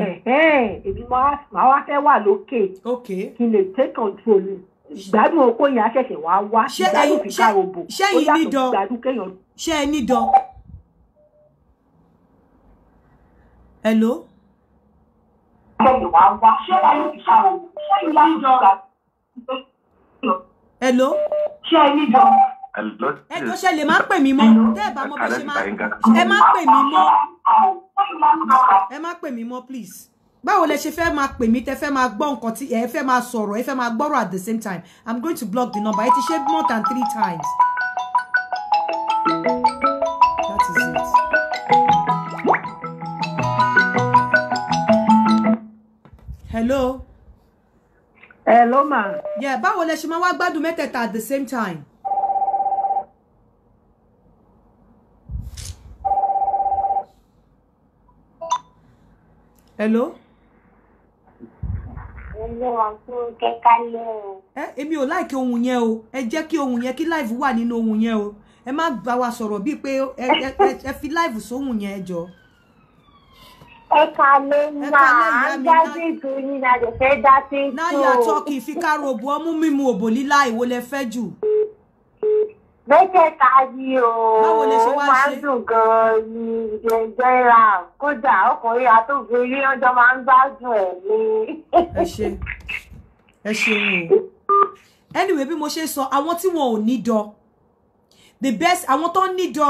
yẹn hmm. èmi máa wá fẹ́ wà lókè kí n lè take control gbádùn oko yẹn á ṣẹ̀ṣẹ̀ wá wá ìgbádùn fi káàrò bò ó yàtọ̀ gbádùn kéèyàn. ṣé ẹ ní dán. hello. hello. ṣé ẹ ní dán. ẹ tó ṣe lè má pè mí mọ́ tẹ́ ẹ bá mọ̀ bó ṣe má ẹ pè mí mọ́ ẹ má pè mí mọ́ please báwo lẹ ṣe fẹ́ máa pè mí tẹ fẹ́ máa gbọ́ nǹkan tí ẹ fẹ́ máa sọ̀rọ̀ ẹ fẹ́ máa gbọ́rọ̀ at the same time i'm going to block the number ẹ ti ṣe more than three times. that is it. hello. hello ma. yeah báwo lẹ ṣe máa wá gbádùn mẹ́tẹ̀ẹ̀ta at the same time. hello ẹ èmi ò láìkí ohun yẹn o ẹ jẹ́ kí ohun yẹn kí live wà nínú ohun yẹn o ẹ má bá wa sọ̀rọ̀ bíi pé ẹ fi live sóhun yẹn ẹ jọ. ẹ kalẹ̀ máa ń dá sí ìtú yín náà lè fẹ́ dá sí ìtú. náà yà tọ́kì fi ká robo ọmú òbò lílá ìwọlẹ̀ fẹ́ jù mẹ́tẹ̀ẹ̀ta ni o ó máa ń dùn gan-an ní nàìjíríà kódà ọkùnrin àtòbìnrin ọjọ́ máa ń gbádùn ẹ̀ ní. ẹ ṣe ẹ ṣe o anyway bí mo ṣe sọ àwọn tí wọn ò ní dọ the best àwọn tó ní dọ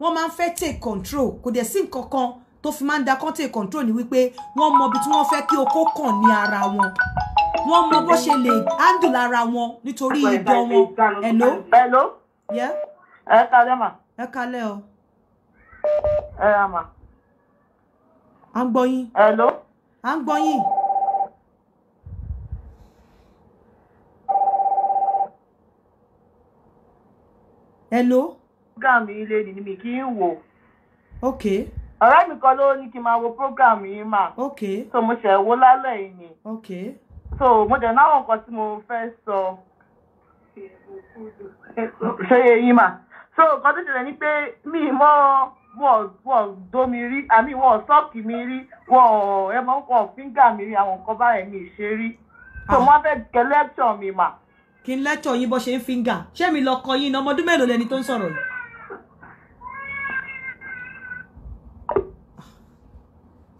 wọn máa ń fẹ́ take control kò dẹ̀ sí nǹkan kan tó fi máa ń da kán take control ni wípé wọ́n mọ ibi tí wọ́n fẹ́ kí okó kàn ní ara wọn wọ́n mọ bó ṣe lè handle ara wọn nítorí ìdọ̀ wọn hello. hello? yẹ. ẹ kalẹ́ ma? ẹ kalẹ́ o. ẹ ra mà. à ń hello. program yìí ok. ọ̀rẹ́ mi kan ló ni kí ma wo program ok. so mo ṣẹ̀ wo lálẹ́ ok. so mo dẹ̀ mo fe ṣe yẹ yín mà so nǹkan tó ṣẹlẹ̀ ni pé mi mọ wọ́n domi rí àmì wọ́n sọ́ọ̀kì mi rí wọ́n ẹ̀mọ́ wọ́n fíńgà mi rí àwọn nǹkan báyẹn mi ṣe rí so ah. wọ́n fẹ́ kẹ́ lẹ́tọ̀ mi mà. kí n lẹ́tọ̀ yín bó ṣe ń fíńgà ṣé mi lọ kọ yín ọmọ ọdún mélòó lẹni tó ń sọ̀rọ̀ yìí.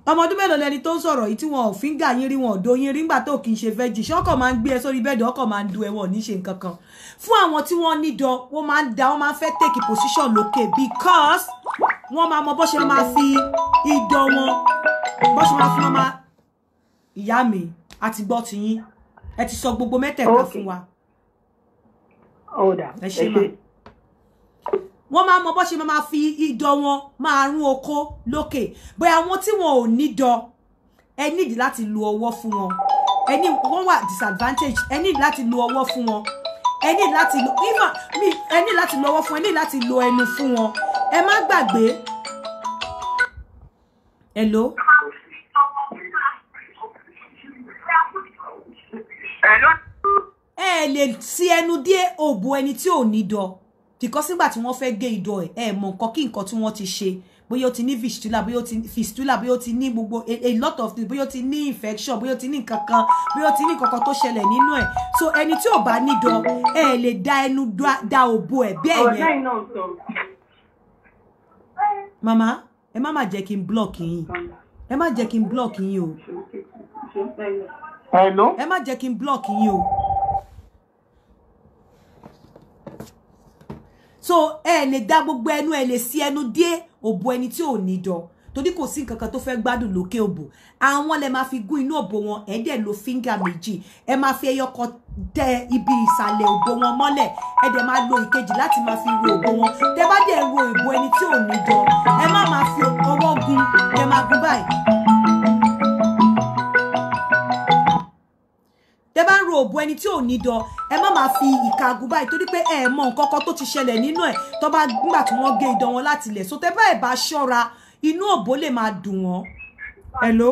ọmọ ọdún mélòó lẹni tó ń sọ̀rọ̀ yìí tí wọn ò fíńgà yín rí wọn ò do yín rí ńgbà tó kì í ṣe fẹ́ jì ṣọ́kọ̀ máa ń gbé ẹ sórí bẹ́ẹ̀dì ọkọ̀ máa ń du ẹ wọn ò ní ṣe nǹkan kan fún àwọn tí wọ́n nídọ wọ́n máa ń da wọ́n máa ń fẹ́ take position lókè because wọ́n máa mọ bó ṣe máa fi idọ wọn bó ṣe máa fi wọn máa ìyá mi àti gbọ́ ti yín ẹ ti sọ gbogbo mẹ́tẹ̀ẹ̀ta fún wa. ẹ ṣe máa wọ́n máa mọ bó ṣe máa fi idọ̀ wọn máa rún oko lókè bóyá àwọn tí wọn ò ní dọ̀ ẹ nídìí láti lo ọwọ́ fún wọn ẹ ní wọ́n wà disadvantage ẹ nídìí láti lo ọwọ́ fún wọn ẹ nídìí láti lo ìmọ̀ mi ẹ nídìí láti lo ọwọ́ fún ẹ nídìí láti lo ẹnu fún wọn ẹ má gbàgbé hello. ẹ lè ti ẹnu dé òbò ẹni tí o ní dọ̀ because nígbà tí wọ́n fẹ́ gé ìdọ̀ ẹ̀ ẹ̀ mọ̀ nǹkan kí nǹkan tí wọ́n ti ṣe bóyá o ti ní fistula bóyá o ti fistula bóyá o ti ní gbogbo a lot of things bóyá o ti ní infection bóyá o ti ní nǹkan kan bóyá o ti ní nǹkan kan tó ṣẹlẹ̀ nínú ẹ̀ so ẹni tí ò bá nídọ̀ ẹ lè da ẹnu da òbo ẹ̀ bí ẹ̀yẹ. mama ẹ má má jẹ́ kí n block yín ẹ má jẹ́ kí n block yín o ẹ má jẹ́ kí n block yín o. so ẹ lè dá gbogbo ẹnu ẹ lè sí ẹnu dé òbò ẹni tí ò ní do torí kò sí nǹkan kan tó fẹ́ gbádùn lókè òbò àwọn lè máa fi gún inú òbò wọn ẹ dẹ̀ lo fíńgà méjì ẹ máa fi ẹyọ kan ibi ìsàlẹ̀ òbò wọn mọ́lẹ̀ ẹ dẹ̀ máa lo ìkejì láti máa fi ro òbò wọn tẹ bá dẹ̀ ro ìbò ẹni tí ò ní dán ẹ má máa fi ọwọ́ gun e ma gun báyìí. tẹ bá ro òbò ẹni tí ò ní dán ẹ má máa fi ìka agun báyìí torí pé ẹ mọ nǹkan kan tó ti ṣẹlẹ̀ nínú ẹ̀ tó bá nígbà tí wọ́n gé idán wọn láti ilẹ̀ so tẹ bá ẹ̀ bá ṣọ́ra inú òbò lè máa dùn wọ́n. hello.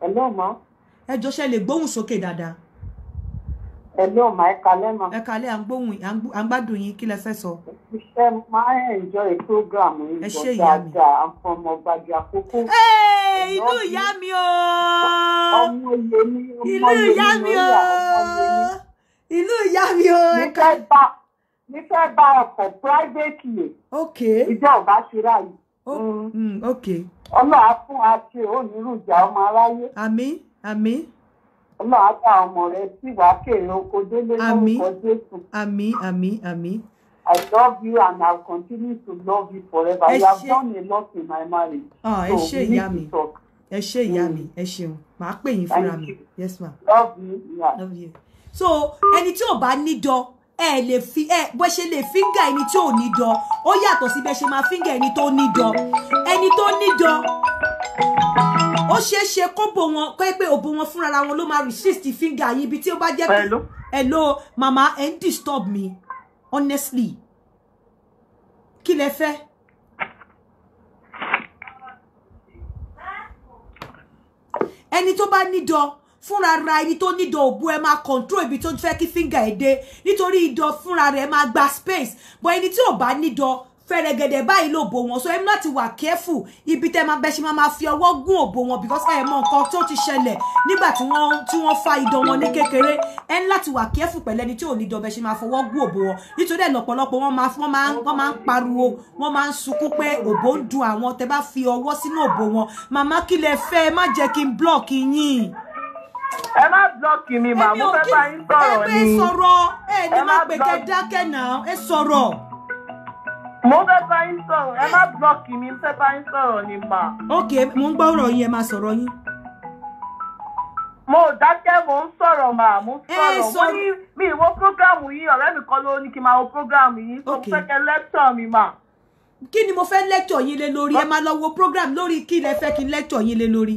hello ma. ẹ jọ ṣe lè gbóhùn sókè dáadáa ẹ̀lẹ́ ọ̀ma ẹ kalẹ́ ma. ẹ kalẹ́ à ń gbóhùn à ń gbádùn yín kí lẹ enjoy program yìí lọ dáadáa àǹfọ̀mọ̀ ọ̀gbàjì àkókò. Hey, ìyá mi o ìlú ìyá mi o ìlú ìyá mi o. mi fẹ́ bá ọkọ̀ private yìí. ok ìjà ọba ṣíra yìí. Oh ọlọ́run á fún wa ṣe onírúurú ìjà ọmọ aráyé. àmín àmín ọlọ́run á bá ọmọ rẹ tí wàá kéré oko délé lórúkọ jésù. àmín àmín àmín. I love you and I will continue to love you forever. Ẹ ṣe you have done a lot in my marriage. Ah, ẹ ṣe ìyá mi. Ẹ ṣe ìyá mi. Ẹ ṣeun. Màá pè yín fúnra mi. Yes ma. Love you. Love you. So ẹni tí ò bá níjọ ẹ lè fi ẹ bó ṣe lè fíńgà ẹni tí ò ní dán ó yàtọ̀ sí bẹ́ẹ̀ ṣe máa fíńgà ẹni tó ní dán ẹni tó ní dán ó ṣeé ṣe kó bò wọn kó pé òbò wọn fúnra wọn ló máa resist fíńgà yìí ibi tí ó bá jẹ́ pé hello mama ẹ ń disturb me honestly kí lẹ fẹ́. ẹni tó bá ní dán fúnra ra ibi tó ní ìdọ̀ òbú ẹ máa control ibi tó fẹ́ kí fíngà ẹ dé nítorí ìdọ̀ fúnra rẹ̀ máa gba space but ẹni tí ò bá nídọ̀ fẹ̀rẹ̀gẹ̀dẹ̀ báyìí lòbò wọn so ẹmu láti wà careful ibi be máa bẹ́ṣẹ́ máa fi ọwọ́ gún òbò wọn because ẹ mọ nǹkan to ti ṣẹlẹ̀ nígbà tí wọ́n tí wọ́n fa idán wọn ní kékeré ẹ ń láti wà careful pẹ̀lú ẹni tí ò ní dọ̀bẹ̀ ṣe máa fọwọ́ gún òbò wọn nítorí ẹ̀ lọ́pọ̀lọpọ̀ wọ́n máa wọ́n máa wọ́n máa ń pariwo wọ́n máa ń sunkún pé òbò ń dùn àwọn tẹ́ bá fi ọwọ́ sínú òbò wọn màmá kí lẹ fẹ́ má jẹ́ block yín ẹ má blọọkì mi màá mo fẹ́ bá yín sọ̀rọ̀ ni ẹ sọ̀rọ̀ ẹ ní má gbẹgẹ dákẹ́ náà ẹ sọ̀rọ̀. mo fẹ́ bá yín sọ̀rọ̀ ẹ má blọọkì mi mo fẹ́ bá yín sọ̀rọ̀ ni mà. ok mo ń gbọ́ ọ̀rọ̀ yín ẹ máa sọ̀rọ̀ yín. mo dákẹ́ mo ń sọ̀rọ̀ mà mo sọ̀rọ̀ mo ní mi ìwo prógrámù yìí ọ̀rẹ́ mi kan ló ní kí n máa wo prógrámù yìí tó fẹ́ kẹ́ lẹ́tọ̀ mi mà. kí ni mo fẹ́ lẹ́tọ̀ yín lé lórí ẹ máa lọ wo prógrámù lórí kí lẹ fẹ́ kí lẹ́tọ̀ yín lé lórí.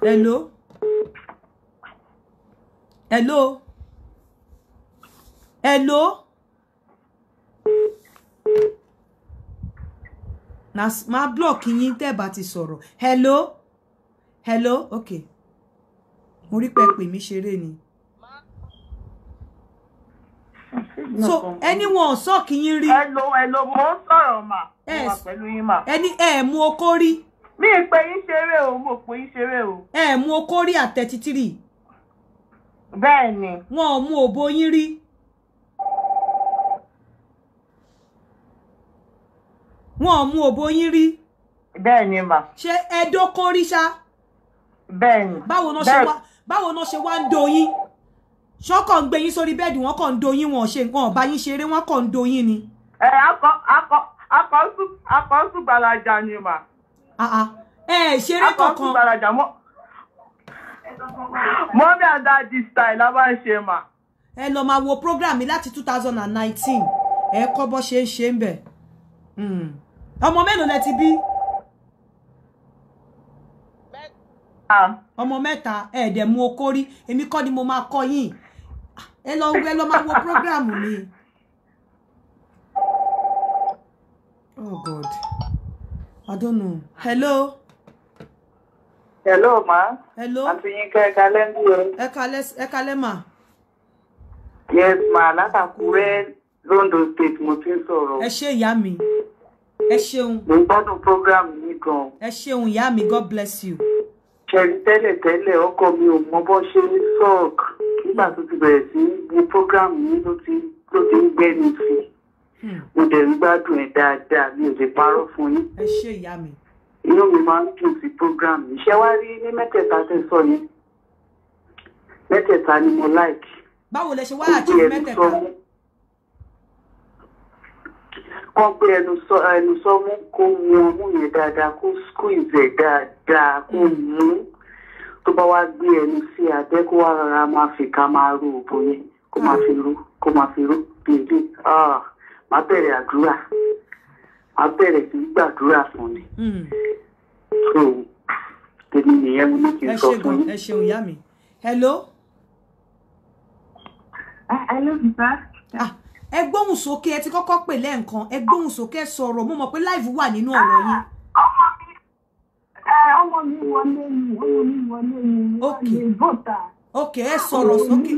hello hello hello na ma block yin ti sọrọ hello hello okay mo rí pé ni so ẹni wọn ò sọ kí hello hello mo ẹ ẹ mú okori. mi ì pè yín ṣeré o mo pè yín ṣeré o. ẹ mú okó rí àtẹ̀títírì. bẹ́ẹ̀ ni. wọn ò mú òbó yín rí. wọn ò mú òbó yín rí. bẹ́ẹ̀ ni mà. ṣé ẹdó kó rí ṣá. bẹ́ẹ̀ ni. báwo náà ṣe wá báwo náà ṣe wá ń do yín ṣọ́kọ̀ ń gbé yín sórí bẹ́ẹ̀dì wọ́n kàn ń do yín wọn ṣe nǹkan ọ̀bá yín ṣeré wọ́n kàn ń do yín ni. ẹ akọ akọ akọ sùgbàlàjà ni mà. ẹ ah, ah. eh, ṣeré kankan. àkọsígbàrajà mọ mọ́mí and daddy style la ṣe ẹ lọ ma wo program mi lati two thousand and nineteen ẹ bọ́ ṣe ṣe ń hmm. ọmọ ti ọmọ mẹ́ta ẹ ni mo ma yin. ẹ lọ ẹ lọ ma wo program mi. Oh, I don't know. Hello. Hello, ma. Hello. Àti Yinka Ẹ̀kalẹ́ ń dúró. Ẹ̀kalẹ́ ma. Yes, ma. Látàkúrẹ́ London State mo ti ń sọ̀rọ̀. Ẹ ṣé ìyá mi. Ẹ ṣeun. Mo gbọ́dọ̀ program yìí gan. Ẹ ṣeun ìyá mi. God bless you. Ṣẹ̀rí tẹ́lẹ̀ tẹ́lẹ̀ ọkọ mi ò mọ bọ́ ṣe ní sọ́ọ̀k. Nígbà tó ti bẹ̀rẹ̀ sí ní program yìí ló ti ń gbẹ́ni sí i mo dẹ̀ ń gbádùn ẹ̀ dáadáa mi ò lè parọ́ fún yín. ẹ ṣé ìyá mi. inú mi máa ń dùn sí program yìí ṣé wàá rí ní mẹ́tẹ̀ẹ̀ta tẹ̀ sọ yẹn mẹ́tẹ̀ẹ̀ta ni mo like. báwo lẹ ṣe wá achieve mẹ́tẹ̀ẹ̀ta. wọ́n gbé ẹnu sọ ẹnu sọ mú kó mu ọmú yẹn dáadáa kó squeeze ẹ̀ dáadáa kó hmm. mú tó bá wá gbé ẹnu sí abẹ́ kó wá rárá máa fi ká máa rú òbò yẹn kó máa hmm. fi rú kó máa fi rú bèbè ah má bẹ̀rẹ̀ àdúrà má bẹ̀rẹ̀ sí gbàdúrà fún ni. Hmm. so èmi nìyẹn mo ní kí n sọ fún yín. ẹ ṣeun ìyá mi hello. hello bíbá. Ah, ẹ gbóhùn sókè ẹ ti kọ́kọ́ pè lẹ́ẹ̀kan ẹ gbóhùn sókè sọ̀rọ̀ mo mọ̀ pé láìfù wà nínú ọ̀rọ̀ yín ọmọ mi wọlé ni ọmọ mi wọlé ni wọlé bọ́tà. Ok ẹ sọ̀rọ̀ sókè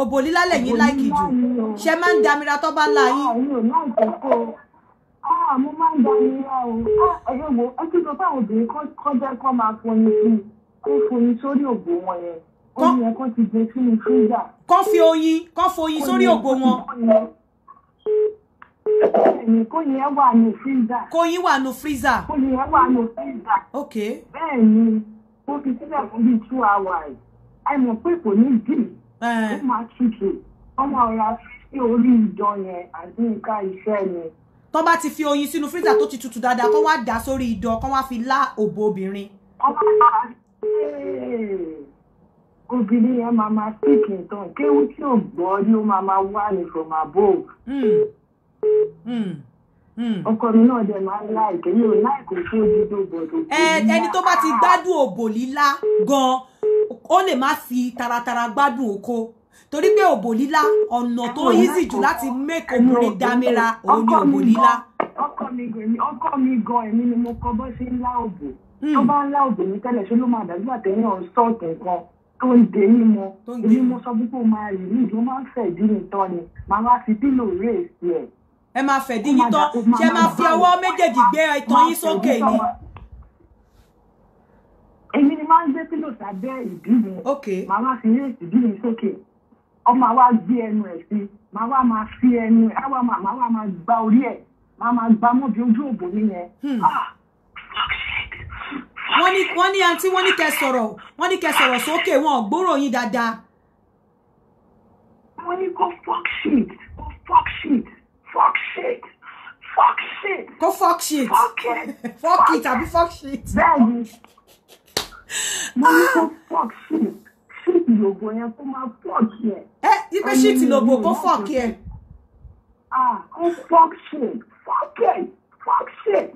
òbò lílá lẹ́yìn láìkì jù ṣe máa ń damira tó bá la yín. Ah, mo máa ń damira o ah, ẹ̀yọ́ wo ẹ kí ló fáwọn obìnrin kọ́ jẹ́ kọ́ máa fọyín sí i kó fọyín sórí òbò wọn yẹn oyin yẹn kó ti gbé sínú fíjà. kọ́ fi oyin kọ́ foyin sórí òbò wọn. Kóyin yẹn wà ní fíríza. Kóyin wà ní freezer. Kóyin yẹn wà ní freezer. Ok. Bẹ́ẹ̀ni, mo fi sílẹ̀ fún bíi two hours ẹ mọ̀ pé kò ní ìdí ó máa tutù wọ́n máa ra sí orí ìdán yẹn àti nǹkan iṣẹ́ yẹn. tó bá ti fi oyin sínú freezer tó ti tutù dáadáa kó wá dà sórí ìdán kó wá fi lá òbò obìnrin. ọba máa ṣe obìnrin yẹn máa máa speak nǹkan kéwú tí ò gbọ́ ni ó máa máa wà ní from above. Hmm. Hmm. Hmm. ọkọ mi náà dẹ̀ máa ń láìpẹ́ mi ò láìpẹ́ fún ojúdó bọ̀dọ̀ ẹni tó bá ti gbádùn òbò lílá gan ó lè má fi taratara gbádùn oko torí pé òbò lílá ọ̀nà tó easy jù láti make obìnrin dámẹ́ra òun ni òbò lílá. ọkọ mi gan ọkọ mi gan èmi ni mo kọ bó ṣe ń lá òbò hmm. tó bá ń lá òbò mi tẹ́lẹ̀ ṣé ló máa dàgbà tẹ́yìn ọ̀sọ́ọ̀tì nǹkan tó ń de mímọ èmi mo sọ pé kó máa rìn ní ìlú máa ń fẹ̀ dín nìtọ́ ni màá wá fi pílò rèé sí ẹ̀ ẹ máa fẹ̀dí yín tán ṣe máa fi ọwọ́ méjèèjì gbé ìtàn yín sókè ni. èmi ni máa ń gbé kílò sábẹ́ ìbí mi màá wá fi yéèsì bí mi sókè ọmọ àwa gbé ẹnu ẹ̀ sí màá wá máa fi ẹnu ẹ̀ àwa màá wá máa gba orí ẹ̀ màá máa gba mọ́bi ojú òbò mi yẹn. Hmm. Ah! wọ́n ní wọ́n ní àǹtí wọ́n ní kẹ́ sọ̀rọ̀ wọ́n ní kẹ́ sọ̀rọ̀ sókè wọn ò gbúrò yín dáadáa. wọ́n ní kó fuck shit kó fuck shit fuck shit fuck shit. Go fuck shit fuck it [laughs] fuck it be fuck shit. Then. [laughs] mo ní ah! fuck shit shit lògbò yẹn kó máa fuck Eh? You be shit lògbò Go fuck yẹn. ah Go fuck shit fuck it fuck shit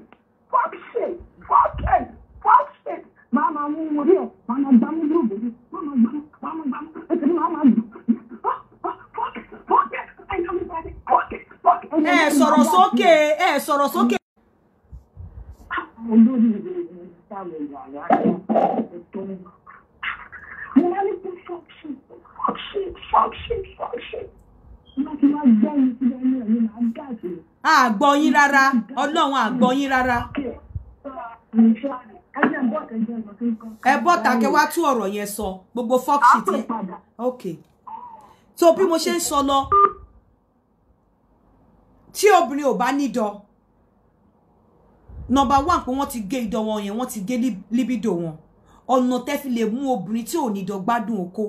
fuck shit fuck it fuck shit Mama, mama, mama, mama, mama, mama, mama, mama. mú lóògùn máa máa gbá mú máa máa gbá mú ètò máa máa fuck ah, ah, fuck it ẹ sọ̀rọ̀ sókè ẹ sọ̀rọ̀ sókè. olórí ìwé ni sáwọn ìwà rárá tó ń bọ̀. mo wá ní kí fọ́ọ̀ṣì fọ́ọ̀ṣì fọ́ọ̀ṣì fọ́ọ̀ṣì láti wá gbọ́ mi sí ẹni ọlọ́run a rárá. ẹ bọ́ tàkẹ́ wá tú ọ̀rọ̀ yẹn sọ gbogbo fọ́ọ̀ṣì tí. ok so bí mo ṣe ń sọ lọ tí obìnrin ò bá nídọ̀ nọ́mbà one pé wọ́n ti gé idọ̀ wọn yẹn wọ́n ti gé libido wọn ọ̀nà tẹ́ fi lè mú obìnrin tí ò nídọ̀ gbádùn oko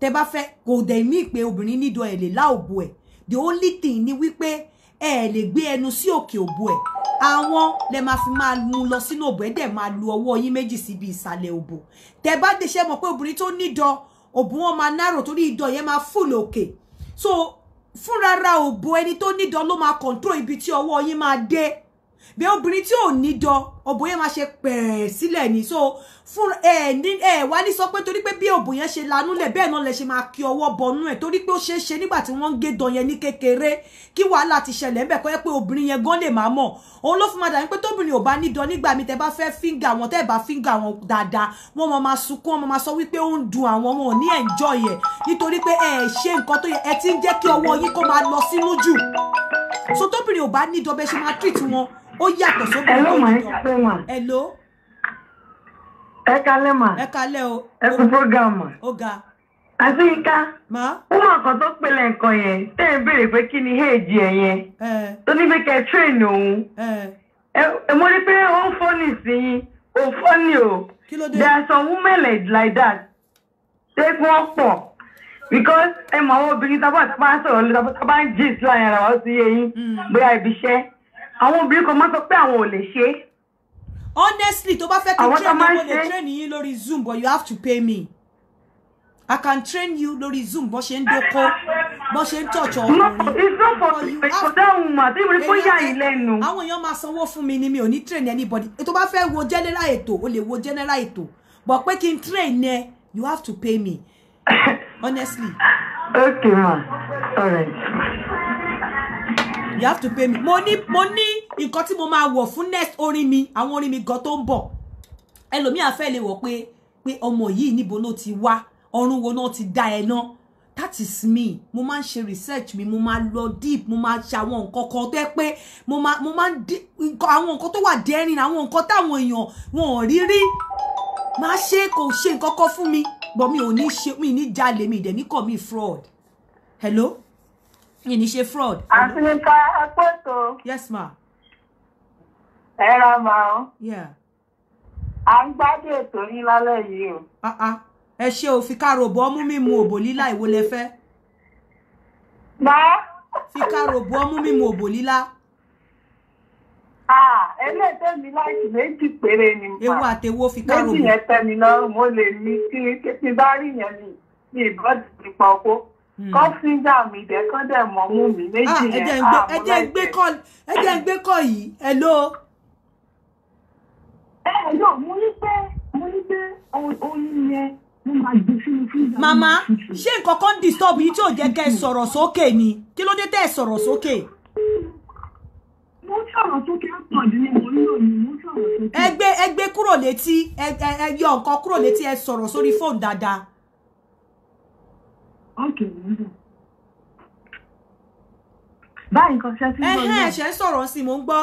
tẹ́ bá fẹ́ kò dẹ̀ mí pé obìnrin nídọ̀ ẹ̀ lè láòbò ẹ̀ the only thing ni wípé ẹ lè gbé ẹnu sí òkè òbò ẹ̀ àwọn lè máa fi máa mú lọ sínú òbò ẹ̀ dẹ̀ máa lu ọwọ́ yín méjì síbi ìsàlẹ̀ òbò tẹ́ bá dé ṣe mọ̀ pé obìnrin tó nídọ̀ òbò wọn máa nárò torí idọ̀ yẹn máa fùlò òkè so fúnrara òbo ẹni tó nídọ̀ ló máa control ibi tí ọwọ́ yín máa dé bẹ́ẹ̀ obìnrin tí ò nídọ̀ òbò yẹn máa ṣe pẹ̀ẹ́ sílẹ̀ so fún ẹ ní ẹ wá ní sọ pé torí pé bí òbò yẹn ṣe lanúlẹ̀ bẹ́ẹ̀ náà lẹ ṣe máa kí ọwọ́ bọnú ẹ̀ torí pé ó ṣeé ṣe nígbà tí wọ́n ń gé dán yẹn ní kékeré kí wàhálà ti ṣẹlẹ̀ ńbẹ̀ kọ́ yẹ pé obìnrin yẹn gan lè máa mọ̀ òun ló fi máa dàbí pé tóbìnrin ò bá ní dán mi tẹ bá fẹ́ fíńgà wọn tẹ́ bá fíńgà wọn dáadáa wọ́n mọ̀ máa sunkún wọ́n mọ̀ máa sọ wípé ó ń dùn àwọn wọn ò enjoy ẹ̀ nítorí pé ẹ ṣe nǹkan tó yẹ ẹ ti ń jẹ́ kí ọwọ́ yín kó máa lọ sínú so tóbìnrin ò bá ní dán bẹ́ẹ̀ ṣe máa treat wọn ó yàtọ̀ sóbìnrin tó ní dán kalẹ̀ hello. ẹ kalẹ̀ mà. ẹ kalẹ̀ o. ẹ program ma. ó ga. àti ma. ó mà kàn tó pèlè nǹkan yẹn tẹ́ ẹ béèrè pé kí ni èjì ẹ̀ yẹn. tó ní pé kẹ́ ẹ train òun. ẹ mo rí o ó ń fọ́nì sí yín ò fọ́nì o. kí there are some women like that. ṣé wọ́n pọ̀ because ẹ mọ àwọn obìnrin tá a bá ń sọ̀rọ̀ lórí tá a bá ń jí ìsìláyà ara wa ó ti yé yín hmm. bóyá ibi iṣẹ́ àwọn obìnrin kan máa sọ pé àwọn ò lè ṣe honestly tó bá fẹ́ kí train me, mo lè train yín lórí zoom but you have to pay me i can train you lórí zoom bó ṣe ń dóko bó ṣe ń It's not for you have to àwọn èèyàn máa sanwó fún mi ni mi ò ní train anybody tó ba fe wo general ètò o le wo general ètò but pé kí train ne, you have to pay me [laughs] honestly. okay ma all right you have to pay me mo ní mo ní nǹkan tí mo máa wọ̀ fún next orin mi àwọn orin mi gan tó ń bọ̀ ẹlòmíà fẹ́ lè wọ̀ pé pé ọmọ yìí níbo ló ti wá ọ̀run wo náà ti dá ẹ náà that is me mo máa ń research mi mo máa lọ deep mo máa ṣe àwọn nǹkan kan tó yẹ pé mo máa mo máa ń nǹkan àwọn nǹkan tó wà dẹ́rìn àwọn nǹkan táwọn èèyàn wọn ò rí rí máa ṣe kò kan fún mi but mi ò ní ṣe mi ní jalè mi ìdẹ̀ ní kọ̀ mi fraud hello yìí ní ṣe fraud. àti nípa ẹ̀pọ̀ tó. yes ma. ẹ ra màá o. à ń gbádùn ètò yín lálẹ́ yìí o. Ah, ah. ẹ ṣe òfin káròbó ọmú mímu òbò lílá ìwo lẹ fẹ́. máa. fi káròbó ọmú mímu òbò lílá. Ẹlẹ́tẹ̀ ah, mi láìsí méjì péré ni mo. Ewu àtẹwó fi káròbó. Méjì yẹn tẹ́ mi lọ́rùn, mo lè ní kí n bá rí yẹn ní ìbọn ìpa oko. Hmm. kọ́síńdà mi dẹ̀ kọ́ dẹ̀ mọ́ mú mi ah, méjì yẹn àmọ́ ẹ jẹ́ ń ah, gbé kọ́ ẹ jẹ́ ń gbé kọ́ yìí ẹ ló. ẹ ẹ yóò mo ní pé mo ní pé oyin yẹn mo máa gbé sínú fíìmù. màmá ṣé nǹkan kan ń disturb yín tí ò jẹ́ kẹ́ ẹ sọ̀rọ̀ sókè ni kí ló dé tẹ́ ẹ sọ̀rọ̀ sókè. mo sọ̀rọ̀ sókè àpọ̀jù ni mo ń lò ní mo sọ̀rọ̀ sókè. ẹ gbé ẹ gbé kúrò létí ẹ ẹ yọ nǹkan kúrò létí ẹ sọ̀rọ̀ sórí fóònù dáadáa okay níbẹ̀. báyìí nǹkan ṣe ti ń lọ yẹn. ẹ̀ṣẹ̀ sọ̀rọ̀ sí mo ń gbọ́.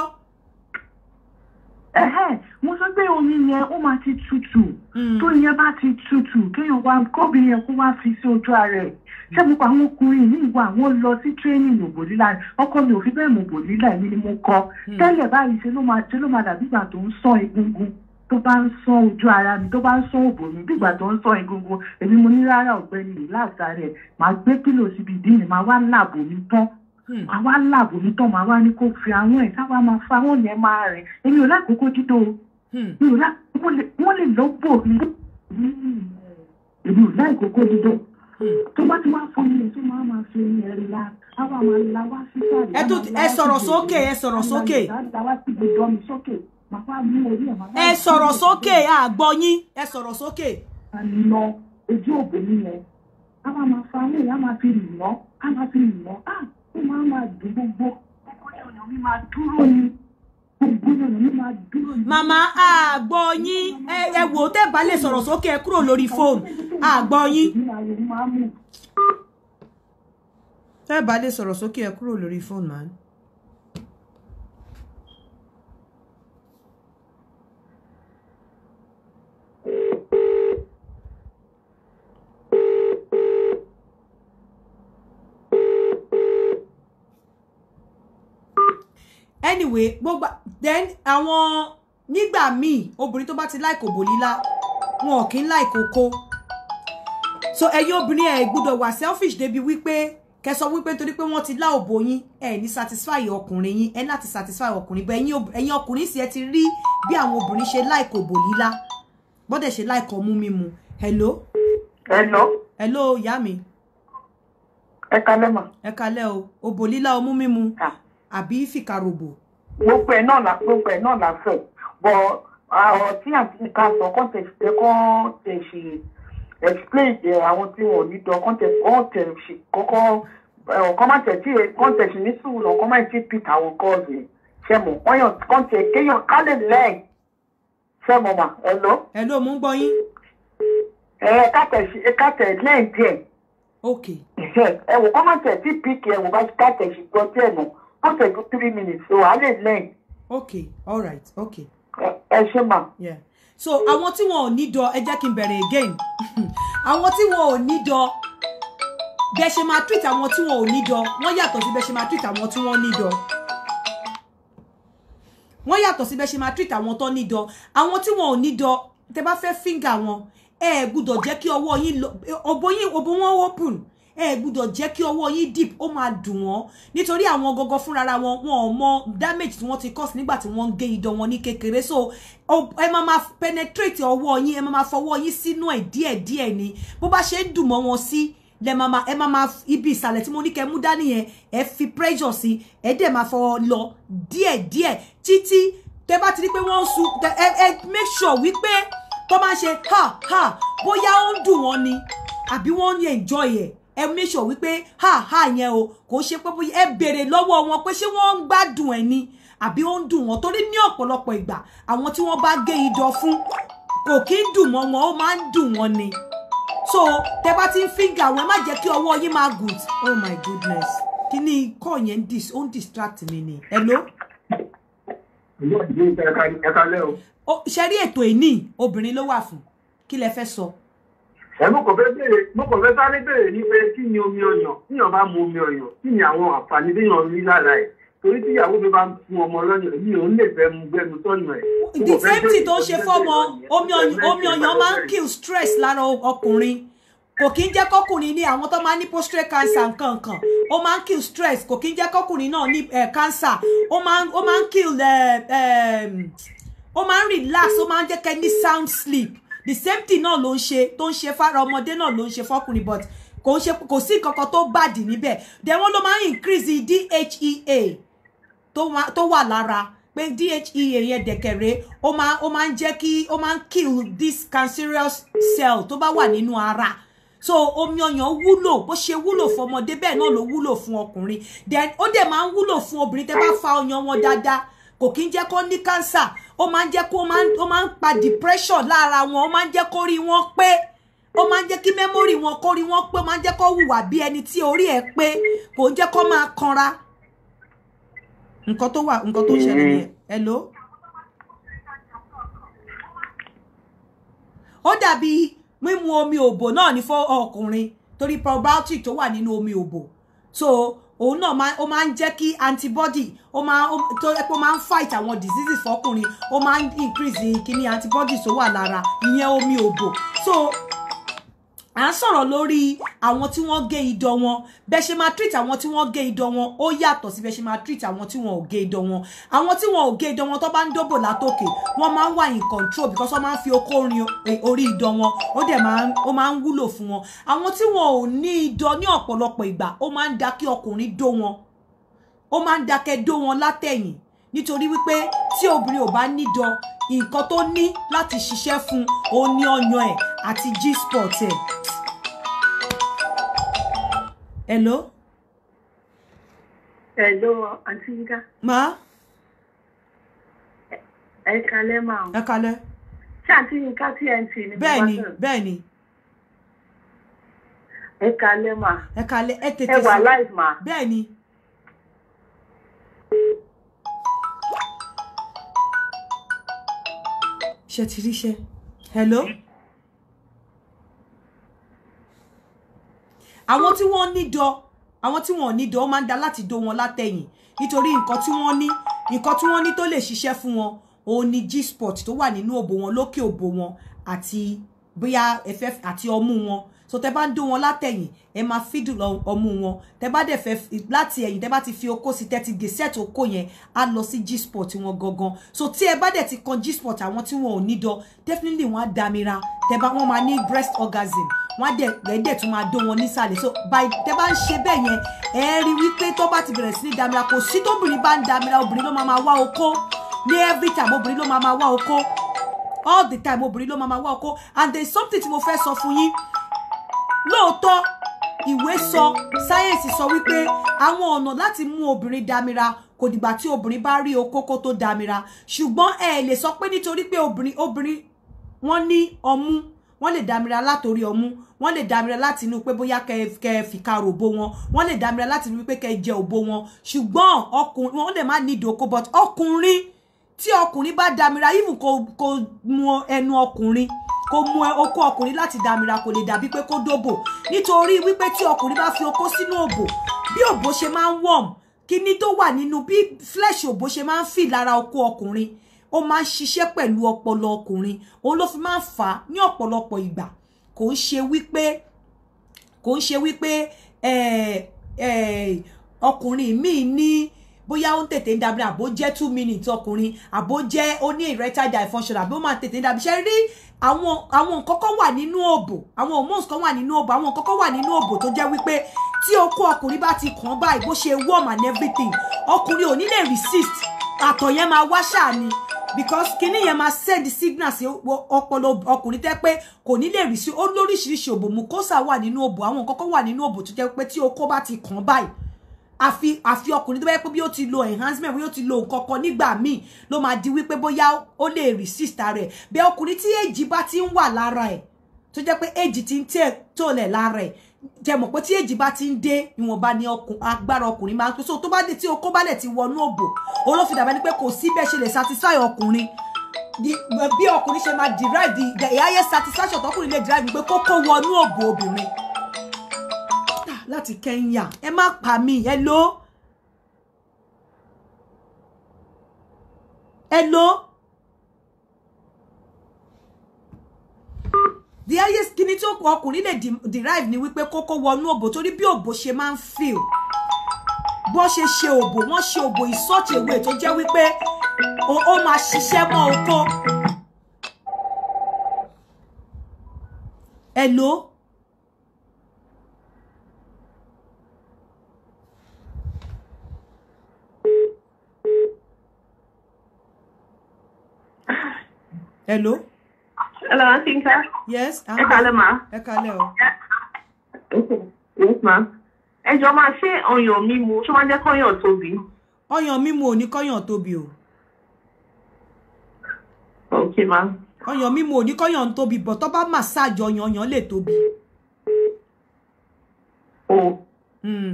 mo sọ pé omi yẹn ó máa ti tutù hmm. tó yẹn bá ti tutù kéèyàn wá kóbìnrin yẹn kó wá fi sí ojú ara ẹ̀ ṣé mo pa àwọn ọkùnrin ní ìwà àwọn lọ sí tírénìn ògbò líla ọkọ mi ò fi bẹ́ẹ̀ mọ̀ ògbò líla èmi ni mo kọ hmm. tẹ́lẹ̀ báyìí ṣe ló máa dàbí ìgbà tó ń sọ egungun tó bá ń sọ ojú ara mi tó bá ń sọ òbò mi bí ìgbà tó ń sọ egungun èmi mo ní rárá ọ̀gbẹ́ni yìí látàrí ẹ̀ màá gbé kílò síbi ìdí mi màá wá láàbò mi tán hmm. màá wá láàbò mi tán màá wá ní kó fi àwọn ẹ̀ sáwá máa fa àwọn yẹn máa rìn èmi ò lákòókò dídò mi ò lákòókò wọ́n lè lọ́gbò mi èmi ò lákòókò dídò hmm. tó bá ti wá fún mi tó máa máa fi ẹni ẹ̀rí la àwa máa la wá sísàlẹ̀. ẹ sọ̀rọ̀ sókè ẹ sọ̀rọ̀ sókè ẹ sọ̀rọ̀ sókè àgbọ̀ yín ẹ sọ̀rọ̀ sókè. àná ojú òbò nìyẹn a máa ma fa ní ìyá máa fi lùnà a máa fi lùnà a ah! ó máa máa dùn gbogbo gbogbo èèyàn mi máa dúró ni gbogbo èèyàn mi máa dúró ni. màmá àgbọ̀ yín ẹ wò ó tẹ́ bá lè sọ̀rọ̀ sókè ẹ kúrò lórí fóònù àgbọ̀ yín. tẹ́ bá lè sọ̀rọ̀ sókè ẹ kúrò lórí fóònù màá ní. anyway gbogbo then àwọn nígbà míì obìnrin tó bá ti láì kòbò lílá wọn ò kí ń láì kókó so ẹ̀yin obìnrin ẹ gbọ́dọ̀ wà selfish débi wípé kẹ́ sọ wípé nítorí pé wọ́n ti lá òbò yín ẹ ní satisfy ọkùnrin yín ẹ láti satisfy ọkùnrin bẹ ẹ̀yin ọkùnrin sì ẹ ti rí bí àwọn obìnrin ṣe láì kòbò lílá bọ́dẹ̀ ṣe láì kọ mú mímu hello. hello. hello ìyá mi. ẹ kalẹ́ mà. ẹ kalẹ́ o òbò lílá ọmú mímu. Ah àbí fìkàròbò. gbogbo ẹ̀ náà la gbogbo ẹ̀ náà la fẹ́ bọ̀ ọ̀rọ̀ tí àǹtí ká sọ kọ́ńtẹ̀sì kọ́ńtẹ̀sì explain àwọn tí wọn ò ní dán kọ́ńtẹ̀sì kọ́kọ́ kọ́mọ̀tẹ̀ tí kọ́ńtẹ̀sì ní sùúrù náà kọ́mọ̀tẹ̀ tí peter àwọn kọ́ọ̀sì ṣe mọ̀ kọ́yàn kọ́ńtẹ̀ kéèyàn kálẹ̀ lẹ́ẹ̀ ṣe mọ̀ mà hello. hello mú gbọ́ yín. ẹ kátẹ̀ kátẹ̀ lẹ́ẹ̀ díẹ̀. ok. ẹ wò kọ́mọ̀tẹ̀ tí pk ẹ wò bá kátẹ̀ sí gbọ́ díẹ̀ náà not good. three minutes so I lè lẹ́yìn. okay all right okay. ẹ ṣe mà. so àwọn tí wọn ò ní dọ ẹ jẹ́ kí n bẹ̀rẹ̀ again [laughs] àwọn tí wọn ò ní dọ bẹ́ẹ̀ ṣe máa treat àwọn tí wọn ò ní dọ wọ́n yàtọ̀ sí bẹ́ẹ̀ ṣe máa treat àwọn tí wọ́n ní dọ wọ́n yàtọ̀ sí bẹ́ẹ̀ ṣe máa treat àwọn tó ní dọ àwọn tí wọn ò ní dọ tẹ bá fẹ́ fíńgà wọn ẹ gbúdọ̀ jẹ́ kí ọwọ́ yín lọ òbó yín òbó wọn open ẹ gbúdọ̀ jẹ́ kí ọwọ́ yín deep ó máa dùn wọ́n nítorí àwọn gọgọ fúnra wọn wọn ò mọ damage tí wọ́n ti cause nígbà tí wọ́n ń gé idán wọn ní kékeré so ẹ máa máa penetrate ọwọ́ yín ẹ máa máa fọwọ́ yín sínú ẹ̀ díẹ̀díẹ̀ ni bó bá ṣe ń dùn mọ́ wọn sí lẹ máa máa ẹ máa máa ibi ìsàlẹ̀ tí mo ní kẹ́ mú dání yẹn ẹ fi pressure sí ẹ dẹ̀ máa fọwọ́ lọ díẹ̀díẹ̀ títí tẹ bá ti rí pé wọ́n ń sun ẹ make sure wípé tó máa ṣe ha ha bóyá ó ń dùn wọn ni àbí wọ́n ń enjoy ẹ̀ ẹ make sure wípé ha ha yẹn o kò ṣe pé bóyá ẹ béèrè lọ́wọ́ wọn pé ṣé wọ́n ń gbádùn ẹ̀ ni àbí ó ń dùn wọn torí ní ọ̀pọ̀lọpọ̀ ìgbà àwọn tí wọ́n bá gé idán fún kò kí ń dùn mọ́ wọn ó máa ń dùn wọn ni so tẹ bá ti ń fíngà wọn ẹ má jẹ́ kí ọwọ́ yín máa gùn oh my goodness kí ni kọ́ yẹn ó ń distract mi ni hello. ṣe rí ètò ìní obìnrin ló wà fún kí lẹ fẹ́ sọ. So ẹ̀mú kò fẹ́ bèrè mo kò fẹ́ sáré bèrè ní pé kí ni omi ọyàn tíyàn bá mu omi ọyàn kí ni àwọn àǹfààní téèyàn rí lára ẹ̀ torí tí ìyàwó mi bá ń fún ọmọ lọ́yàn yìí òun lè fẹ́ mu gbẹnu tọ́yàn ẹ̀. the same thing tó ṣe fọ́mọ omi ọyàn máa ń kill stress lára ọkùnrin kò kí ń jẹ́ kọ́kùnrin ní àwọn tó máa ń ní prostate cancer nǹkan kan ó máa ń kill stress kò kí ń jẹ́ kọ́kùnrin náà ní eh, cancer ó máa ń kill eh, ó máa ń relax ó máa ń jẹ́ kẹ́ ní sound sleep the same thing náà ló ń ṣe tó ń ṣe fára ọmọdé náà ló ń ṣe fọkùnrin but kò ṣe kò sí kankan tó bàdì níbẹ̀ then wọ́n ló máa ń increase DHEA e tó wà lára pé DHEA yẹn dẹ̀kẹ̀rẹ́ ó máa ó máa ń jẹ́ kí ó máa ń kill this cancerous cell tó bá wà nínú ara so omi ọyàn wúlò bó ṣe wúlò fún ọmọdé bẹ́ẹ̀ náà ló wúlò fún ọkùnrin then ó dẹ̀ máa ń wúlò fún obìnrin tẹ́ bá fa ọyàn wọn dáadáa kò kí ń jẹ́ kó ní cancer ó máa ń jẹ́ kó ó máa ń pa depression lára wọn ó máa ń jẹ́ kó rí wọn pé ó máa ń jẹ́ kí mẹ́mórì wọn kó rí wọn pé ó máa ń jẹ́ kó hùwà bí ẹni tí orí ẹ̀ pé kò ń jẹ́ kó máa kanra nǹkan tó wà nǹkan tó ṣẹlẹ̀ nìyẹn hello. ó dàbí mímu omi òbò náà ní fún ọkùnrin torí probiotic tó wà nínú omi òbò so òun náà máa ó máa ń jẹ́ kí antibody ó máa tó yẹ pé ó máa ń fight àwọn diseases ọkùnrin ó máa ń increase kíní antibody tó wà lára ìyẹn omi òbò so à ń sọ̀rọ̀ lórí àwọn tí wọ́n gé idọ̀ wọn bẹ́ ṣe máa treat àwọn tí wọ́n gé idọ̀ wọn ó yàtọ̀ sí bẹ́ ṣe máa treat àwọn tí wọ́n ò gé idọ̀ wọn àwọn tí wọ́n ò gé idọ̀ wọn tó bá ń dóbò látòkè wọ́n máa ń wà in control because wọ́n máa ń fi okó rin eh, orí idọ̀ wọn ó dẹ̀ ó máa ń wúlò fún wọn àwọn tí wọ́n ò ní idọ̀ ní ọ̀pọ̀lọpọ̀ ìgbà ó máa ń da kí ọkùnrin dó wọn ó máa ń dakẹ́ dó wọn látẹ̀yìn nítorí wípé tí obìnrin ò bá nídọ̀ nǹkan tó ní láti ṣiṣẹ́ fún òun ní ọyàn ẹ̀ àti g-spot ẹ̀ hello. hello aunty ma. ẹ kalẹ́ ma o. ẹ kalẹ́. ṣé aunty Yinka TNT ni mo bá sọ̀rọ̀. bẹ́ẹ̀ni bẹ́ẹ̀ni. ẹ kalẹ́ ma. ẹ kalẹ́ ẹ tètè sọ. ẹ wà live ma. bẹ́ẹ̀ni. ṣe ti ríṣẹ́ hello. Mm àwọn tí wọ́n ní dọ àwọn tí wọ́n ní dọ ó máa ń da láti do wọn látẹ̀yìn nítorí nǹkan tí wọ́n ní nǹkan tí wọ́n ní tó lè ṣiṣẹ́ fún wọn òun ni G-spot tó wà nínú òbò wọn lókè òbò wọn àti bóyá ff àti ọmú wọn so tẹ bá ń dún wọn látẹ̀yìn ẹ máa fídù ọmú wọn tẹ bá dẹ̀ fẹ́ láti ẹ̀yìn tẹ bá ti fi okó sí tẹ́tí gẹ̀sẹ̀tì okó yẹn á lọ sí G-spot wọn gangan so tí ẹ bá dẹ̀ ti kan G-spot àwọn tí wọn ò ní dọ definitely wọn damira tẹ bá wọn máa ní breast orgasm wọn á dẹ̀ ẹ̀dẹ̀ tún máa dún wọn nísàlẹ̀ so by tẹ bá ń ṣe bẹ́ẹ̀ yẹn ẹ rí wípé tó bá ti bẹ̀rẹ̀ sí ní damira kò sí tóbìnrin bá ń damira obìnrin ló máa máa wá okó ní every time obìnrin ló máa máa wá okó all the time obìnrin ló máa máa wá okó and there is something tí mo fẹ́ so fún yín lóòótọ́ ìwé sọ sáyẹ́ǹsì sọ wípé àwọn ọ̀nà láti mú obìnrin damira kò dìgbà tí obìnrin bá rí okókó tó damira ṣùgbọ́n ẹ lè sọ pé nítorí pé obìnrin obìnrin wọ́n ní ọmú wọ́n lè damira látòrí ọmú wọ́n lè damira láti inú pé bóyá kẹ fìka ròbó wọn wọ́n lè damira láti inú pé kẹ jẹ òbó wọn ṣùgbọ́n ọkùnrin wọ́n lè má nídìí okó but ọkùnrin tí ọkùnrin bá damira even kò mu ẹnu ọkùnrin kò mú okó ọkùnrin láti dàmìrà kò lè dàbí pé kó dóbò nítorí wípé tí ọkùnrin bá fi okó sínú òbò bí òbò ṣe máa ń warm kíní tó wà nínú bí flesh òbò ṣe máa ń fì lára okó ọkùnrin ó máa ń ṣiṣẹ́ pẹ̀lú ọpọlọ ọkùnrin òun ló fi máa ń fà á ní ọ̀pọ̀lọpọ̀ ìgbà kò ń ṣe wípé kò ń ṣe wípé Eh, eh, ọkùnrin míì ní bóyá ó ń tètè ń dàbí àbó jẹ́ two minutes ọkùnrin àbó jẹ́ ó ní erectile dysfunction àbó máa tètè ń dàbí ṣe rí àwọn àwọn nǹkan kan wà nínú òbò àwọn hormones kan wà nínú òbò àwọn nǹkan kan wà nínú òbò tó jẹ́ wípé tí okó ọkùnrin bá ti kàn báyìí bó ṣe warm and everything ọkùnrin ò ní lè resist àtọ̀ yẹn máa wá ṣáà ni because kíní yẹn máa send signal sí ọpọlọ ọkùnrin tẹ́ pé kò ní lè rí sí ó lóríṣiríṣi òbò mucosa wà nínú òbò àwọn nǹkan kan wà nínú òbò tó jẹ́ pé tí okó bá ti kàn báyìí àfi àfi ọkùnrin tó bá yẹ pé bí ó ti lo enhancement bí ó ti lo nǹkan kan nígbà míì ló máa di wípé bóyá ó lè resist rẹ̀ bẹ́ẹ̀ ọkùnrin tí èjì bá ti ń wà lára ẹ̀ tó jẹ́ pé èjì ti ń tẹ̀ tó lẹ̀ lára ẹ̀ jẹ mọ̀ pé tí èjì bá ti ń dé ìwọ̀nba ni agbára ọkùnrin máa ń pèsè tó bá dé tí okó bá dẹ̀ ti wọnú òbò òun ló fi dàbẹ́ ni pé kò sí bẹ́ẹ̀ ṣe lè satisfy ọkùnrin bí ọkùnrin ṣe máa derive the highest satisfaction tọkùnrin lè derive ni pé kókó wọnú òbò obìnrin láti Kenya ẹ má pa mí ẹ ló ẹ ló. the highest kini tí ọkùnrin lè derive ni wípé kókó wọnú òbò torí bí òbò ṣe máa ń feel bọ́n ṣe ṣe òbò wọ́n ṣe òbò ìsọ́ọ̀tì ewé tó jẹ́ wípé ó máa ṣiṣẹ́ mọ́ oko. ẹ lò hello. hello aunty nka. yes ẹ kalẹ ma. ẹ kalẹ o. yes ma. ẹ jọ máa ṣe ọyàn mímu ṣé máa jẹ́ kọ́yàn tóbi. ọyàn mímu ò ní kọ́yàn tóbi o. ok ma. ọyàn mímu ò ní kọ́yàn tóbi bọ̀ tó bá màsáàjì ọyàn ọyàn lè tóbi. o. Hmm.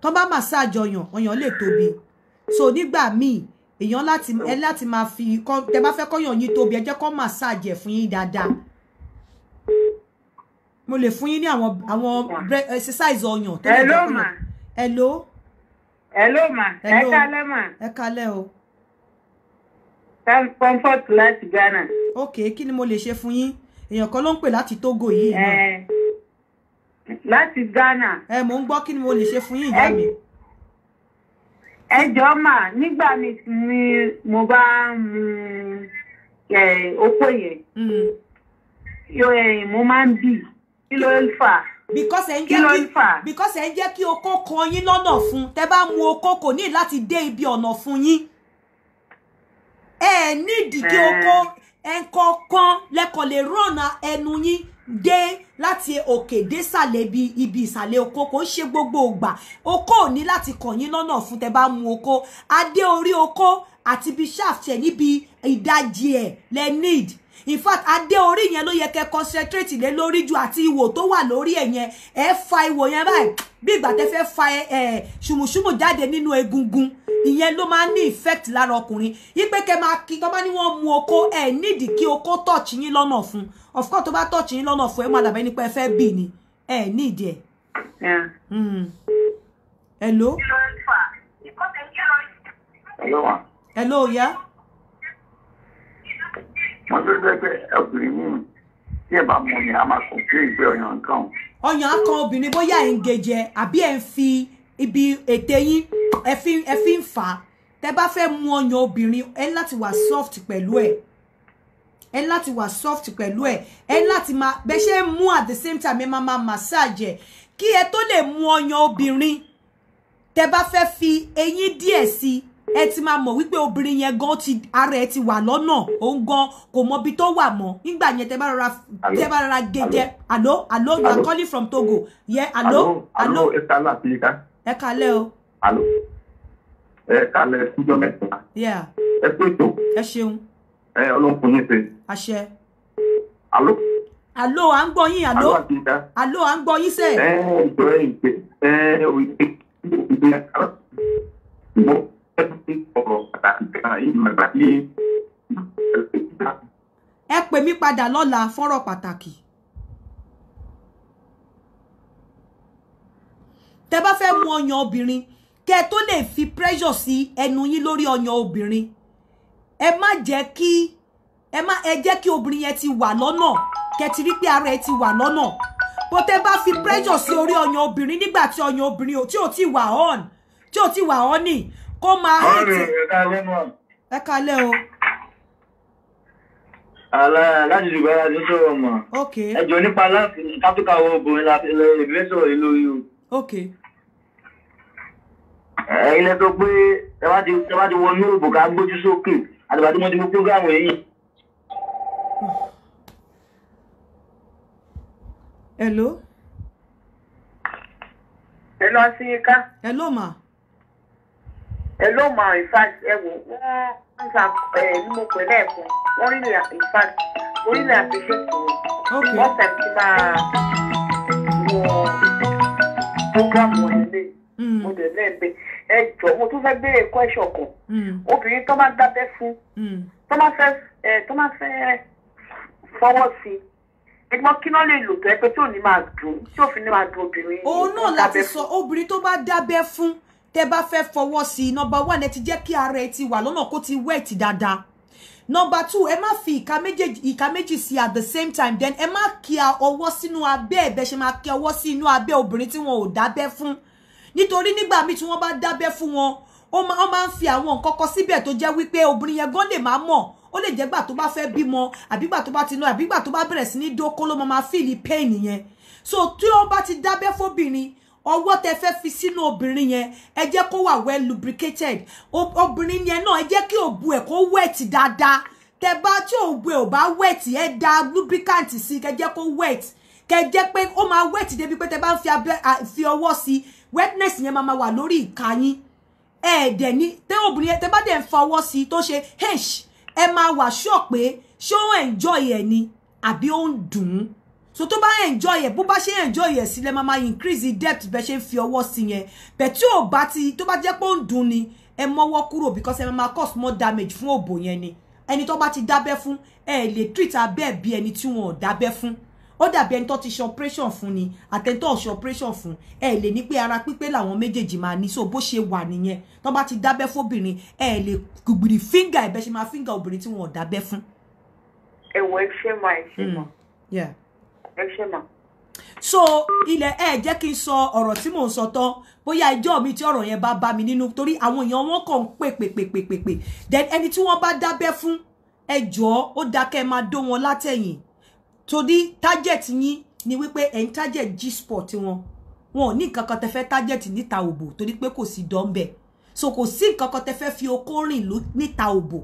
tó bá màsáàjì ọyàn ọyàn lè tóbi so nígbà míì èèyàn láti ẹ láti máa fi tẹ bá fẹ́ kọ́yàn yín tóbi ẹ jẹ́ kó massage ẹ̀ fún yín dáadáa mo lè fún yín ní àwọn àwọn exercise ọyàn tó lè jẹ́ kó lọ. hello hello ma ẹ kálẹ́ ma ẹ kálẹ́ o. comfort láti Ghana. ok kí ni mo lè ṣe fún yín èèyàn kan ló ń pè láti Togo yìí. Eh, láti Ghana. ẹ eh, mò ń gbọ́ kí ni mo lè ṣe fún yín ìyá eh, mi ẹ jọ̀ọ́ mà nígbà ni mo bá ń mu opó yẹn hmm. mo máa ń bì kí ló because ẹ ń jẹ́ because ẹ ń jẹ́ kí okó kan yín lọ́nà fún tẹ́ bá mu okó kò ní láti dé ibi ọ̀nà fún yín ẹ nídìí kí okó ẹnkankan lẹ́kọ̀ọ́ lè rọ̀nà ẹnu yín dé láti òkè désàlẹ̀ ibi ìsàlẹ̀ oko kò ń ṣe gbogbo ògbà oko ò ní láti kàn yín lọ́nà fún tẹ bá mu oko adé orí oko àti ibi shaft ẹ̀ níbi ìdajì ẹ̀ lẹ́ need in fact adé orí yẹn ló yẹ kẹ́ concentrate lé lórí ju àti ìwò tó wà lórí ẹ̀ yẹn ẹ fa ìwò yẹn báyìí bí ìgbà tẹ́ fẹ́ fa ẹ ṣùmùṣùmù jáde nínú egungun ìyẹn ló máa ń ní effect lára ọkùnrin yí pé kẹ́ máa kí tọ́ba ní wọ́n mu oko ẹ nídìí kí oko touch yín lọ́nà fún of course tó bá touch yín lọ́nà fún ẹ máa dàbẹ́ nípa ẹ fẹ́ bì ni ẹ nídìí ẹ. Hmm. hello. hello ya. Yeah? wọn tó dẹ pé ọkùnrin míì tí ẹ bá mọ ni a máa kọ pé ìgbé ọyàn kan. ọyàn akan obìnrin bóyá ẹ ń gèjẹ àbí ẹ ń fi ibi ètè yín ẹ fi ń fà á tẹ bá fẹ́ mú ọyàn obìnrin ẹ láti wà soft pẹ̀lú ẹ ẹ láti wà soft pẹ̀lú ẹ ẹ láti máa bẹ ṣe mú at the same time ẹ máa máa massage ẹ kí ẹ tó lè mú ọyàn obìnrin tẹ bá fẹ́ fi eyín díẹ̀ sí i ẹ ti máa mọ̀ wípé obìnrin yẹn gan ti ara ẹ ti wà lọ́nà òun gan kò mọ ibi tó wà mọ́ nígbà yẹn tẹ bá rọra tẹ bá rọra gẹjẹ alo alo you are calling from Togo yẹ alo alo ẹ kálẹ̀ àfiyíká ẹ kálẹ̀ o. alo ẹ kálẹ̀ fújọ mẹ́ta. ẹ pé tó. ẹ ṣeun. ẹ ọlọ́nkùn yín ṣe. àṣẹ. alo àló à ń gbọ́ yín àló àló à ń gbọ́ yín sẹ́ẹ̀. ẹ ẹ ìjọ ẹ ìpè ẹ ìpè ìpè àlọ́ ìgbọ́ ẹ pè mí padà lọ́la fọ́rọ̀ pàtàkì. tẹ bá fẹ́ mú ọyàn obìnrin kẹ tó lè fi pressure sí ẹnu yín lórí ọyàn obìnrin ẹ má jẹ́ kí ẹ má ẹ jẹ́ kí obìnrin yẹn ti wà lọ́nà kẹ ti rí pé ara ẹ ti wà lọ́nà bó tẹ bá fi pressure sí orí ọyàn obìnrin nígbà tí ọyàn obìnrin tí ò ti wà on tí ò ti wà on ni kó máa hàtì. ẹ kalẹ́ o. àlà láti dùgbà láti sọ̀rọ̀ mọ̀. ok ẹjọ́ nípa láti káfíkà wo obìnrin láti lọ ìbílẹ̀ sọ̀rọ̀ yìí lórí o. ok. ilẹ̀ tó pé ẹ bá ti wọnú òbò ká gbójú sókè àtàbà tí mo ti mú pírógàmù yìí. hello. hello asiyika. hello ma ẹ ló mọ in fact ẹ wò wọ́n ń ta ẹ ní mo pè lẹ́ẹ̀kan wọ́n rí ilẹ̀ in fact orílẹ̀ appreciate wọn wọ́n fẹ́ kí máa wọ program wọn lẹ́yìn hmm. mo dẹ̀ lẹ́ẹ̀gbẹ́ ẹ jọ mo tún fẹ́ béèrè question kan hmm. obìnrin tó máa dábẹ́ fún hmm. tó máa fẹ́ tó máa fẹ́ fọwọ́ sí i ẹgbọ́n kí náà lè lò tó ẹ pé tí ò ní máa dùn tí òfin ní máa dùn obìnrin. òun náà láti sọ obìnrin tó bá dábẹ́ fún tẹ́ bá fẹ́ fọwọ́ sí number one ẹ ti jẹ́ kí ara ẹ ti wà lọ́nà kó ti wet dáadáa nọ́mbà two ẹ má fi ìka méjèèjì ìka méjì sí at the same time then ẹ má kí a ọwọ́ sínú abẹ́ ẹbẹ ṣe máa kí ọwọ́ sí inú abẹ́ obìnrin O wọn ò dábẹ́ fún nítorí nígbà míì tí wọ́n bá dábẹ́ fún wọn ó máa ń fi àwọn nǹkan kan síbẹ̀ tó jẹ́ wípé obìnrin yẹn gan lè mo. mọ̀ ó lè jẹ́ gbà tó bá fẹ́ bímọ àbígbà tó bá ti ná àbígbà tó bá bẹ̀rẹ̀ sí ní dókó ló máa fìlì pain yẹn so tí wọ́n bá ti dábẹ́ fóbìnrin ọwọ́ tẹ fẹ́ fi sínú obìnrin yẹn ẹ jẹ́ kó wà well lubricated obìnrin yẹn náà ẹ jẹ́ kí òbu ẹ̀ kó wet dáadáa tẹ bá tí òbu ẹ̀ ò bá wet ẹ da lubricant sí kẹ jẹ́ kó wet kẹ jẹ́ pé ó máa wet débi pé tẹ bá ń fi abẹ́ fi ọwọ́ sí wetness yẹn máa wà lórí ìka yín ẹ dẹ̀ ní tẹ obìnrin yẹn tẹ bá dẹ̀ ń fa ọwọ́ sí tó ṣe ẹ máa wà sure pé ṣé ó enjoy ẹ̀ ni àbí ó ń dùn ún so tó bá enjoy ẹ bó bá ṣe enjoy ẹ sílẹ̀ máa máa increase depth bẹ́ẹ̀ ṣe ń fi ọwọ́ sí yẹn bẹ́ẹ̀ tí ò bá ti tó bá jẹ́ pé ó ni E mọ́wọ́ kúrò because e mama cause more damage fún òbò yẹn ni ẹni tó bá ti dábẹ́ fún ẹ lè treat abẹ́ bí ẹni tí wọn ò dábẹ́ fún ó dàbí ẹni tó ti ṣe operation fún ni àtẹ̀ntọ́ ṣe operation fún ẹ lè ní pé ara pípé làwọn méjèèjì máa ni so bó ṣe wà nìyẹn tó bá ti dábẹ́ fóbìnrin ẹ lè gbìgbìrì fíńgà ẹ̀bẹ̀ ṣe máa fíńgà obìnrin tí wọn ò dábẹ́ fún. e ẹ ṣe máa ẹ ṣe mọ̀ so ilẹ̀ ẹ jẹ́ kí n sọ ọ̀rọ̀ tí mò ń sọ tán bóyá ẹjọ́ mi tí ọ̀rọ̀ yẹn bá bá mi nínú torí àwọn èèyàn wọn kàn ń pè pè pè pè pè pè then ẹni tí wọ́n bá dábẹ́ fún ẹjọ́ ó dákẹ́ máa dó wọn látẹ̀yìn torí target yín ni wípé ẹ̀ ń target G-spot wọn wọn ò ní nǹkan kan tẹ fẹ́ target níta òbò torí pé kò sí dán bẹ́ẹ̀ so kò sí nǹkan kan tẹ fẹ́ fi okó rìn níta òbò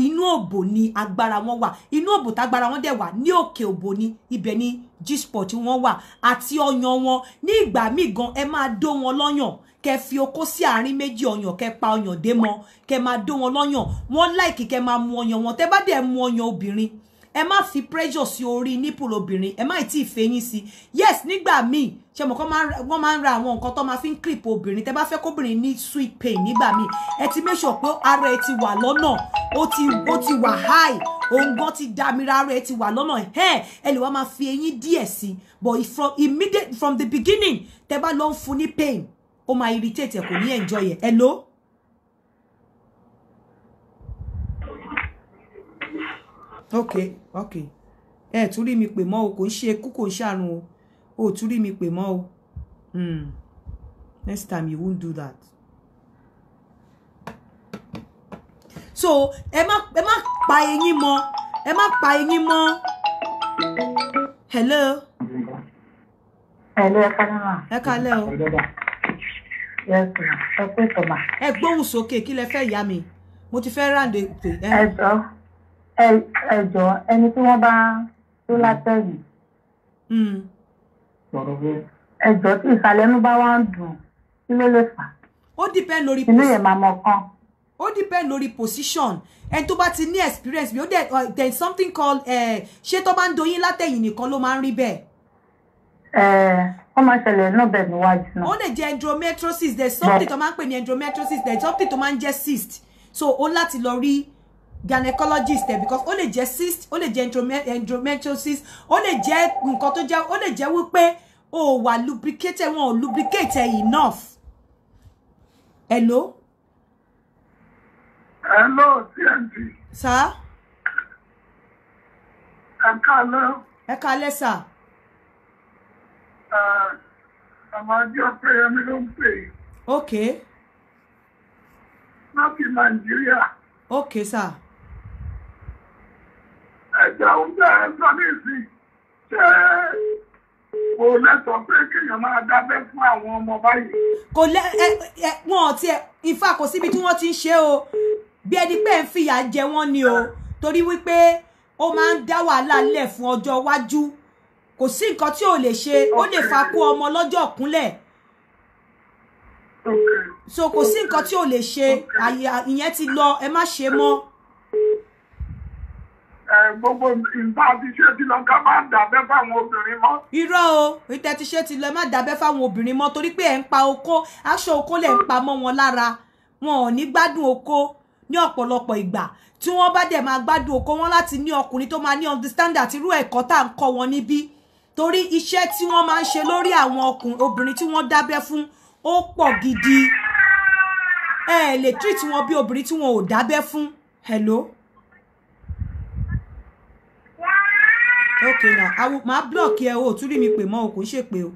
inú òbò ni agbára wọn wà inú òbò tágbára wọn dẹ̀ wà ní òkè òbò ni ibẹ̀ ni G-spot wọn wà àti ọyàn wọn ní ìgbà míì gan ẹ máa dó wọn lọ́yàn kẹ fi okó sí àárín méjì ọyàn kẹ pa ọyàn dé mọ́ kẹ máa dó wọn lọ́yàn wọn láìkì kẹ máa mu ọyàn wọn tẹ bá dẹ̀ mu ọyàn obìnrin ẹ má fi pressure sí orí nípùl obìnrin ẹ má ì tí ì fẹyín sí yes nígbà míì ṣe mọ̀ kọ́ wọ́n máa ń ra àwọn nǹkan tó máa fi ń clip obìnrin tẹ́ bá fẹ́ kóbìnrin ní sweet pain nígbà míì ẹ ti make sure pé ara ẹ ti wà lọ́nà ó ti ó ti wà high òǹgbọ́n ti dàmíra ara ẹ ti wà lọ́nà ẹ̀ ẹ lè wá máa fi eyín díẹ̀ sí but from immediate from the beginning tẹ́ bá lọ ń fún pain ó máa irritate ẹ kò ní enjoy ẹ hello. ok ok ẹ ẹ tún rí mi pè mọ́ o kò ń ṣe kú kò ń ṣàrùn o o tún rí mi pè mọ́ o hmm. next time you won't do that. so ẹ má ẹ má pa eyín mọ́ ẹ má pa eyín mọ́ hello. hello ẹ kálẹ́ ma. ẹ kálẹ́ o. ẹ pé tọ́mà. ẹ gbóhùn sókè kí lẹ fẹ́ yá mi mo ti fẹ́ ráǹdè pé. Eh. ẹ sọ ẹ ẹ jọ ẹni tí wọ́n bá tó látẹ̀yìn. Hmm. ẹ jọ tí ìsàlẹ̀ ẹnu bá wá ń dùn kí ló lè fà. ó depend lórí position. inú yẹn máa mọ kan. ó depend lórí position ẹni tó bá ti ní experience bí ó dẹ̀ uh, there is something called uh, ṣé tó bá ń doyin látẹ̀yìn nìkan ló máa ń rí bẹ́ẹ̀. ẹ wọ́n máa ṣẹlẹ̀ náà bẹ̀ níwájú náà. ó lè jẹ́ endometriosis there is something to máa ń pè ní endometriosis there is something to máa ń jẹ́ cyst so ó láti lọ rí gynecologist ẹ because ó lè jẹ́ cyst ó lè jẹ́ endometriosis ó lè jẹ́ nǹkan tó jẹ́ ó lè jẹ́ wípé o wà lubricate wọn ò lubricate enough hello. hello cnd. Sir. ẹ kálẹ́. ẹ kálẹ́ sá. àmọ́ ọjọ́ pé ẹni ló ń pè é. ok. láti nàìjíríà. ok sá ẹ̀jẹ̀ òun jẹ́ ẹ̀sọ́ ní ìsìn ṣé kò lẹ́sọ̀ pé kéèyàn máa dábẹ́ fún àwọn ọmọ báyìí. kò lẹ ẹ ẹ wọn ò tiẹ̀ ìfà kò síbi tí wọ́n ti ń ṣe o bí ẹni pé ń fìyà jẹ wọ́n ni o torí wípé ó máa ń dá wàhálà lẹ̀ fún ọjọ́ iwájú kò sí nǹkan tí ò lè ṣe ó lè fa kó ọmọ lọ́jọ́ kúnlẹ̀ so kò sí nǹkan tí ò lè ṣe ìyẹn ti lọ ẹ má ṣe mọ́ gbogbo nǹkan àti ṣé ti lọ ká má dábẹ́ fáwọn obìnrin mọ́. irọ́ o ìtẹ́ ti ṣe ti lọ má dábẹ́ fáwọn obìnrin mọ́ torí pé ẹ̀ ń pa okó aṣọ okó lẹ̀ ń pa mọ́ wọn lára wọn ò ní gbádùn okó ní ọ̀pọ̀lọpọ̀ ìgbà tí wọ́n bá dẹ̀ máa gbádùn okó wọn láti ní ọkùnrin tó máa ní understand àti irú ẹ̀kọ́ tá à ń kọ́ wọn níbí torí iṣẹ́ tí wọ́n máa ń ṣe lórí àwọn ọkùnrin obìnrin tí wọ́n dábẹ́ fún ó pọ̀ gidi ẹ treat wọn bí obìnrin tí wọn ò dábẹ́ fún hello. ok na awo màá block ẹ o tún rí mi pè mọ́ o kò ń ṣèpè o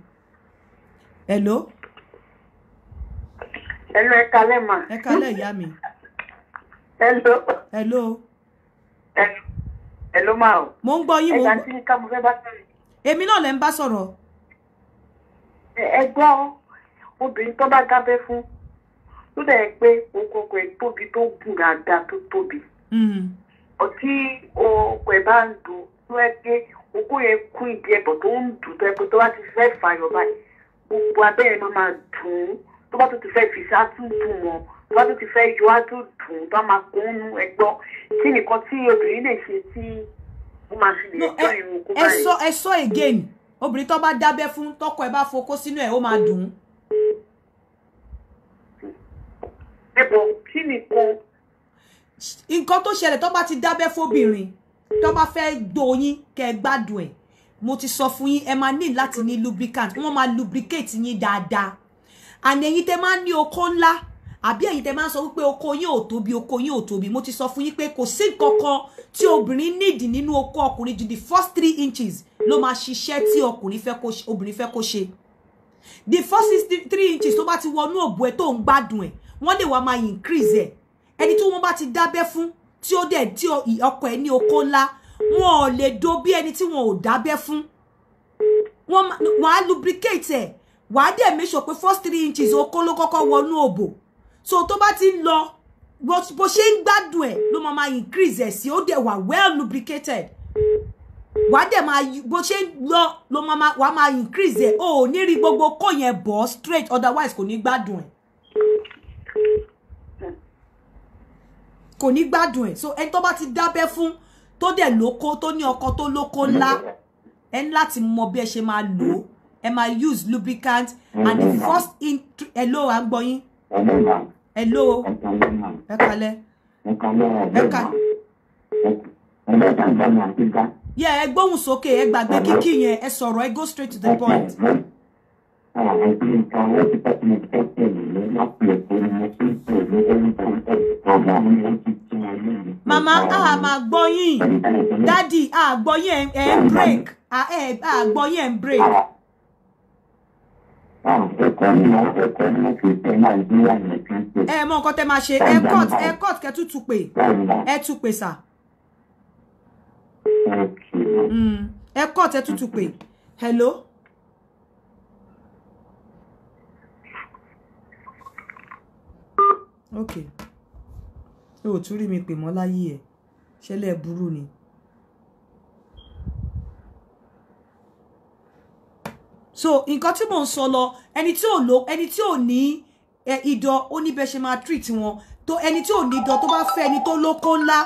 hello. hello ẹ kalẹ̀ ma. ẹ kalẹ̀ ìyá mi. hello. hello. hello ma o. mo ń gbọ́ yín mo ń gbọ́. ẹ̀ka tí ní ká mo fẹ́ bá sọ̀rọ̀. èmi náà lẹ ń bá sọ̀rọ̀. ẹ gbọ́ obìnrin tó bá dábẹ́ fún ló dẹ̀ pé okòkò ẹ̀ tóbi tó gùn dáadáa tó tóbi hmm. ọtí òkò ẹ̀ ogún yẹn kún ibi ẹ̀pọ̀ tó ń dùn tó ẹ̀pọ̀ tó bá ti fẹ́ fà yọ báyìí gbogbo abẹ́ yẹn máa máa dùn ún tó bá tó ti fẹ́ fi sá tún dùn wọn tó bá tó ti fẹ́ yọ á tó dùn tó máa kún nú ẹgbọ́n kí nìkan tí obìnrin lè ṣe tí ó máa fi lè jọ irun kó báyìí. ẹ sọ again obìnrin tó bá dábẹ́ fún tọkọ ẹ bá fokó sínú ẹ ó máa dùn ún. ẹ̀bùn kí nìkan. nǹkan tó ṣẹlẹ̀ tó bá ti dábẹ́ fóbìnrin. Mm tó bá fẹ́ gbó yín kẹ́ ẹ gbádùn ẹ̀ mo ti sọ fún yín ẹ máa ní láti ní lubricant wọ́n máa lubricate yín dáadáa and ẹ̀yin tẹ́ máa ń ní okó ńlá àbí ẹ̀yin tẹ́ máa ń sọ wípé okó yín ò tóbi okó yín ò tóbi mo ti sọ fún yín pé kò sí nǹkan tí obìnrin nídìí nínú okó ọkùnrin ju the first three inches ló máa ṣiṣẹ́ tí ọkùnrin fẹ́ kó obìnrin fẹ́ kó ṣe the first three inches tó bá ti wọnú òbú ẹ tó ń gbádùn ẹ wọ́n lè wá máa increase ẹ ẹni tí wọ́n bá ti dábẹ́ fún tí ó dẹ̀ dí ọkọ ẹ̀ ní oko ńlá wọn ò lè do bí ẹni tí wọn ò dábẹ́ fún wọn á lubricate ẹ̀ wàá dẹ̀ make sure pé first three inches oko ló kọ́kọ́ wọnú òbò so tó bá ti ń lọ bó ṣe ń gbádùn ẹ̀ ló máa máa increase ẹ̀ sí ó dẹ̀ wà well lubricated wàá dẹ̀ máa bó ṣe ń lọ ló máa wàá máa increase ẹ̀ o ò ní rí gbogbo kó yẹn bọ̀ straight otherwise kò ní gbádùn ẹ̀. kò ní gbádùn ẹ̀ so ẹni tó bá ti dábẹ́ fún tó dẹ̀ lóko tó ní ọkọ tó lóko ńlá ẹ ní láti mọ bí ẹ ṣe máa lò ó ẹ máa use lubricant and the first in hello à ń gbọ́ yín hello ẹ kalẹ̀ ẹ kalẹ̀. yẹ ẹ gbóhùn sókè ẹ gbàgbé kíkì yẹn ẹ sọ̀rọ̀ ẹ go straight to the point. Mama bí nǹkan owó títà tí mo fẹ́ pẹ̀lú ló láti ẹ̀kọ́ ni mo a máa gbọ́ yín dádì a gbọ́ yín ẹ̀ break a gbọ́ yín ẹ̀ ń break. ẹ mọ nǹkan tẹ máa ṣe ẹ cut ẹ cut kẹ tútù pé ẹ tú pé sà. Mm. ẹ cut ẹ tútù pé hello. ok o ò tún rí mi pè mọ́ láyé ẹ̀ ṣẹlẹ̀ burú ni. so nǹkan tí mò ń sọ lọ ẹni tí ò lo ẹni tí ò ní idọ ó ní bẹ́ẹ̀ ṣe máa treat wọn tó ẹni tí ò ní idọ tó bá fẹ́ ẹni tó lóko ńlá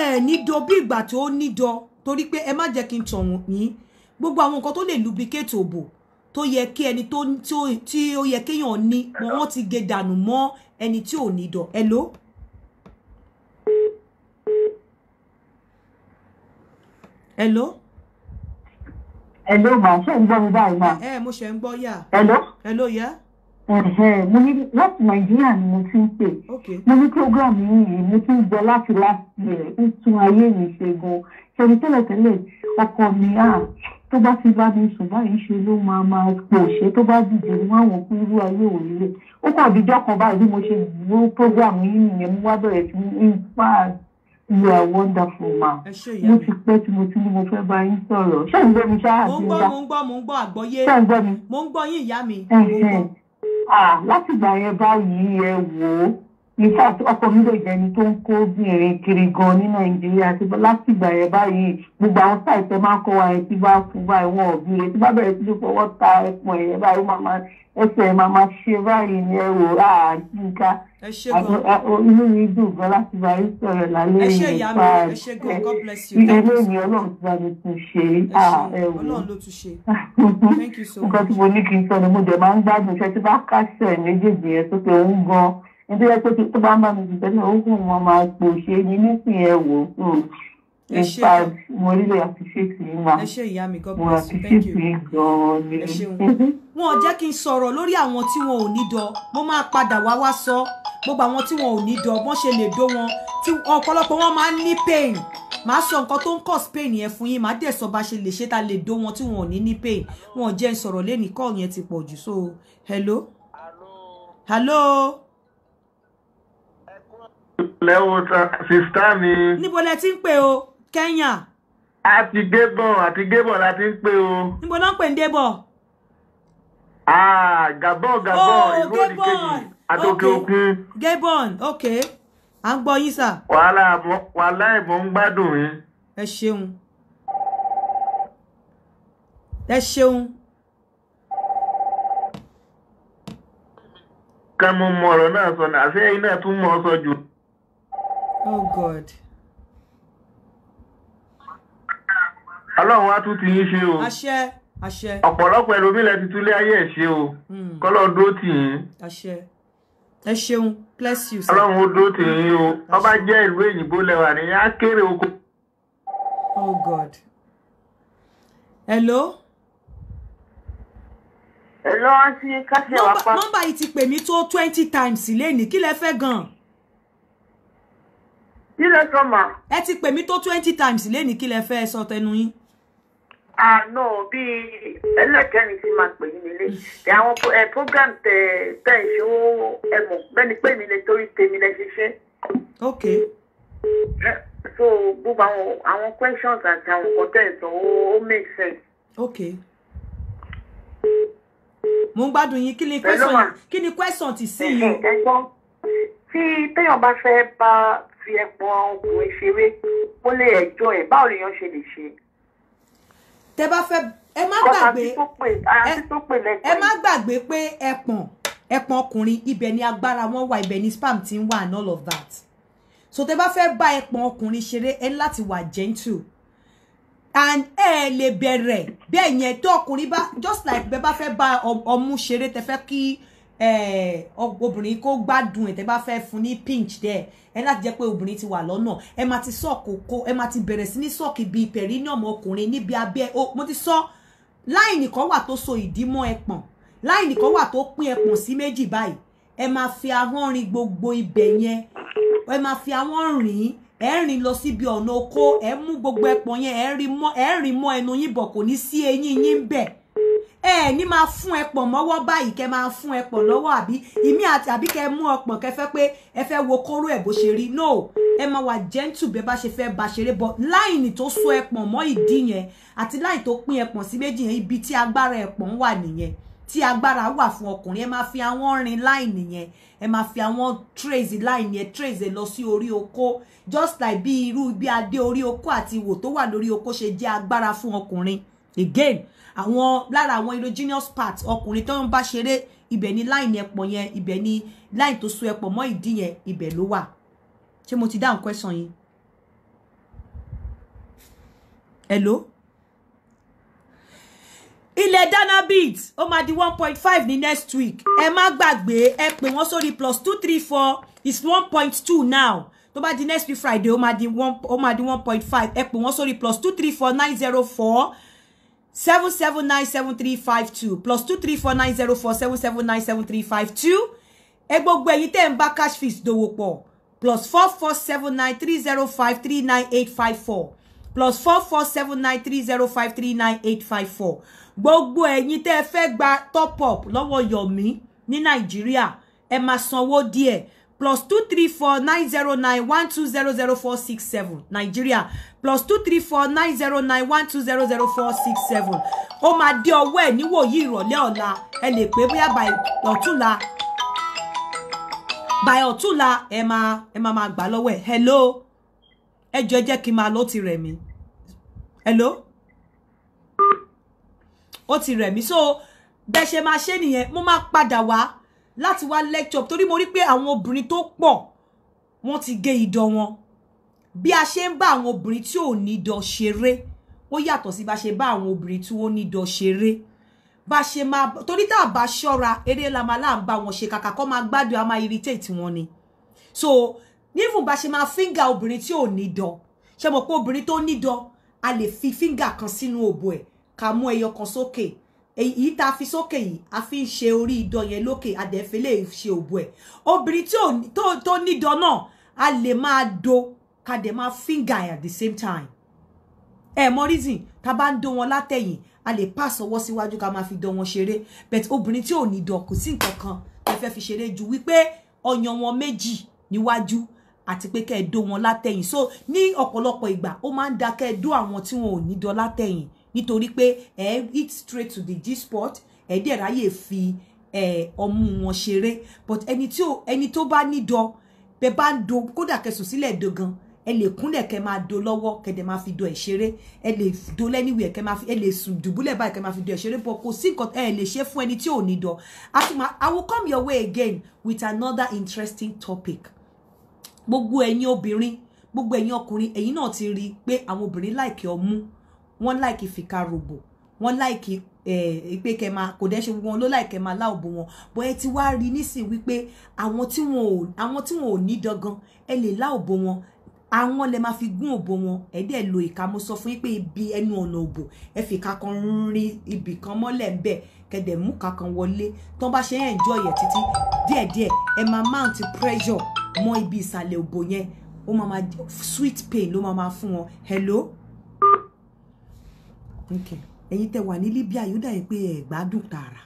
ẹ nídọ bí ìgbà tó nídọ torí pé ẹ má jẹ́ kí n tàn wọ́n yín gbogbo àwọn nǹkan tó lè lubricate òbò tó yẹ kí ẹni tó tí ó yẹ kéèyàn ní wọn ti gé dànù mọ́ ẹni tí ò ní dọ̀ hello. hello. hello ma ṣe ń gbọ́ mi báyìí ma. ẹ eh, eh, mo ṣe ń gbọ́ yà. hello. hello yà. mo ní láti nàìjíríà ni mo ti ń pè. mo ní program yìí mo ti ń gbọ́ láti láti ẹ̀ ń tún ayé mi ṣe gan ṣe ni tẹ́lẹ̀tẹ́lẹ̀ ọkọ mi á. Ah, tó bá ti bá mi sùn báyìí ṣe ló máa máa pò ṣe tó bá dìde wọn àwọn kú irú ayé ò nílé ó kàn díjọ́ kan báyìí bí mo ṣe gbó prógráàmù yìí nìyẹn mo wá bẹ̀rẹ̀ sí in fact you are wonderful ma mo ti pẹ́ tí mo ti ní mo fẹ́ bá yín sọ̀rọ̀ ṣé ń gbọ́ mi ṣáà àti ìyá mo ń gbọ́ mo ń gbọ́ àgbọ́yé mo ń gbọ́ yín ìyá mi. láti gbà yẹn báyìí ẹ wò ó in fact ọkọ mi lè jẹ ẹni tó ń kó obìnrin kiri gan ní nàìjíríà tí láti ìgbà yẹn báyìí gbogbo àwọn sáìtẹ máa ń kọ wa ẹtí bá fún báyìí wọn ò bí etí bá bẹ̀rẹ̀ sí fọwọ́ ta ẹpọ̀n ẹ̀yẹ báyìí màmá ẹsẹ̀ màmá ṣe báyìí ni ẹ wò á yínká inú mi dùn gan láti bá yín sọ̀rọ̀ lálẹ́ yìí nípa eléyìí ọlọ́run ti bá mi tún ṣe ẹ wò [laughs] nǹkan tí mo ní kí n sọ ni mo dẹ̀ máa ń gbádùn iṣẹ́ tí bá kásẹ̀ méjèèjì yẹn tó nítorí ẹ pé tó bá ń bá mi ó kùn wọn máa pò ṣe ní nísìnyí ẹ wò ó hmm. ẹ ṣe mo nílò àfiṣètì yín wa ẹ ṣe ìyá mi god bless you [laughs] wọn ò jẹ́ kí n sọ̀rọ̀ lórí àwọn tí wọn ò ní dọ mo máa padà wá wá sọ gbogbo àwọn tí wọn ò ní dọ bọ́n ṣe lè dó wọn tí ọ̀pọ̀lọpọ̀ wọn máa ń ní pain màá sọ nǹkan tó ń cause pain yẹn fún yín màá dẹ̀ sọ bá ṣe lè ṣe ta lè dó wọn tí wọn ò ní ní pain wọn ò jẹ́ n sọ̀rọ̀ lẹ́nìí kọ́ọ̀ yẹn ti pọ̀ jù so hello hello. hello? lẹ́ o sista mi. níbo lẹ ti ń pè o Kenya. àti gébọn àti gébọn la ti ń pè o. níbo náà ń pè ń débọ̀. ah Gabon Gabon oh, ìlú òdìkejì àtòkè òkun. gébọn ok à ń gbọ́ yín sà. wàhálà wàhálà ìbọn ń gbádùn yín. ẹ ṣeun ẹ ṣeun. ká mo náà sọ ní àṣẹ iná tún mọ ọ sọ jù. Oh God. Ọlọ́run á tún ti yín ṣe o. Àṣẹ àṣẹ. Ọ̀pọ̀lọpọ̀ ẹlòmílẹ̀ ti túlé ayé ẹ̀ ṣe o. Hmm. Kọ́lọ́ dúró tì yín. Àṣẹ. bless you. Ọlọ́run ó dúró tì yín o. Ọba jẹ́ ìlú òyìnbó lẹ́wà ní á kéré oko. Oh God. Hello. Hello, Aunty Kásíọ̀wá pa. Nọ́mbà yìí ti pè mí tó twenty times lẹ́nìí. Kí lẹ fẹ́ gan-an? kí lẹ sọ mà. ẹ ti pè mí tó twenty times lénìí kí lẹ fẹ́ sọ tẹnu yín. àná ah, bí ẹlẹ́kẹ̀rin ti máa pè mí nílé àwọn program tẹ tẹ ìṣòwò ẹ̀mọ̀ bẹ́ni pé mi lè torí tèmi lẹ ṣiṣẹ́. ok. so gbogbo àwọn àwọn questions àti àwọn nǹkan tẹ̀ sọ ó make sense. ok mo ń gbádùn yín kí ni question kí ni question ti sí yín tí téèyàn bá fẹ́ bá fi ẹ̀pọ̀ ọkùnrin ṣeré kó lè ẹjọ́ ẹ̀ báwo lèèyàn ṣe lè ṣe. tẹ bá fẹ́ ẹ má gbàgbé ẹ má gbàgbé pé ẹpọ̀n ẹpọ̀n ọkùnrin ibẹ̀ ni agbára wọn wà ibẹ̀ ni spam ti ń wà and all of that so tẹ bá fẹ́ bá ẹpọ̀n ọkùnrin ṣeré ẹ láti wà gentle and ẹ lè bẹ̀rẹ̀ bẹ́ẹ̀ yẹn tó ọkùnrin bá just like bẹ́ẹ̀ bá fẹ́ bá ọmú ṣeré tẹ fẹ́ kí. Eh, obìnrin kó gbádùn ẹ̀ tẹ́ bá fẹ́ fún ní pinch dẹ̀ ẹ láti jẹ́ pé obìnrin ti wà lọ́nà ẹ máa ti sọ́ọ̀kì kókó ẹ máa ti bẹ̀rẹ̀ sí ní sọ́ọ̀kì bíi perineum ọkùnrin níbi abẹ́ mo ti sọ láìnì kan wà tó so ìdí mọ́ ẹpọ̀n láìnì kan wà tó pín ẹpọ̀n sí méjì báyìí ẹ máa fi ahọ́n rin gbogbo ibẹ̀ yẹn ẹ máa fi ahọ́n rìn ẹ rìn lọ síbi ọ̀nà oko ẹ mú gbogbo ẹpọ̀n yẹn ẹ rìn mọ́ ẹnu yín bọ̀ kò ní sí eyín yín bẹ́ẹ̀ ẹ ní máa fún ẹ pọ̀ mọ́wọ́ báyìí kẹ máa fún ẹ pọ̀ lọ́wọ́ àbí ìmí àti àbí kẹ mú ọpọ̀n kẹ fẹ́ pé ẹ fẹ́ wo kóró ẹ̀ bó ṣe rí no ẹ máa wà gentle bẹ́ẹ̀ bá ṣe fẹ́ bá ṣeré bọ̀ láìní tó so ẹ pọ̀ mọ́ ìdí yẹn àti láì tó pín ẹ pọ̀ sí méjì yẹn ibi tí agbára ẹ pọ̀ ń wà nìyẹn tí agbára wà fún ọkùnrin ẹ máa fi àwọn rin láìní yẹn ẹ máa fi àwọn trace láìní yẹn trace ẹ lọ sí orí okó just like bí irú bí adé orí okó àti ìwò tó wà lórí oko ṣe jẹ́ agbára fún ọkùnrin again àwọn lára àwọn erogenous part ọkùnrin tó ń bá ṣeré ibẹ̀ ni line ẹ̀pọ̀ yẹn ibẹ̀ ni line tó so ẹ̀pọ̀ mọ́ ìdí yẹn ibẹ̀ ló wà ṣé mo ti dáhùn question yín hello ilẹ̀ danabit ó máa di one point five ní next week ẹ má gbàgbé ẹ pè wọ́n sórí plus two three four is one point two now tó bá di next week friday ó one ó máa di one point five ẹ pè wọ́n sórí plus two three four nine zero four seven seven nine seven three five two plus two three four nine zero four seven seven nine seven three five two ẹ gbogbo ẹ̀yin tẹ́ ń cash fees dòwò pọ̀ plus four four seven nine three zero five three nine eight five four plus four four seven nine three zero five three nine eight five four gbogbo ẹ̀yin tẹ́ ẹ fẹ́ gba top up lọ́wọ́ Yomi ní Nigeria. E máa sanwó die plus two three four nine zero nine one two zero zero four six seven Nigeria plus two three four nine zero nine one two zero zero four six seven ó máa dé ọwọ́ ẹ̀ níwòyí ìrọ̀lẹ́ ọ̀la ẹ lè pè bóyá by ọ̀túnla by ọ̀túnla ẹ máa ẹ máa máa gbà lọ́wọ́ ẹ̀ hello ẹ jọ jẹ́ kí n máa lọ ó ti rẹ̀ mí hello ó ti rẹ̀ mí so bẹ́ẹ̀ ṣe máa ṣe nìyẹn mo máa padà wá láti wá lecture torí mo rí pé àwọn obìnrin tó pọ̀ wọ́n ti gé idán wọn bí a ṣe ń bá àwọn obìnrin tí ò ní idán ṣeré ó yàtọ̀ sí bá ṣe bá àwọn obìnrin tí wọ́n ní idán ṣeré bá ṣe máa torí tá a bá ṣọ́ra eré la máa láǹbá wọn ṣe kàkà kọ́ máa gbádùn a máa irritate wọn ni so nífun bá ṣe máa fíńgà obìnrin tí ò ní dán ṣe mọ̀ pé obìnrin tó ní dán a lè fi fíńgà kan sínú òbò ẹ̀ ká mú ẹyọ kan sókè èyí tá a fi sókè yìí a fi ń ṣe orí idọ yẹn lókè àdẹ̀fẹ́ lè ṣe òbò ẹ̀ obìnrin tó nídọ̀ náà a lè máa do ká dẹ̀ máa fíngà at the same time ẹ mọ reason tá a bá ń do wọn látẹ̀yìn a lè pass ọwọ́ síwájú ká máa fi dán wọn ṣeré but obìnrin tí ò ní dọ̀ kò sí nǹkan kan ẹ fẹ́ fi ṣeré ju wípé ọyàn wọn méjì níwájú àti pé kẹ́ ẹ dó wọn látẹ̀yìn so ní ọ̀pọ̀lọpọ̀ ìgbà ó máa ń da kẹ́ ẹ dó àwọn tí wọn ò ní dọ̀ látẹ̀yìn nítorí pé ẹ hit straight to the g ẹ dẹ̀ ráyè fi ọmú wọn ṣeré but ẹni tó bá nídọ̀ bẹ bá ń do kódà kẹsùn sílẹ̀ dogan ẹ lè kúnlẹ̀ kẹ máa do lọ́wọ́ kẹdẹ máa fi do ẹ ṣeré ẹ lè do lẹ́niwẹ̀ kẹ máa fi ẹ lè sùn dùbúlẹ̀ báyìí kẹ máa fi do ẹ ṣeré bọ kò sí nǹkan ẹ lè ṣe fún ẹni tí ò ní I will come your way again with another interesting topic gbogbo ẹ̀yin obìnrin gbogbo ẹ̀yin ọkùnrin ẹ̀yin náà ti rí i pé àwọn obìnrin láìkẹ́ ọmú wọ́n láìkì fìkaròbò wọ́n láìkì eh, pé kẹ máa kò dẹ́ ṣe wọn ló láìkẹ máa láòbò wọn bọ́ ẹ ti wá rí nísìn wípé àwọn tí wọn ò ní dangan ẹ lè láòbò wọn àwọn lè máa fi gún òbò wọn ẹ dẹ̀ lo ìka mo sọ fún yín pé ibi ẹnu ọ̀nà òbò ẹ fi ìka kan rin ibì kan mọ́lẹ̀ ń bẹ̀ kẹ̀dẹ̀ mú ìka kan wọlé tán bá ṣe enjoy ẹ̀ títí díẹ̀díẹ̀ ẹ máa mount pressure mọ́ ibi ìsàlẹ̀ òbò yẹn ó máa sweet pain ló máa máa fún wọn hello ẹ̀yin tẹ wà ní Libya yóò dà yín pé ẹ̀ gbádùn tààrà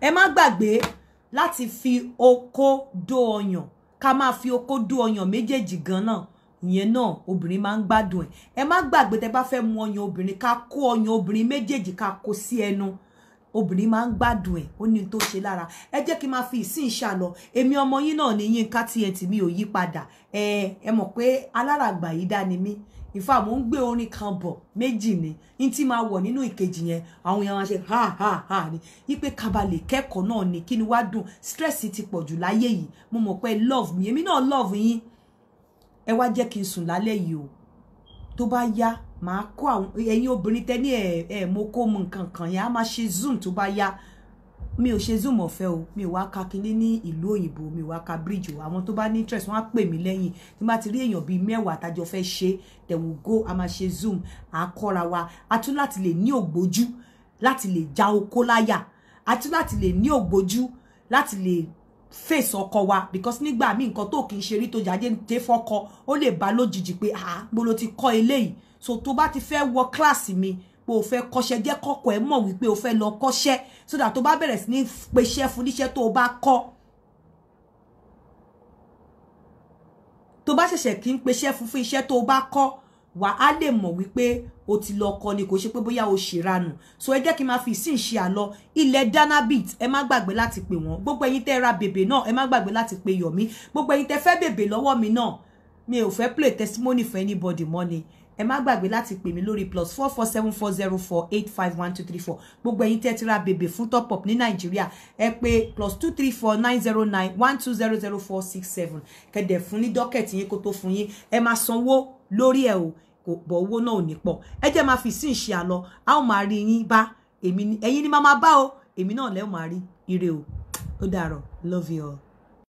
ẹ má gbàgbé láti fi okó dó ọyàn ká máa fi okó dó ọyàn méjèèjì gan náà ìyẹn náà obìnrin máa ń gbádùn ẹ ẹ má gbàgbé tẹ bá fẹ́ mu ọyàn obìnrin ká kó ọyàn obìnrin méjèèjì ká kó sí ẹnu obìnrin máa ń gbádùn ẹ ó ní tó ṣe lára ẹ jẹ́ kí n máa fi ìsìn ṣàlọ èmi ọmọ yín náà ní Yínká TNT mi ò yí padà ẹ ẹ mọ̀ pé aláràgbà yìí dá ni mí ìfà mò ń gbé orin kan bọ̀ méjì ni n tí máa wọ̀ nínú ìkejì yẹn àwọn èèyàn máa ṣe ha ha ha ni wípé kábàlẹ̀ kẹ́kọ̀ọ́ náà ni kí ni wá dùn stress ti pọ̀ jù láyé yìí mo mọ̀ pé love mi èmi náà love yín ẹ wá jẹ́ kí n sùn lálẹ́ yìí o tó bá yá màá kó àwọn ẹ̀yin obìnrin tẹ́ ní ẹ̀ ẹ̀ mo kó mu nǹkan kan yẹn á máa ṣe zoom tó bá yá mi ò ṣe zoom ọ̀fẹ́ o mi ò wá ka kinní ní ìlú òyìnbó mi ò wá ka bridge o àwọn tó bá ní interest wọn á pè mí lẹ́yìn tí bá ti rí èèyàn bíi mẹ́wàá tájọ fẹ́ ṣe then we go a máa ṣe zoom à á kọ́ra wa a tún láti lè ní ògbójú láti lè já okó láyà a tún láti lè ní ògbójú láti lè face ọkọ wa because nígbà míì nǹkan tó kì í ṣe rí tó jáde dé fọkọ ó lè bá lójijì pé ah mo ti kọ́ eléyìí so tó bá ti fẹ́ wọ kíláàsì mi pé o fẹ́ kọ́ṣẹ́ jẹ́ kọ́kọ́ ẹ mọ̀ wípé o fẹ́ lọ kọ́ṣẹ́ so that tó bá bẹ̀rẹ̀ sí ní peṣẹ́ fún níṣẹ́ tó o bá kọ́ tó bá ṣẹ̀ṣẹ̀ kí ń peṣẹ́ fún fún iṣẹ́ tó o bá kọ́ wà á lè mọ̀ wípé o ti lọ kọ́ ni kò ṣe pé bóyá o ṣèrànù so ẹ jẹ́ kí n máa fi ìsìn ṣe àlọ ilẹ̀ danabit ẹ má gbàgbé láti pè wọ́n gbogbo ẹ̀yin tẹ́ ra bèbè náà ẹ má gbàgbé láti pè yọ̀mí gbogbo ẹ̀yin tẹ́ fẹ́ bèbè lọ́wọ́ mi náà mi ò fẹ́ play testimony for anybody money ẹ má gbàgbé láti pè mí lórí plus four four seven four zero four eight five one two three four gbogbo ẹ̀yin tẹ́ ti ra bèbè fún top up ní nàìjíríà ẹ pè plus two three four nine zero nine one two zero zero four six seven kẹ̀dẹ̀ fún ní dọ́kẹ̀tì yín kó tó fún yín ẹ máa sanwó lórí ẹ̀ o kò bọ̀ owó náà ò ní pọ̀ ẹ jẹ́ máa fi sí ìṣe àlọ a ó máa rí yín bá èmi ni máa máa bá o èmi náà lẹ́ ò máa rí ire o ó dàrọ̀ love you all.